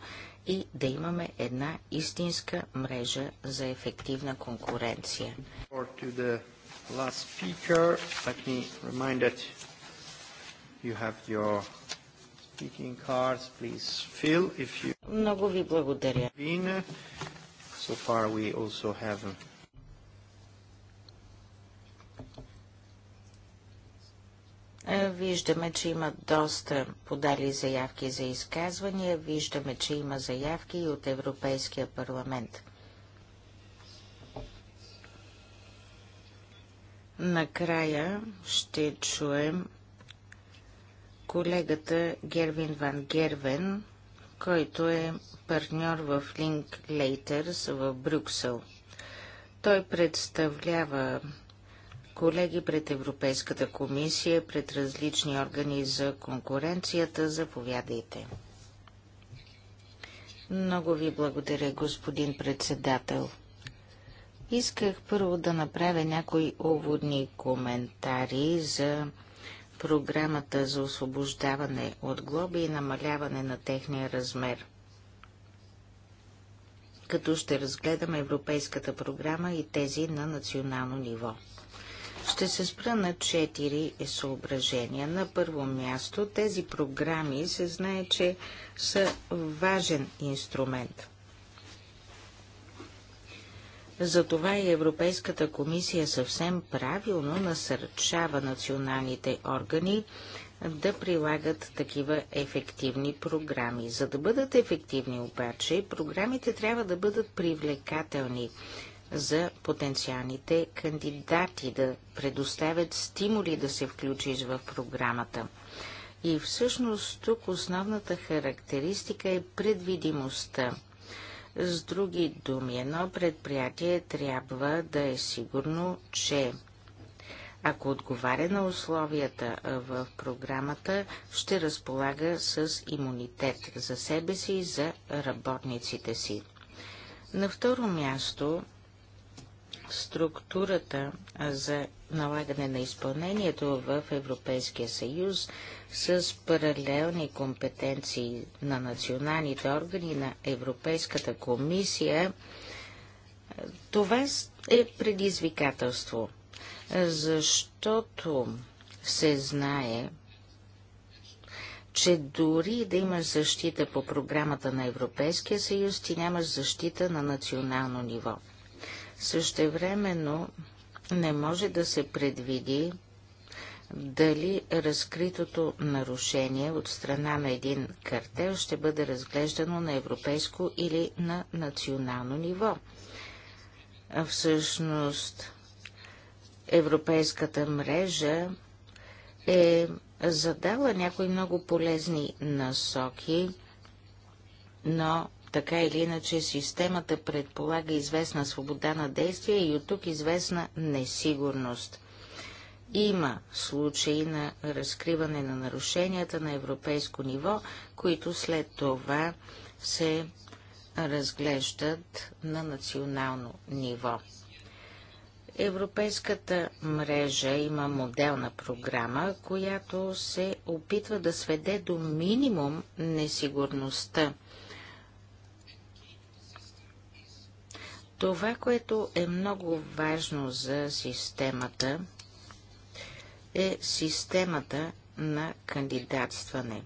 и да имаме една истинска мрежа за ефективна конкуренция. Много ви благодаря. So far we also have Е, виждаме, че има доста подали заявки за изказвания. Виждаме, че има заявки и от Европейския парламент. Накрая ще чуем колегата Гервин Ван Гервен, който е партньор в Link Later в Брюксел. Той представлява колеги пред Европейската комисия, пред различни органи за конкуренцията. Заповядайте. Много ви благодаря, господин председател. Исках първо да направя някои уводни коментари за програмата за освобождаване от глоби и намаляване на техния размер. Като ще разгледам европейската програма и тези на национално ниво. Ще се спра на четири съображения. На първо място тези програми се знае, че са важен инструмент. Затова и Европейската комисия съвсем правилно насърчава националните органи да прилагат такива ефективни програми. За да бъдат ефективни обаче, програмите трябва да бъдат привлекателни за потенциалните кандидати, да предоставят стимули да се включиш в програмата. И всъщност тук основната характеристика е предвидимостта. С други думи, едно предприятие трябва да е сигурно, че ако отговаря на условията в програмата, ще разполага с имунитет за себе си и за работниците си. На второ място, структурата за налагане на изпълнението в Европейския съюз с паралелни компетенции на националните органи на Европейската комисия, това е предизвикателство, защото се знае, че дори да имаш защита по програмата на Европейския съюз, ти нямаш защита на национално ниво. Същевременно не може да се предвиди дали разкритото нарушение от страна на един картел ще бъде разглеждано на европейско или на национално ниво. Всъщност, Европейската мрежа е задала някои много полезни насоки, но така или иначе, системата предполага известна свобода на действие и от тук известна несигурност. Има случаи на разкриване на нарушенията на европейско ниво, които след това се разглеждат на национално ниво. Европейската мрежа има моделна програма, която се опитва да сведе до минимум несигурността Това, което е много важно за системата, е системата на кандидатстване.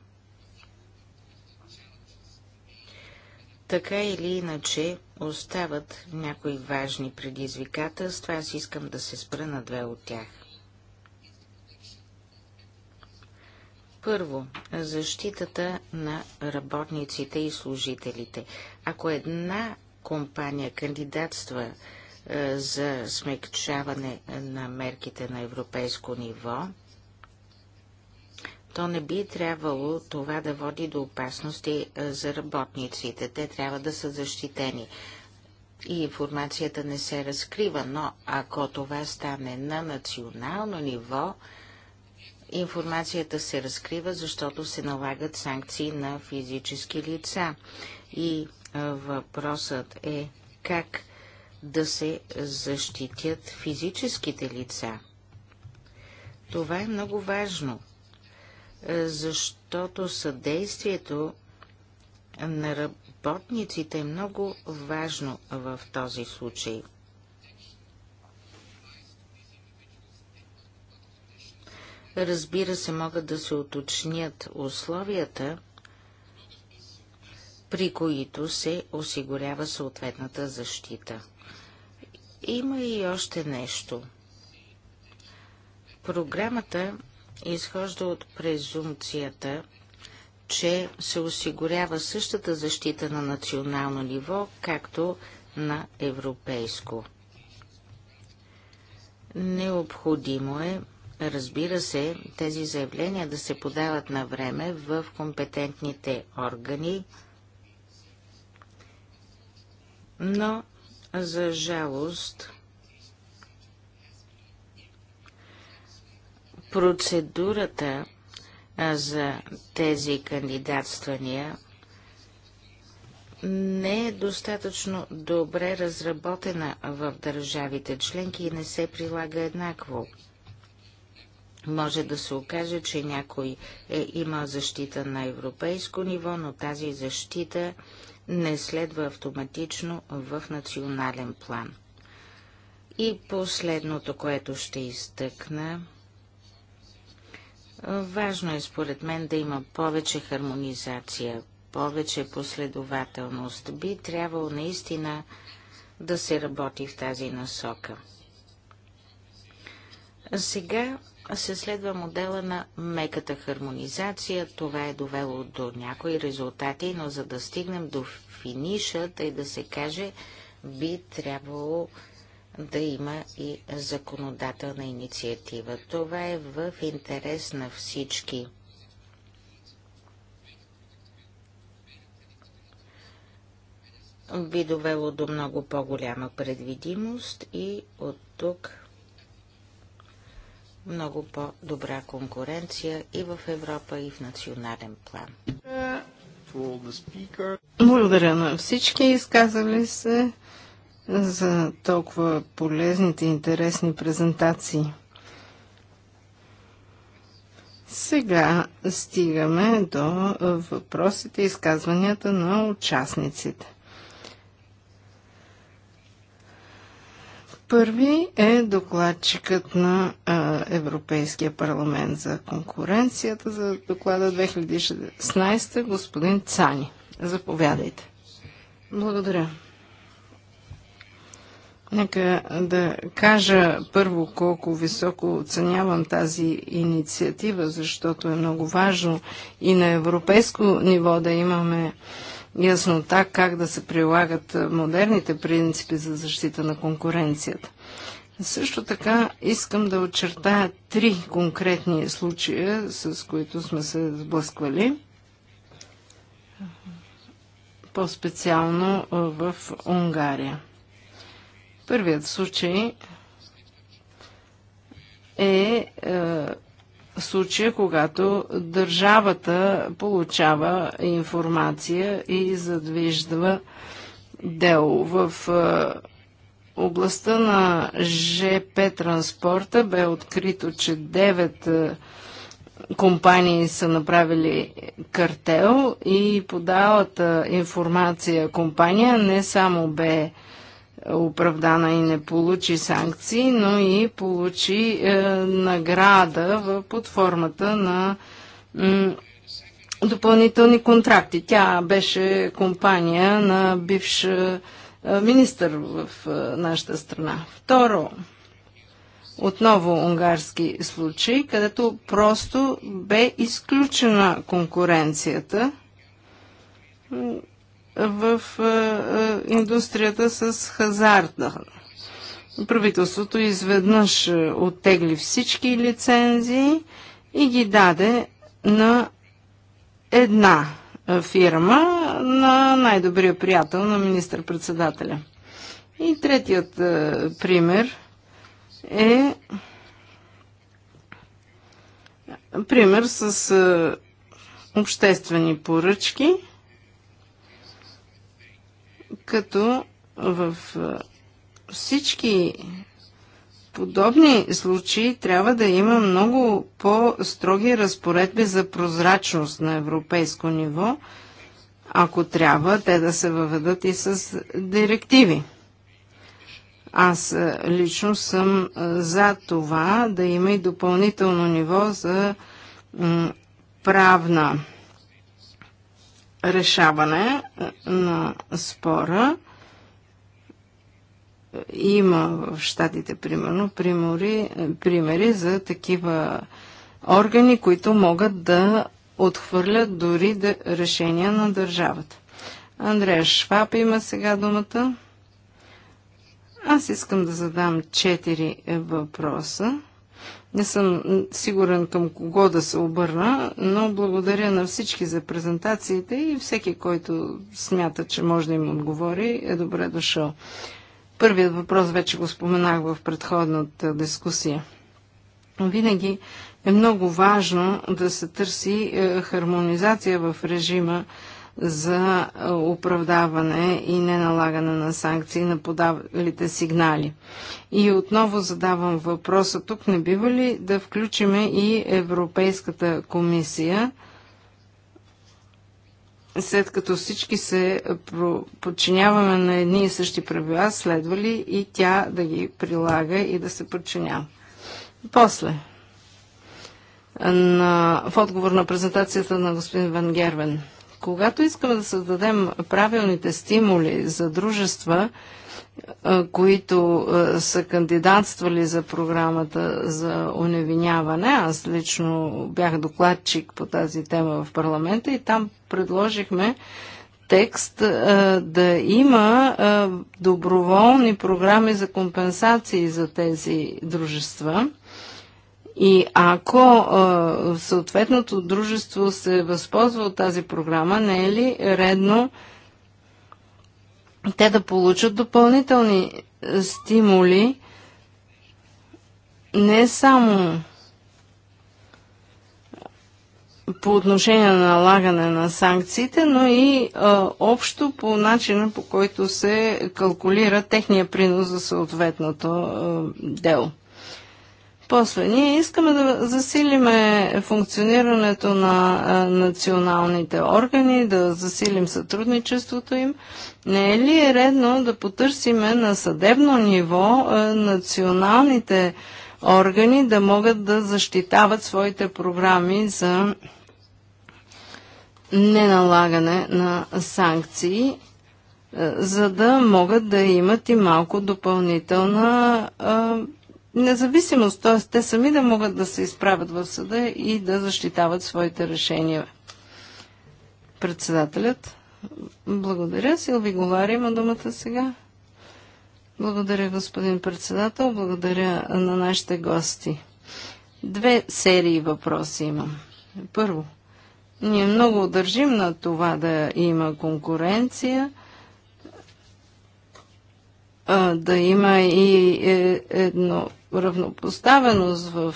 Така или иначе остават някои важни предизвикателства, аз искам да се спра на две от тях. Първо, защитата на работниците и служителите. Ако една компания кандидатства е, за смягчаване на мерките на европейско ниво, то не би трябвало това да води до опасности е, за работниците. Те трябва да са защитени и информацията не се разкрива, но ако това стане на национално ниво, информацията се разкрива, защото се налагат санкции на физически лица. И Въпросът е как да се защитят физическите лица. Това е много важно, защото съдействието на работниците е много важно в този случай. Разбира се, могат да се уточнят условията, при които се осигурява съответната защита. Има и още нещо. Програмата изхожда от презумцията, че се осигурява същата защита на национално ниво, както на европейско. Необходимо е, разбира се, тези заявления да се подават на време в компетентните органи, но, за жалост, процедурата за тези кандидатствания не е достатъчно добре разработена в държавите членки и не се прилага еднакво. Може да се окаже, че някой е имал защита на европейско ниво, но тази защита не следва автоматично в национален план. И последното, което ще изтъкна, важно е според мен да има повече хармонизация, повече последователност. Би трябвало наистина да се работи в тази насока. Сега се следва модела на меката хармонизация. Това е довело до някои резултати, но за да стигнем до финиша, тъй да се каже, би трябвало да има и законодателна инициатива. Това е в интерес на всички. Би довело до много по-голяма предвидимост и от тук много по-добра конкуренция и в Европа, и в национален план. Благодаря на всички изказали се за толкова полезните и интересни презентации. Сега стигаме до въпросите и изказванията на участниците. Първи е докладчикът на а, Европейския парламент за конкуренцията за доклада 2016, господин Цани. Заповядайте. Благодаря. Нека да кажа първо колко високо оценявам тази инициатива, защото е много важно и на европейско ниво да имаме яснота как да се прилагат модерните принципи за защита на конкуренцията. Също така искам да очертая три конкретни случая, с които сме се сблъсквали. По-специално в Унгария. Първият случай е, е случая, когато държавата получава информация и задвиждава дело. В областта на ЖП транспорта бе открито, че 9 компании са направили картел и подалата информация компания не само бе оправдана и не получи санкции, но и получи е, награда в, под формата на допълнителни контракти. Тя беше компания на бивш е, министър в е, нашата страна. Второ, отново унгарски случай, където просто бе изключена конкуренцията в е, е, индустрията с хазарта. Правителството изведнъж е, оттегли всички лицензии и ги даде на една фирма на най-добрия приятел на министър-председателя. И третият пример е пример с обществени поръчки – като в всички подобни случаи трябва да има много по-строги разпоредби за прозрачност на европейско ниво, ако трябва те да се въведат и с директиви. Аз лично съм за това да има и допълнително ниво за правна решаване на спора. Има в щатите, примерно, примери, примери за такива органи, които могат да отхвърлят дори да решения на държавата. Андрея Шваб има сега думата. Аз искам да задам четири въпроса. Не съм сигурен към кого да се обърна, но благодаря на всички за презентациите и всеки, който смята, че може да им отговори, е добре дошъл. Първият въпрос вече го споменах в предходната дискусия. Винаги е много важно да се търси е, хармонизация в режима за оправдаване и неналагане на санкции на подавалите сигнали. И отново задавам въпроса, тук не бива ли да включиме и Европейската комисия, след като всички се подчиняваме на едни и същи правила, следва ли и тя да ги прилага и да се подчинява? После, на, в отговор на презентацията на господин Ван Гервен – когато искаме да създадем правилните стимули за дружества, които са кандидатствали за програмата за уневиняване. Аз лично бях докладчик по тази тема в парламента и там предложихме текст да има доброволни програми за компенсации за тези дружества и ако съответното дружество се възползва от тази програма, не е ли редно те да получат допълнителни стимули, не само по отношение на налагане на санкциите, но и а, общо по начина по който се калкулира техния принос за съответното а, дело. После, ние искаме да засилиме функционирането на националните органи, да засилим сътрудничеството им. Не е ли е редно да потърсиме на съдебно ниво националните органи да могат да защитават своите програми за неналагане на санкции, за да могат да имат и малко допълнителна независимост, т.е. те сами да могат да се изправят в съда и да защитават своите решения. Председателят, благодаря. Силви Голари има думата сега. Благодаря, господин председател. Благодаря на нашите гости. Две серии въпроси имам. Първо, ние много държим на това да има конкуренция – да има и е, едно равнопоставеност в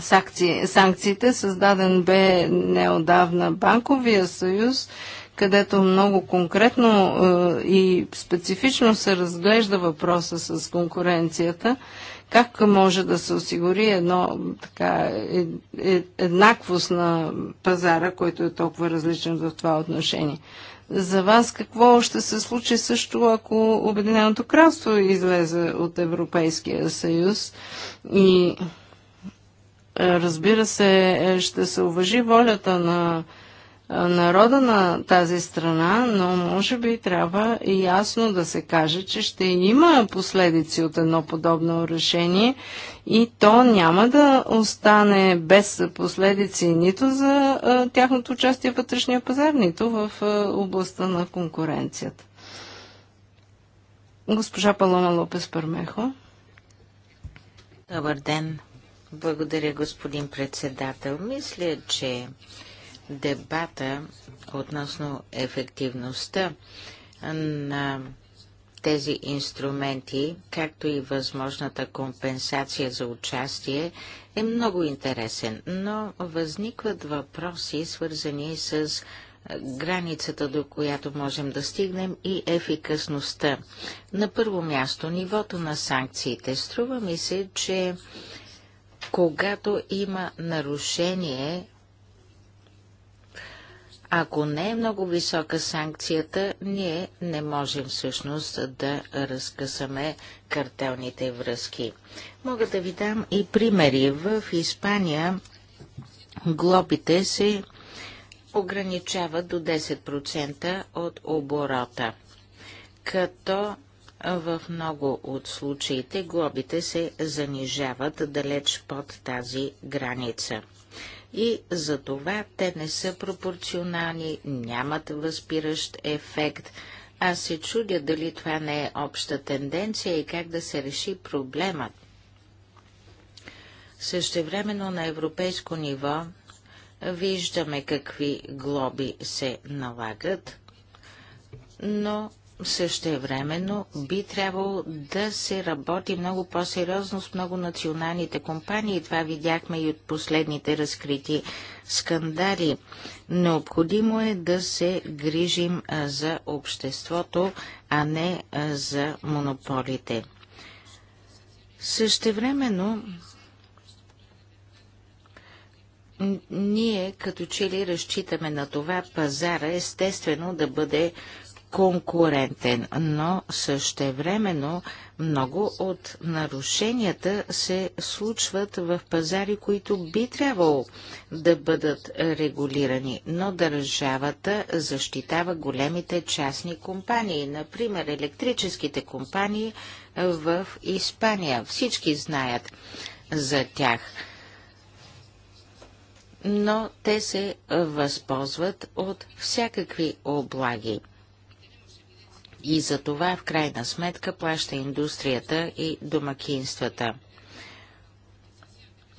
санкции, санкциите. Създаден бе неодавна Банковия съюз, където много конкретно и специфично се разглежда въпроса с конкуренцията. Как може да се осигури едно, така, е, е, еднаквост на пазара, който е толкова различен в това отношение? за вас какво ще се случи също, ако Обединеното кралство излезе от Европейския съюз и е, разбира се, е, ще се уважи волята на народа на тази страна, но може би трябва и ясно да се каже, че ще има последици от едно подобно решение и то няма да остане без последици нито за тяхното участие в вътрешния пазар, нито в областта на конкуренцията. Госпожа Палома Лопес Пармехо. Добър ден. Благодаря, господин председател. Мисля, че дебата относно ефективността на тези инструменти, както и възможната компенсация за участие, е много интересен, но възникват въпроси, свързани с границата, до която можем да стигнем и ефикасността. На първо място, нивото на санкциите. Струва ми се, че когато има нарушение ако не е много висока санкцията, ние не можем всъщност да разкъсаме картелните връзки. Мога да ви дам и примери. В Испания глобите се ограничават до 10% от оборота, като в много от случаите глобите се занижават далеч под тази граница и за това те не са пропорционални, нямат възпиращ ефект. Аз се чудя дали това не е обща тенденция и как да се реши проблемът. Същевременно на европейско ниво виждаме какви глоби се налагат, но Същевременно би трябвало да се работи много по-сериозно с много националните компании. Това видяхме и от последните разкрити скандали. Необходимо е да се грижим за обществото, а не за монополите. Същевременно ние като че ли разчитаме на това пазара естествено да бъде конкурентен, но същевременно много от нарушенията се случват в пазари, които би трябвало да бъдат регулирани, но държавата защитава големите частни компании, например електрическите компании в Испания. Всички знаят за тях но те се възползват от всякакви облаги. И за това в крайна сметка плаща индустрията и домакинствата.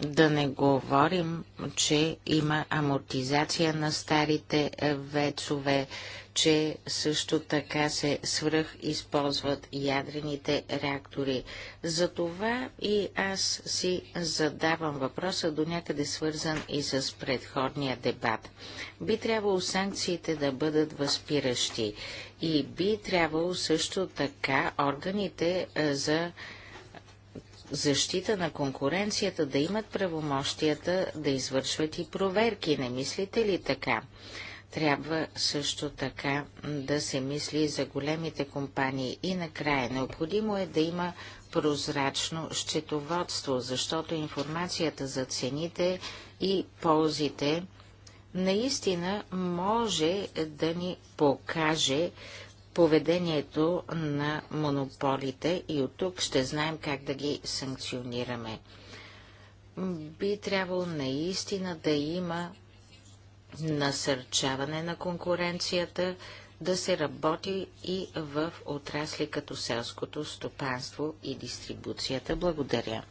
Да не говорим, че има амортизация на старите вецове, че също така се свръх използват ядрените реактори. Затова и аз си задавам въпроса до някъде свързан и с предходния дебат. Би трябвало санкциите да бъдат възпиращи и би трябвало също така органите за защита на конкуренцията да имат правомощията да извършват и проверки. Не мислите ли така? Трябва също така да се мисли за големите компании. И накрая необходимо е да има прозрачно счетоводство, защото информацията за цените и ползите наистина може да ни покаже поведението на монополите и от тук ще знаем как да ги санкционираме. Би трябвало наистина да има насърчаване на конкуренцията, да се работи и в отрасли като селското стопанство и дистрибуцията. Благодаря.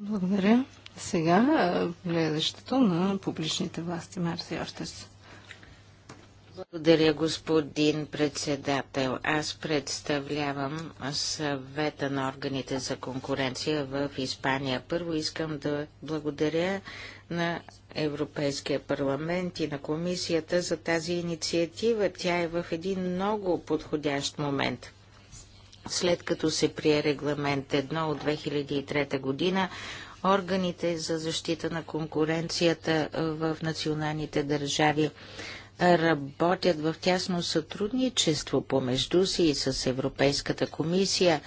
Благодаря. Сега гледащото на публичните власти Марси Ортес. Благодаря, господин председател. Аз представлявам съвета на органите за конкуренция в Испания. Първо искам да благодаря на Европейския парламент и на комисията за тази инициатива. Тя е в един много подходящ момент. След като се прие регламент 1 от 2003 година, органите за защита на конкуренцията в националните държави работят в тясно сътрудничество помежду си и с Европейската комисия.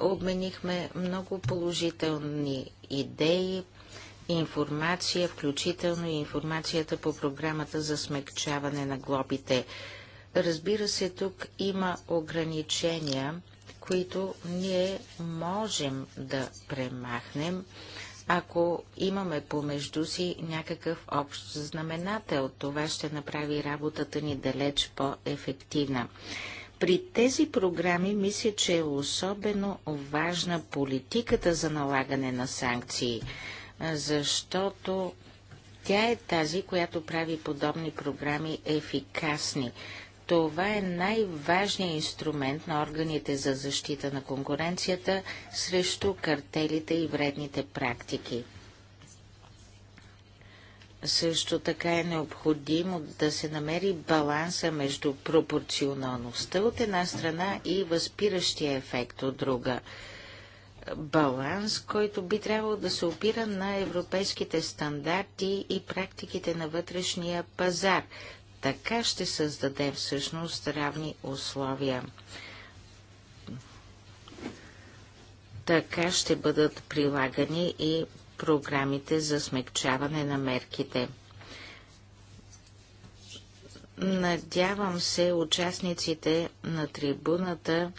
Обменихме много положителни идеи, информация, включително и информацията по програмата за смягчаване на глобите. Разбира се, тук има ограничения, които ние можем да премахнем ако имаме помежду си някакъв общ знаменател. Това ще направи работата ни далеч по-ефективна. При тези програми мисля, че е особено важна политиката за налагане на санкции, защото тя е тази, която прави подобни програми ефикасни. Това е най-важният инструмент на органите за защита на конкуренцията срещу картелите и вредните практики. Също така е необходимо да се намери баланса между пропорционалността от една страна и възпиращия ефект от друга. Баланс, който би трябвало да се опира на европейските стандарти и практиките на вътрешния пазар. Така ще създадем всъщност равни условия. Така ще бъдат прилагани и програмите за смягчаване на мерките. Надявам се участниците на трибуната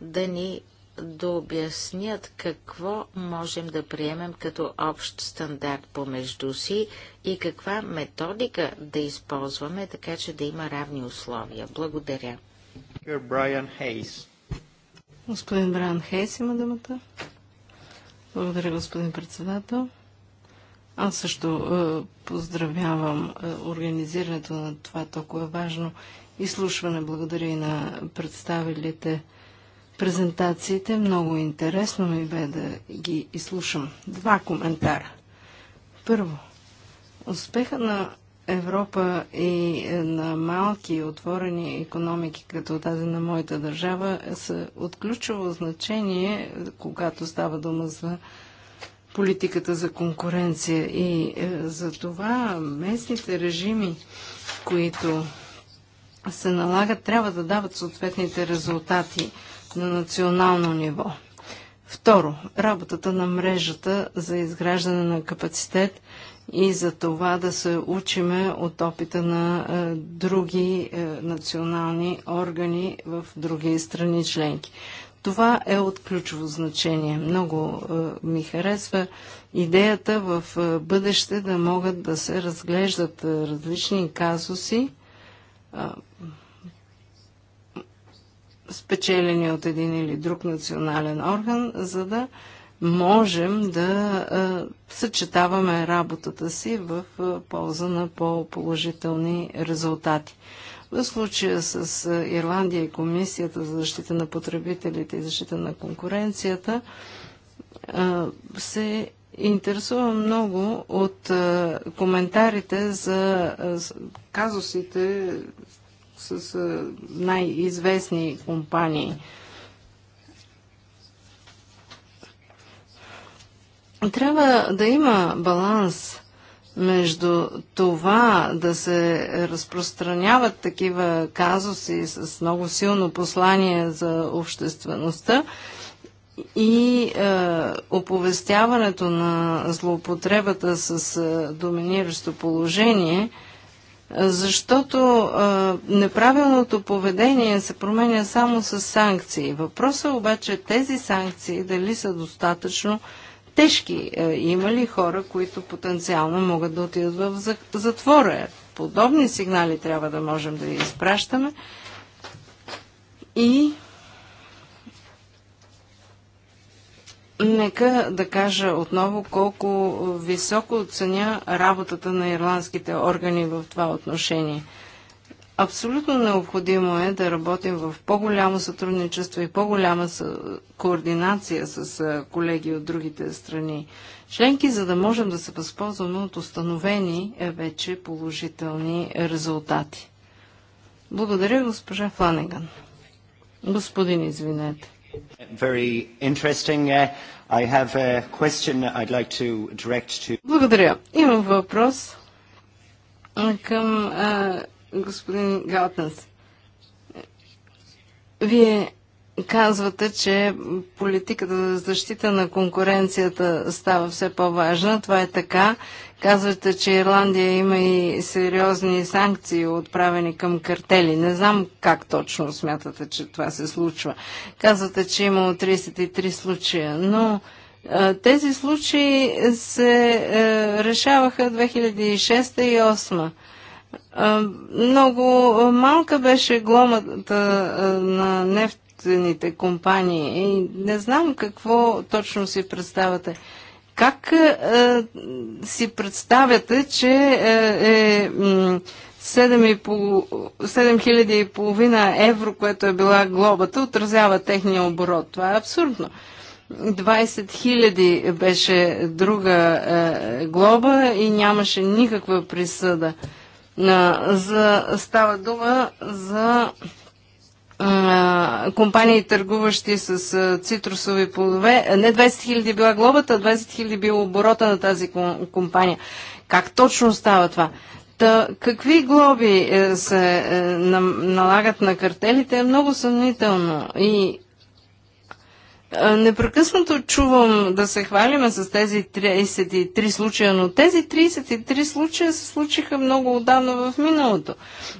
да ни да обяснят какво можем да приемем като общ стандарт помежду си и каква методика да използваме, така че да има равни условия. Благодаря. Брайан Хейс. Господин Брайан Хейс има думата. Благодаря, господин председател. Аз също е, поздравявам е, организирането на това толкова важно изслушване. Благодаря и на представилите презентациите. Много интересно ми бе да ги изслушам. Два коментара. Първо, успеха на Европа и на малки отворени економики, като тази на моята държава, са от ключово значение, когато става дума за политиката за конкуренция. И е, за това местните режими, които се налагат, трябва да дават съответните резултати на национално ниво. Второ, работата на мрежата за изграждане на капацитет и за това да се учиме от опита на е, други е, национални органи в други страни членки. Това е от ключово значение. Много е, ми харесва идеята в е, бъдеще да могат да се разглеждат е, различни казуси. Е, спечелени от един или друг национален орган, за да можем да съчетаваме работата си в полза на по-положителни резултати. В случая с Ирландия и Комисията за защита на потребителите и защита на конкуренцията се интересува много от коментарите за казусите, с най-известни компании. Трябва да има баланс между това да се разпространяват такива казуси с много силно послание за обществеността и е, оповестяването на злоупотребата с е, доминиращо положение – защото а, неправилното поведение се променя само с санкции. Въпросът е обаче тези санкции дали са достатъчно тежки. А, е, има ли хора, които потенциално могат да отидат в затвора? Подобни сигнали трябва да можем да изпращаме и Нека да кажа отново колко високо оценя работата на ирландските органи в това отношение. Абсолютно необходимо е да работим в по-голямо сътрудничество и по-голяма координация с колеги от другите страни членки, за да можем да се възползваме от установени е вече положителни резултати. Благодаря, госпожа Фланеган. Господин, извинете. Uh, like to to... Благодаря. Имам въпрос към господин Галтенс. Вие казвате, че политиката за защита на конкуренцията става все по-важна. Това е така. Казвате, че Ирландия има и сериозни санкции отправени към картели. Не знам как точно смятате, че това се случва. Казвате, че имало 33 случая, но тези случаи се е, решаваха 2006 и 2008. много малка беше гломата на нефтените компании. И не знам какво точно си представяте. Как е, е, си представяте, че е, е 7,5 евро, което е била глобата, отразява техния оборот? Това е абсурдно. 20 000 беше друга е, глоба и нямаше никаква присъда. На, за, става дума за компании, търгуващи с цитрусови плодове. Не 20 000 била глобата, а 20 000 била оборота на тази компания. Как точно става това? Та, какви глоби е, се е, налагат на картелите е много съмнително. И Непрекъснато чувам да се хвалиме с тези 33 случая, но тези 33 случая се случиха много отдавна в миналото.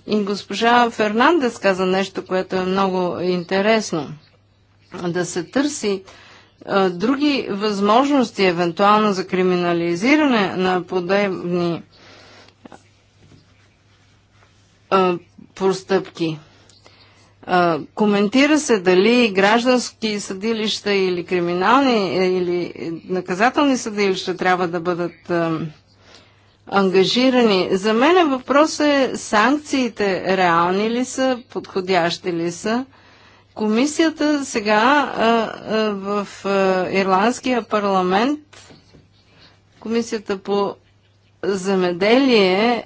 И госпожа Фернандес каза нещо, което е много интересно. Да се търси други възможности, евентуално за криминализиране на подобни постъпки. простъпки коментира се дали граждански съдилища или криминални е, или наказателни съдилища трябва да бъдат ангажирани. За мен въпрос е санкциите реални ли са, подходящи ли са. Комисията сега а, а, в а, Ирландския парламент, Комисията по земеделие,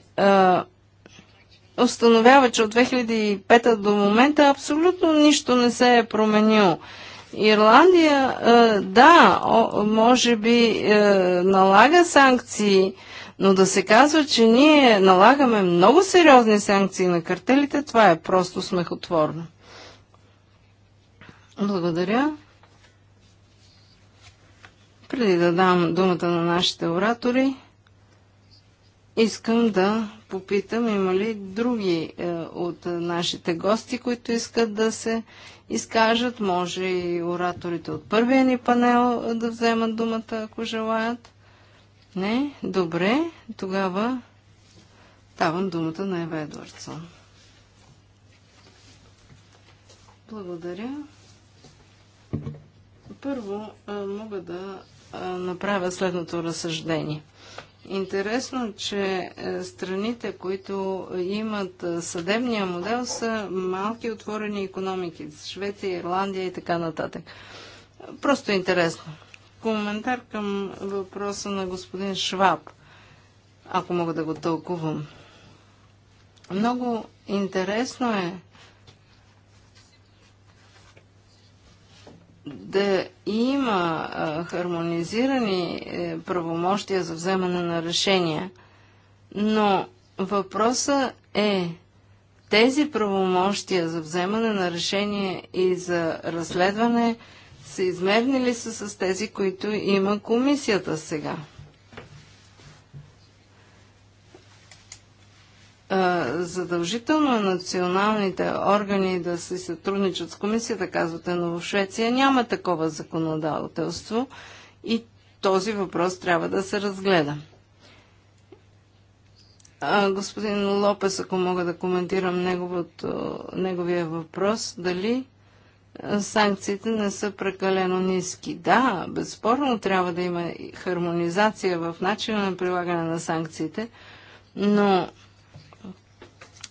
установява, че от 2005 до момента абсолютно нищо не се е променило. Ирландия, е, да, може би е, налага санкции, но да се казва, че ние налагаме много сериозни санкции на картелите, това е просто смехотворно. Благодаря. Преди да дам думата на нашите оратори, искам да попитам, има ли други е, от нашите гости, които искат да се изкажат? Може и ораторите от първия ни панел е, да вземат думата, ако желаят. Не? Добре. Тогава давам думата на Ева Едвардсон. Благодаря. Първо, е, мога да е, направя следното разсъждение – Интересно, че е, страните, които имат е, съдебния модел, са малки отворени економики. Швеция, Ирландия и така нататък. Просто интересно. Коментар към въпроса на господин Шваб, ако мога да го тълкувам. Много интересно е да има хармонизирани е, правомощия за вземане на решения, но въпросът е тези правомощия за вземане на решение и за разследване са измерни ли са с тези, които има комисията сега? задължително е националните органи да се сътрудничат с комисията, казвате, но в Швеция няма такова законодателство и този въпрос трябва да се разгледа. А, господин Лопес, ако мога да коментирам неговото, неговия въпрос, дали санкциите не са прекалено ниски. Да, безспорно трябва да има хармонизация в начина на прилагане на санкциите, но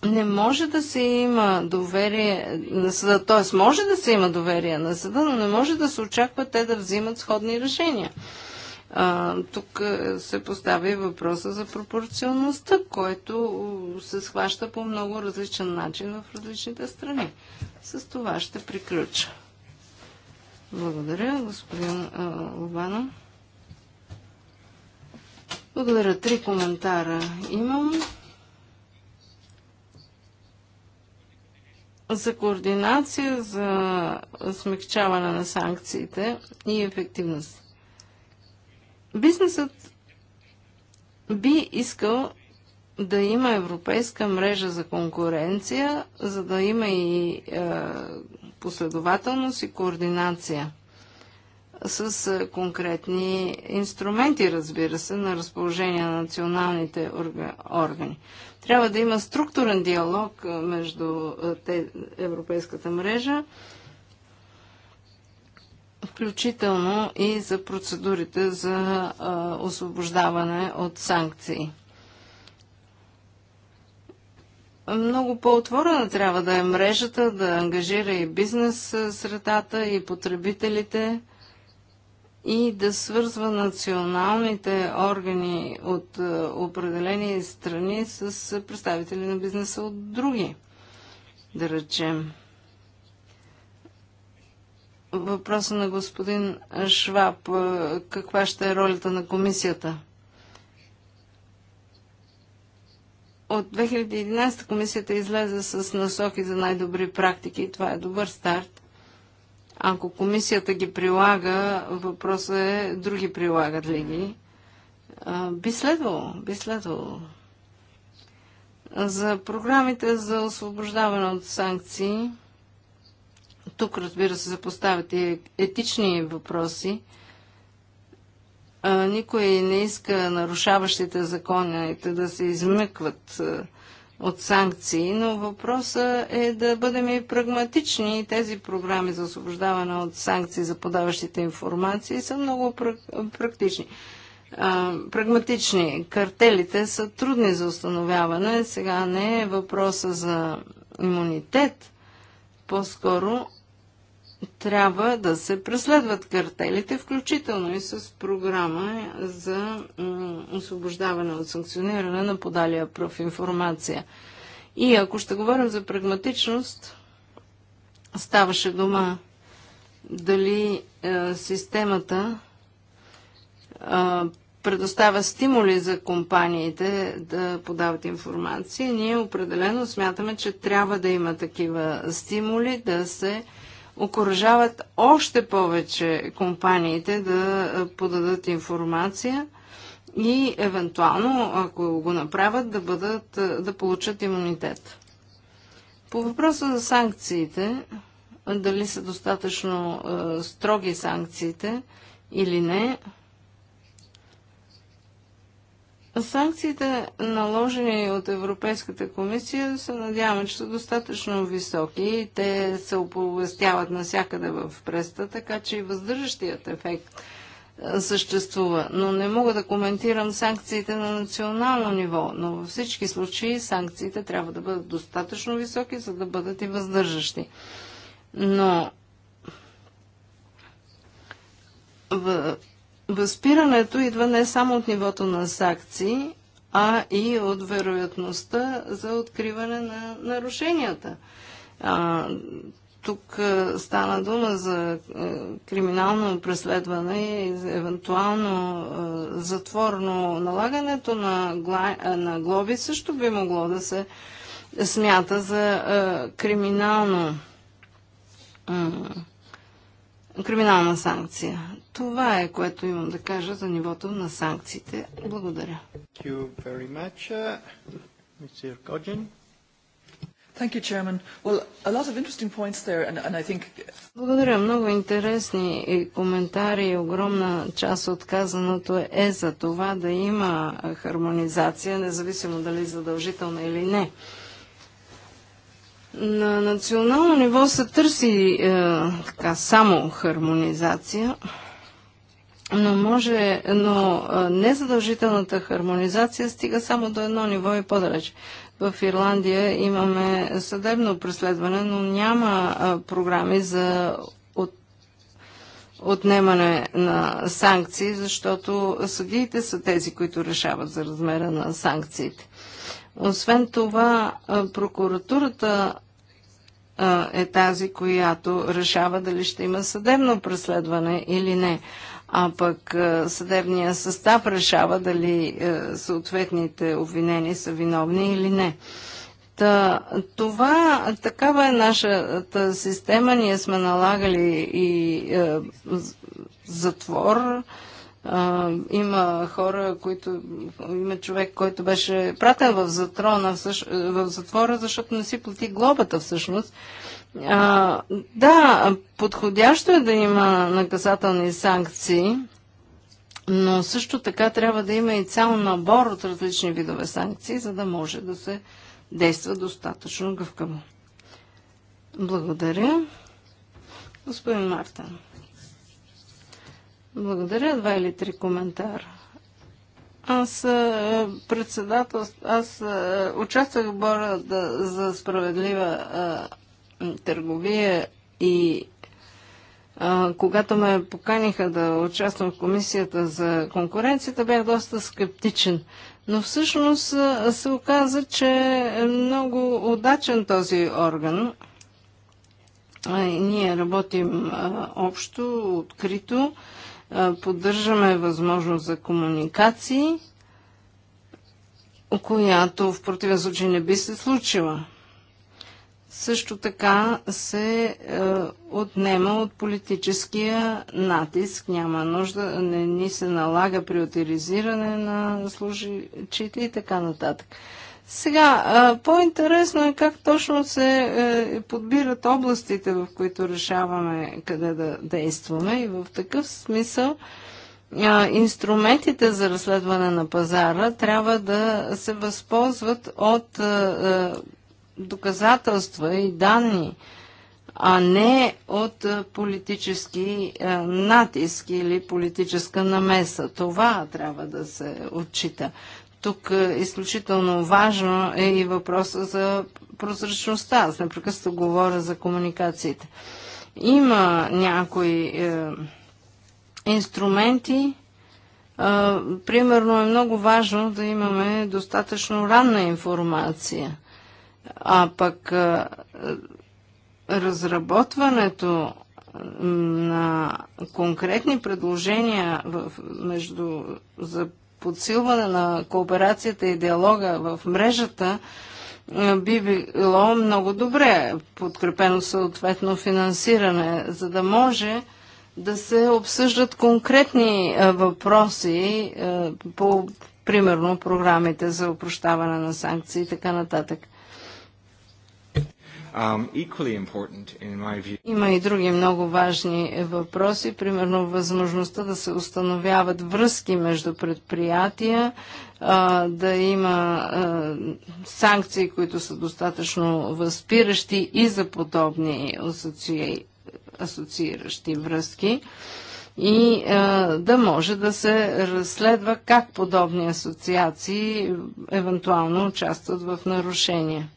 не може да се има доверие на съда, т.е. може да се има доверие на съда, но не може да се очаква те да взимат сходни решения. А, тук е, се и въпроса за пропорционалността, който се схваща по много различен начин в различните страни. С това ще приключа. Благодаря, господин Лобанов. Благодаря. Три коментара имам. за координация, за смягчаване на санкциите и ефективност. Бизнесът би искал да има европейска мрежа за конкуренция, за да има и е, последователност и координация с е, конкретни инструменти, разбира се, на разположение на националните органи. Трябва да има структурен диалог е, между е, Европейската мрежа, включително и за процедурите за освобождаване от санкции. много по-отворена трябва да е мрежата, да ангажира и бизнес средата, и потребителите и да свързва националните органи от е, определени страни с представители на бизнеса от други, да речем. Въпроса на господин Шваб. Е, каква ще е ролята на комисията? От 2011 комисията излезе с насоки за най-добри практики. Това е добър старт ако комисията ги прилага, въпросът е други прилагат ли ги. би следвало, би следвало. За програмите за освобождаване от санкции, тук разбира се запоставят и етични въпроси. никой не иска нарушаващите законите да се измъкват от санкции, но въпросът е да бъдем и прагматични. и Тези програми за освобождаване от санкции за подаващите информации са много практични. прагматични. Картелите са трудни за установяване. Сега не е въпроса за имунитет, по-скоро трябва да се преследват картелите, включително и с програма за освобождаване от санкциониране на подалия прав информация. И ако ще говорим за прагматичност, ставаше дума дали е, системата е, предоставя стимули за компаниите да подават информация. Ние определено смятаме, че трябва да има такива стимули да се окоръжават още повече компаниите да подадат информация и евентуално, ако го направят, да, бъдат, да получат имунитет. По въпроса за санкциите, дали са достатъчно строги санкциите или не, Санкциите, наложени от Европейската комисия, се надяваме, че са достатъчно високи. Те се оповестяват навсякъде в преста, така че и въздържащият ефект е, съществува. Но не мога да коментирам санкциите на национално ниво, но във всички случаи санкциите трябва да бъдат достатъчно високи, за да бъдат и въздържащи. Но в Възпирането идва не само от нивото на санкции, а и от вероятността за откриване на нарушенията. А, тук а, стана дума за а, криминално преследване и за евентуално а, затворно налагането на, гла, а, на глоби също би могло да се смята за а, криминално криминална санкция. Това е, което имам да кажа за нивото на санкциите. Благодаря. Благодаря. Много интересни коментари. Огромна част от казаното е за това да има хармонизация, независимо дали задължителна или не. На национално ниво се търси е, така, само хармонизация но може, но незадължителната хармонизация стига само до едно ниво и по-далеч. В Ирландия имаме съдебно преследване, но няма програми за от, отнемане на санкции, защото съдиите са тези, които решават за размера на санкциите. Освен това, прокуратурата е тази, която решава дали ще има съдебно преследване или не а пък е, съдебния състав решава дали е, съответните обвинени са виновни или не. Та, това, такава е нашата система. Ние сме налагали и е, затвор. Е, има хора, които... Има човек, който беше пратен в, затрона, в затвора, защото не си плати глобата всъщност. Е, а, да, подходящо е да има наказателни санкции, но също така трябва да има и цял набор от различни видове санкции, за да може да се действа достатъчно гъвкаво. Благодаря. Господин Мартин. Благодаря. Два или три коментара. Аз е, председател, аз е, участвах в бора да, за справедлива е, търговия и а, когато ме поканиха да участвам в комисията за конкуренцията, бях доста скептичен. Но всъщност се оказа, че е много удачен този орган. А, и ние работим а, общо, открито, а, поддържаме възможност за комуникации, която в противен случай не би се случила също така се е, отнема от политическия натиск. Няма нужда, не ни се налага приоритизиране на служителите и така нататък. Сега, е, по-интересно е как точно се е, подбират областите, в които решаваме къде да действаме и в такъв смисъл е, инструментите за разследване на пазара трябва да се възползват от е, е, доказателства и данни, а не от политически натиск или политическа намеса. Това трябва да се отчита. Тук изключително важно е и въпроса за прозрачността. Аз непрекъснато говоря за комуникациите. Има някои е, инструменти. Е, примерно е много важно да имаме достатъчно ранна информация – а пък разработването на конкретни предложения в, между, за подсилване на кооперацията и диалога в мрежата би било много добре, подкрепено съответно финансиране, за да може да се обсъждат конкретни въпроси по, примерно, програмите за опрощаване на санкции и така нататък. Um, има и други много важни въпроси, примерно възможността да се установяват връзки между предприятия, да има санкции, които са достатъчно възпиращи и за подобни асоцииращи връзки и да може да се разследва как подобни асоциации евентуално участват в нарушения.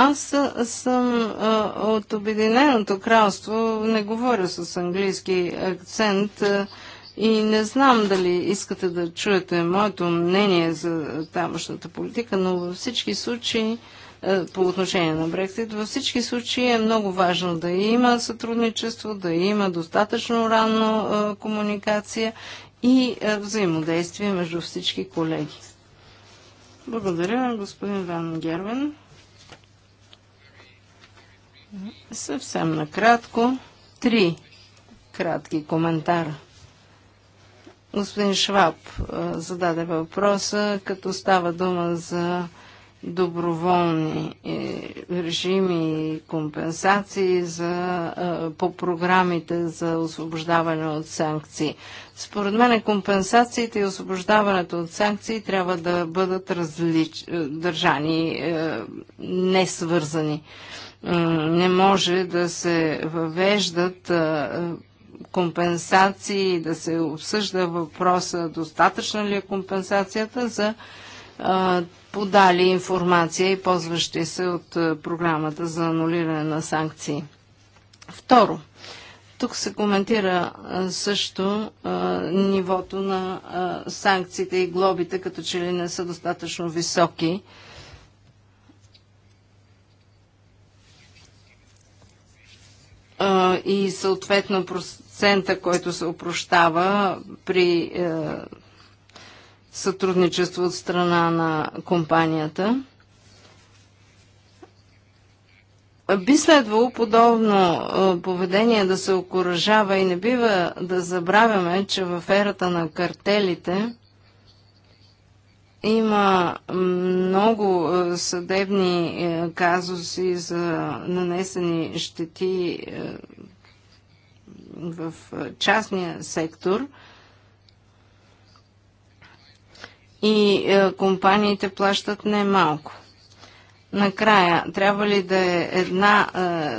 Аз съм а, от Обединеното кралство, не говоря с английски акцент а, и не знам дали искате да чуете моето мнение за тамошната политика, но във всички случаи а, по отношение на Брексит, във всички случаи е много важно да има сътрудничество, да има достатъчно ранно комуникация и взаимодействие между всички колеги. Благодаря, господин Ван Гервен. Съвсем накратко, три кратки коментара. Господин Шваб зададе въпроса, като става дума за доброволни е, режими и компенсации за, по програмите за освобождаване от санкции. Според мен компенсациите и освобождаването от санкции трябва да бъдат различ... държани, не свързани не може да се въвеждат компенсации, да се обсъжда въпроса достатъчна ли е компенсацията за подали информация и ползващи се от програмата за анулиране на санкции. Второ, тук се коментира също нивото на санкциите и глобите, като че ли не са достатъчно високи. а, и съответно процента, който се опрощава при е, сътрудничество от страна на компанията. Би следвало подобно е, поведение да се окоръжава и не бива да забравяме, че в ерата на картелите има много е, съдебни е, казуси за нанесени щети е, в частния сектор и компаниите плащат немалко. Накрая, трябва ли да е една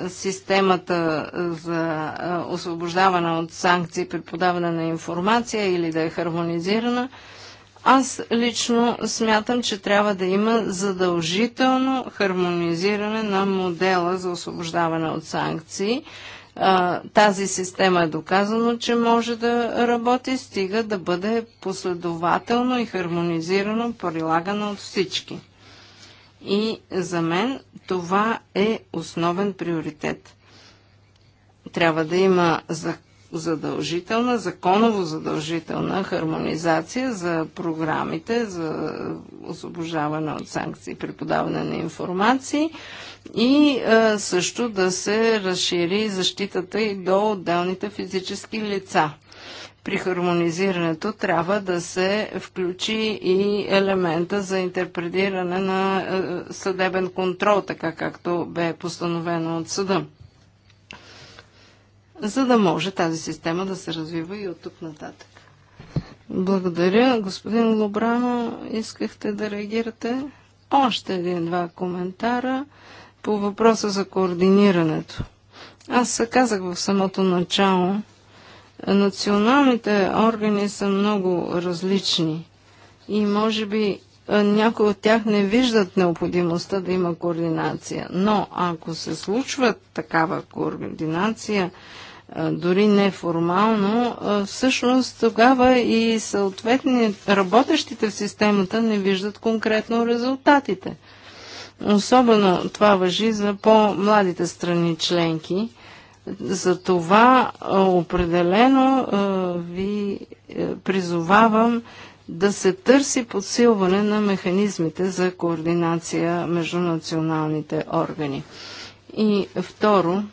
системата за освобождаване от санкции при подаване на информация или да е хармонизирана? Аз лично смятам, че трябва да има задължително хармонизиране на модела за освобождаване от санкции. Тази система е доказано, че може да работи, стига да бъде последователно и хармонизирано прилагана от всички. И за мен това е основен приоритет. Трябва да има закон задължителна, законово задължителна хармонизация за програмите за освобождаване от санкции, при подаване на информации и а, е, също да се разшири защитата и до отделните физически лица. При хармонизирането трябва да се включи и елемента за интерпретиране на е, съдебен контрол, така както бе постановено от съда за да може тази система да се развива и от тук нататък. Благодаря. Господин Лобрано, искахте да реагирате? Още един-два коментара по въпроса за координирането. Аз се казах в самото начало, националните органи са много различни и може би някои от тях не виждат необходимостта да има координация. Но ако се случва такава координация дори неформално, всъщност тогава и съответни работещите в системата не виждат конкретно резултатите. Особено това въжи за по-младите страни членки. За това определено ви е, призовавам да се търси подсилване на механизмите за координация между националните органи. И второ,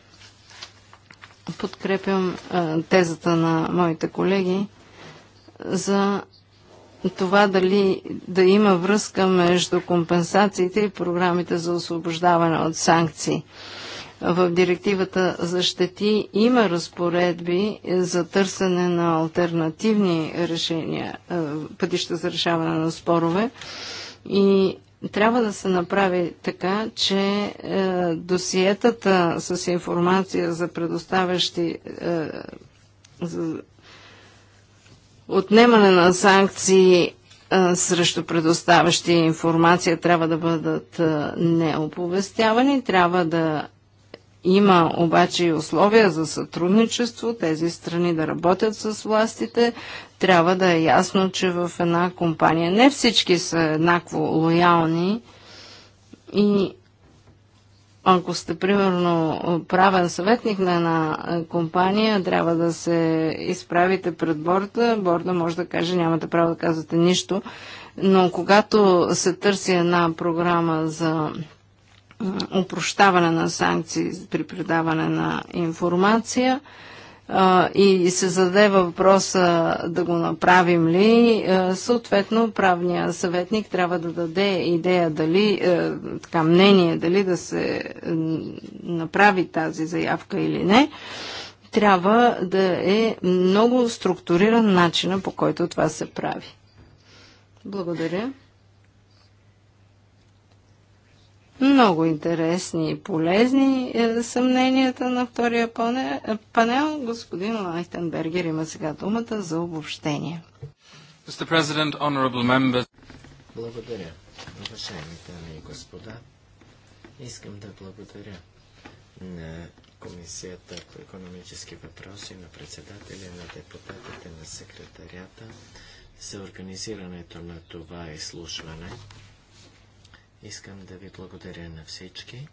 подкрепям тезата на моите колеги за това дали да има връзка между компенсациите и програмите за освобождаване от санкции. В директивата за щети има разпоредби за търсене на альтернативни решения, пътища за решаване на спорове и трябва да се направи така, че е, досиетата с информация за предоставящи е, за отнемане на санкции е, срещу предоставящи информация трябва да бъдат е, неоповестявани, трябва да има обаче и условия за сътрудничество, тези страни да работят с властите. Трябва да е ясно, че в една компания не всички са еднакво лоялни и ако сте, примерно, правен съветник на една компания, трябва да се изправите пред борда. Борда може да каже, нямате право да казвате нищо. Но когато се търси една програма за упрощаване на санкции при предаване на информация и се зададе въпроса да го направим ли, съответно правния съветник трябва да даде идея дали, така мнение дали да се направи тази заявка или не. Трябва да е много структуриран начина по който това се прави. Благодаря. Много интересни и полезни е, съмненията на втория панел. Господин Лайтенбергер има сега думата за обобщение. Благодаря, уважаеми дами и господа. Искам да благодаря на Комисията по економически въпроси, на председателя, на депутатите, на секретарията за организирането на това изслушване. Искам да ви благодаря на всички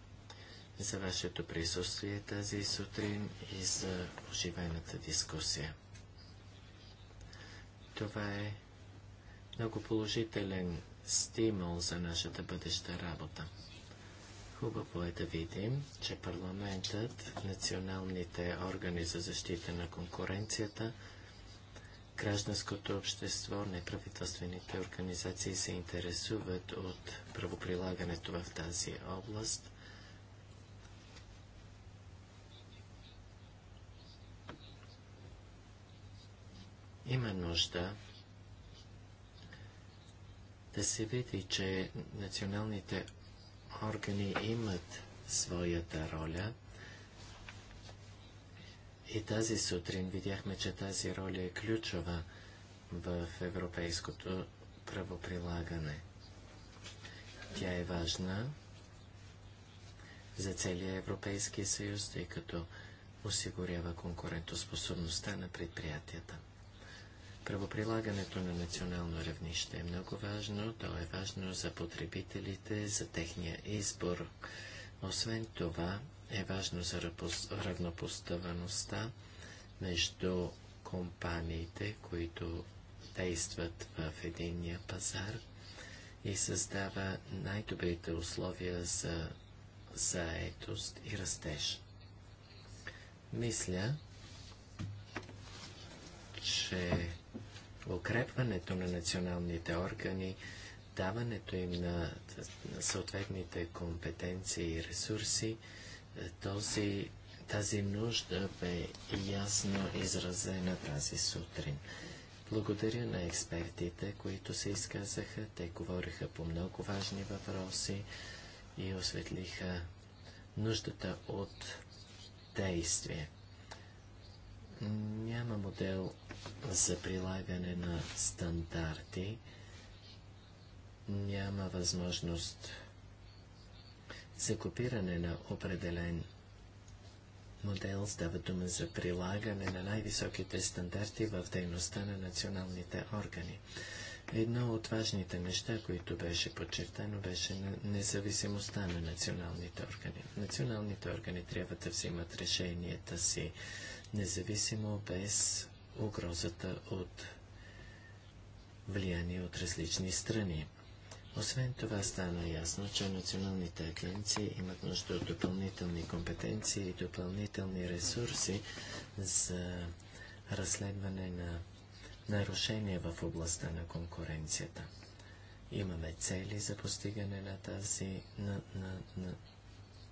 за вашето присъствие тази сутрин и за оживената дискусия. Това е много положителен стимул за нашата бъдеща работа. Хубаво е да видим, че парламентът, националните органи за защита на конкуренцията – Гражданското общество, неправителствените организации се интересуват от правоприлагането в тази област. Има нужда да се види, че националните органи имат своята роля – и тази сутрин видяхме, че тази роля е ключова в европейското правоприлагане. Тя е важна за целия Европейски съюз, тъй като осигурява конкурентоспособността на предприятията. Правоприлагането на национално равнище е много важно. То е важно за потребителите, за техния избор. Освен това, е важно за равнопоставеността между компаниите, които действат в единния пазар и създава най-добрите условия за заетост и растеж. Мисля, че укрепването на националните органи, даването им на съответните компетенции и ресурси този, тази нужда бе ясно изразена тази сутрин. Благодаря на експертите, които се изказаха. Те говориха по много важни въпроси и осветлиха нуждата от действие. Няма модел за прилагане на стандарти, няма възможност за копиране на определен модел става дума за прилагане на най-високите стандарти в дейността на националните органи. Едно от важните неща, които беше подчертано, беше на независимостта на националните органи. Националните органи трябва да взимат решенията си независимо без угрозата от влияние от различни страни. Освен това стана ясно, че националните агенции имат нужда от допълнителни компетенции и допълнителни ресурси за разследване на нарушения в областта на конкуренцията. Имаме цели за постигане на, тази, на, на, на,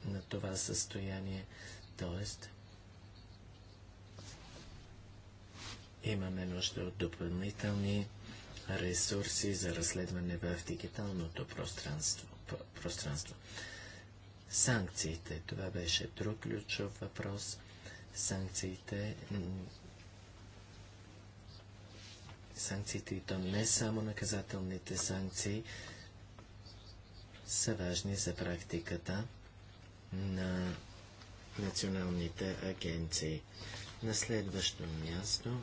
на това състояние, т.е. имаме нужда от допълнителни ресурси за разследване в дигиталното пространство. пространство. Санкциите. Това беше друг ключов въпрос. Санкциите санкциите и то не само наказателните санкции са важни за практиката на националните агенции. На следващо място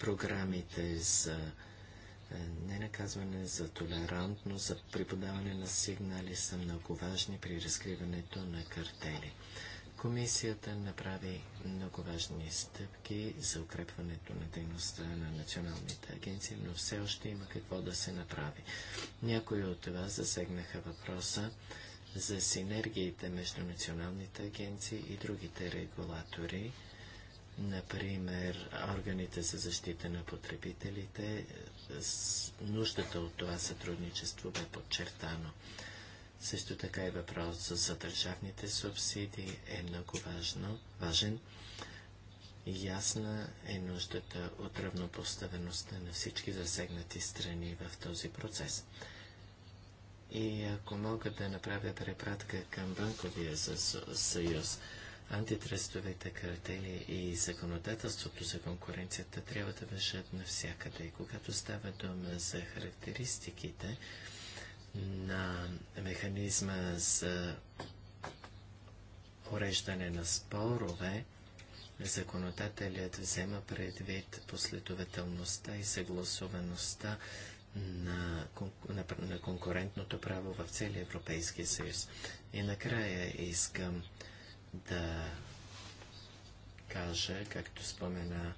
програмите за е, ненаказване, за толерантност, за преподаване на сигнали са много важни при разкриването на картели. Комисията направи много важни стъпки за укрепването на дейността на националните агенции, но все още има какво да се направи. Някои от това засегнаха въпроса за синергиите между националните агенции и другите регулатори Например, органите за защита на потребителите, е, нуждата от това сътрудничество бе подчертано. Също така и въпрос за държавните субсидии е много важно, важен. Ясна е нуждата от равнопоставеността на всички засегнати страни в този процес. И ако мога да направя препратка към Банковия съюз, Антитръстовите картели и законодателството за конкуренцията трябва да вършат навсякъде. И когато става дума за характеристиките на механизма за уреждане на спорове, законодателят взема предвид последователността и съгласуваността на, на, на конкурентното право в целия Европейски съюз. И накрая искам да кажа, както спомена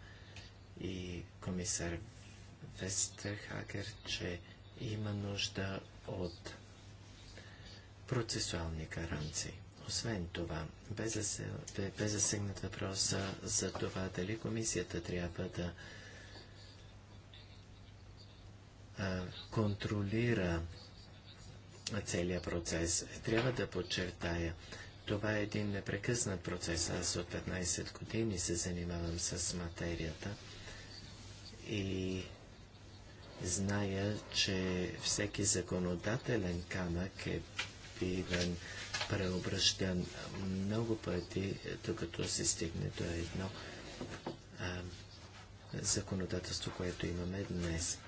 и комисар Вестерхагер, че има нужда от процесуални гаранции. Освен това, бе засегнат въпроса за това дали комисията трябва да контролира целият процес. Трябва да подчертая, това е един непрекъснат процес. Аз от 15 години се занимавам с материята и зная, че всеки законодателен камък е бивен преобръщан много пъти, докато се стигне до едно а, законодателство, което имаме днес.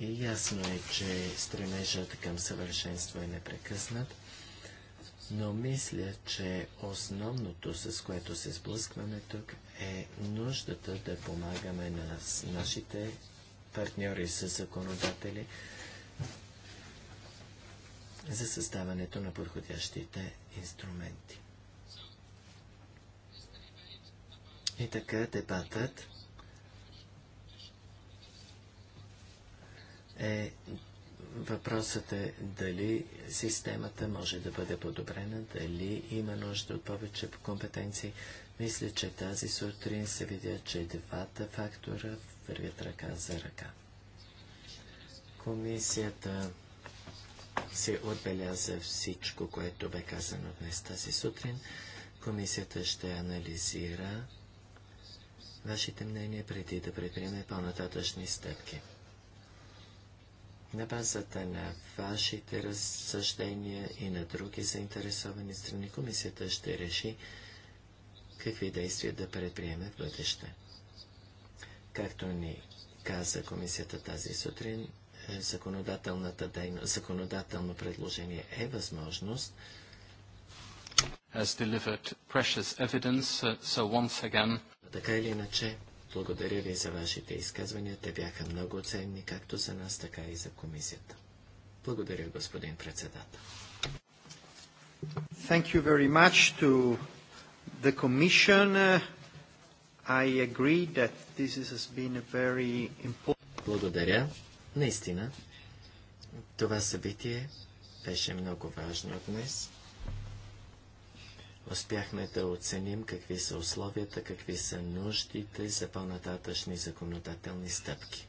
И ясно е, че стремежът към съвършенство е непрекъснат. Но мисля, че основното, с което се сблъскваме тук, е нуждата да помагаме на нашите партньори с законодатели за създаването на подходящите инструменти. И така дебатът е Въпросът е дали системата може да бъде подобрена, дали има нужда от повече компетенции. Мисля, че тази сутрин се видя, че двата фактора вървят ръка за ръка. Комисията се отбеляза всичко, което бе казано днес тази сутрин. Комисията ще анализира вашите мнения преди да предприеме по-нататъчни стъпки на базата на вашите разсъждения и на други заинтересовани страни, комисията ще реши какви действия да предприеме в бъдеще. Както ни каза комисията тази сутрин, е, законодателната дейно, законодателно предложение е възможност has delivered precious evidence, uh, so once again... Така или иначе, благодаря ви за вашите изказвания. Те бяха много ценни, както за нас, така и за комисията. Благодаря, господин председател. Thank you very much to the Commission. I agree that this has been a very important... Благодаря. Наистина, това събитие беше много важно днес. Успяхме да оценим какви са условията, какви са нуждите за по-нататъчни законодателни стъпки.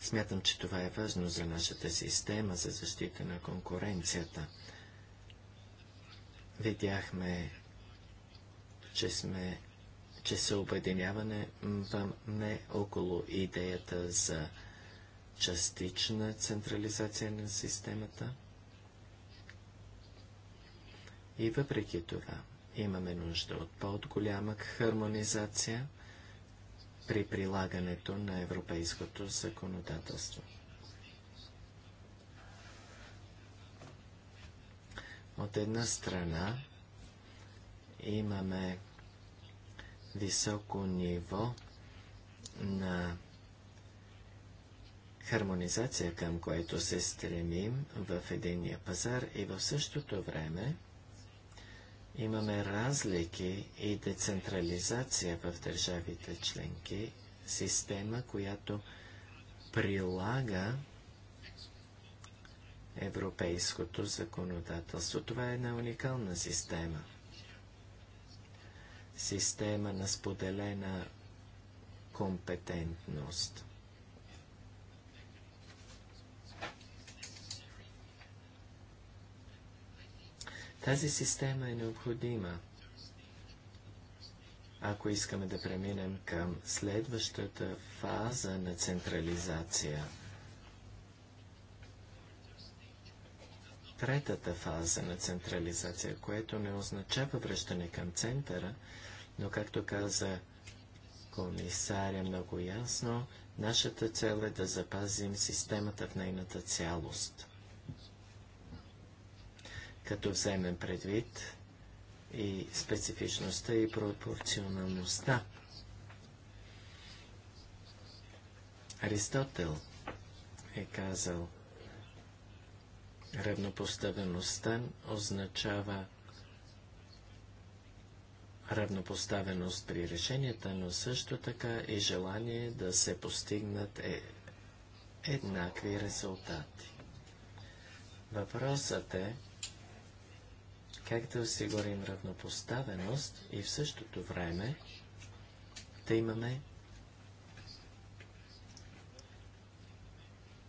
Смятам, че това е важно за нашата система за защита на конкуренцията. Видяхме, че сме че се обединяваме не около идеята за частична централизация на системата. И въпреки това имаме нужда от по-голяма хармонизация при прилагането на европейското законодателство. От една страна имаме високо ниво на хармонизация, към което се стремим в единния пазар и в същото време имаме разлики и децентрализация в държавите членки, система, която прилага европейското законодателство. Това е една уникална система. Система на споделена компетентност – Тази система е необходима, ако искаме да преминем към следващата фаза на централизация. Третата фаза на централизация, което не означава връщане към центъра, но както каза комисаря много ясно, нашата цел е да запазим системата в нейната цялост като вземем предвид и специфичността и пропорционалността. Аристотел е казал, равнопоставеността означава равнопоставеност при решенията, но също така и желание да се постигнат е, еднакви резултати. Въпросът е как да осигурим равнопоставеност и в същото време да имаме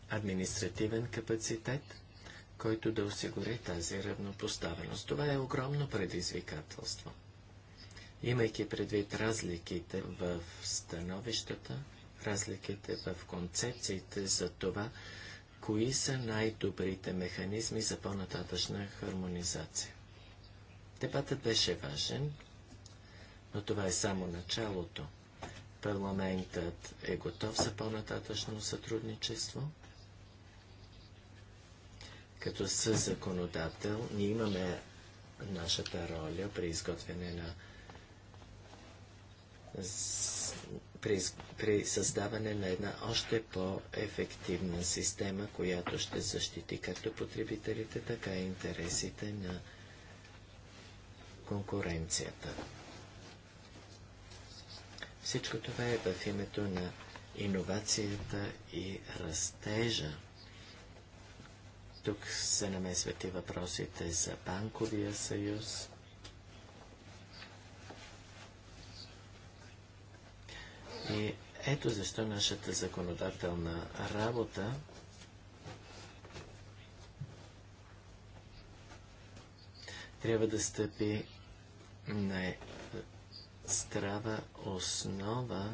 административен капацитет, който да осигури тази равнопоставеност. Това е огромно предизвикателство. Имайки предвид разликите в становищата, разликите в концепциите за това, кои са най-добрите механизми за по-нататъчна хармонизация. Дебатът беше важен, но това е само началото. Парламентът е готов за по-нататъчно сътрудничество. Като със законодател ние имаме нашата роля при изготвяне на при, при създаване на една още по-ефективна система, която ще защити както потребителите, така и интересите на конкуренцията. Всичко това е в името на иновацията и растежа. Тук се намесват и въпросите за банковия съюз. И ето защо нашата законодателна работа трябва да стъпи на здрава основа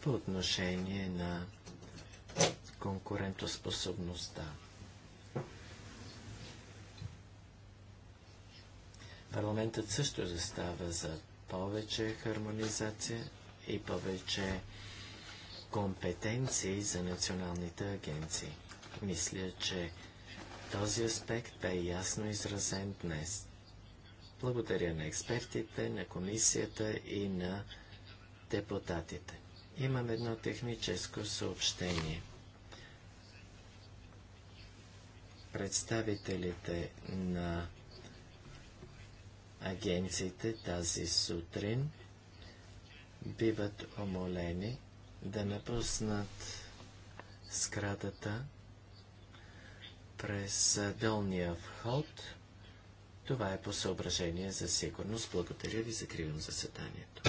по отношение на конкурентоспособността. Парламентът също застава за повече хармонизация и повече компетенции за националните агенции. Мисля, че този аспект бе ясно изразен днес. Благодаря на експертите, на комисията и на депутатите. Имам едно техническо съобщение. Представителите на агенциите тази сутрин биват омолени да напуснат сградата през долния вход. Това е по съображение за сигурност. Благодаря ви, закривам заседанието.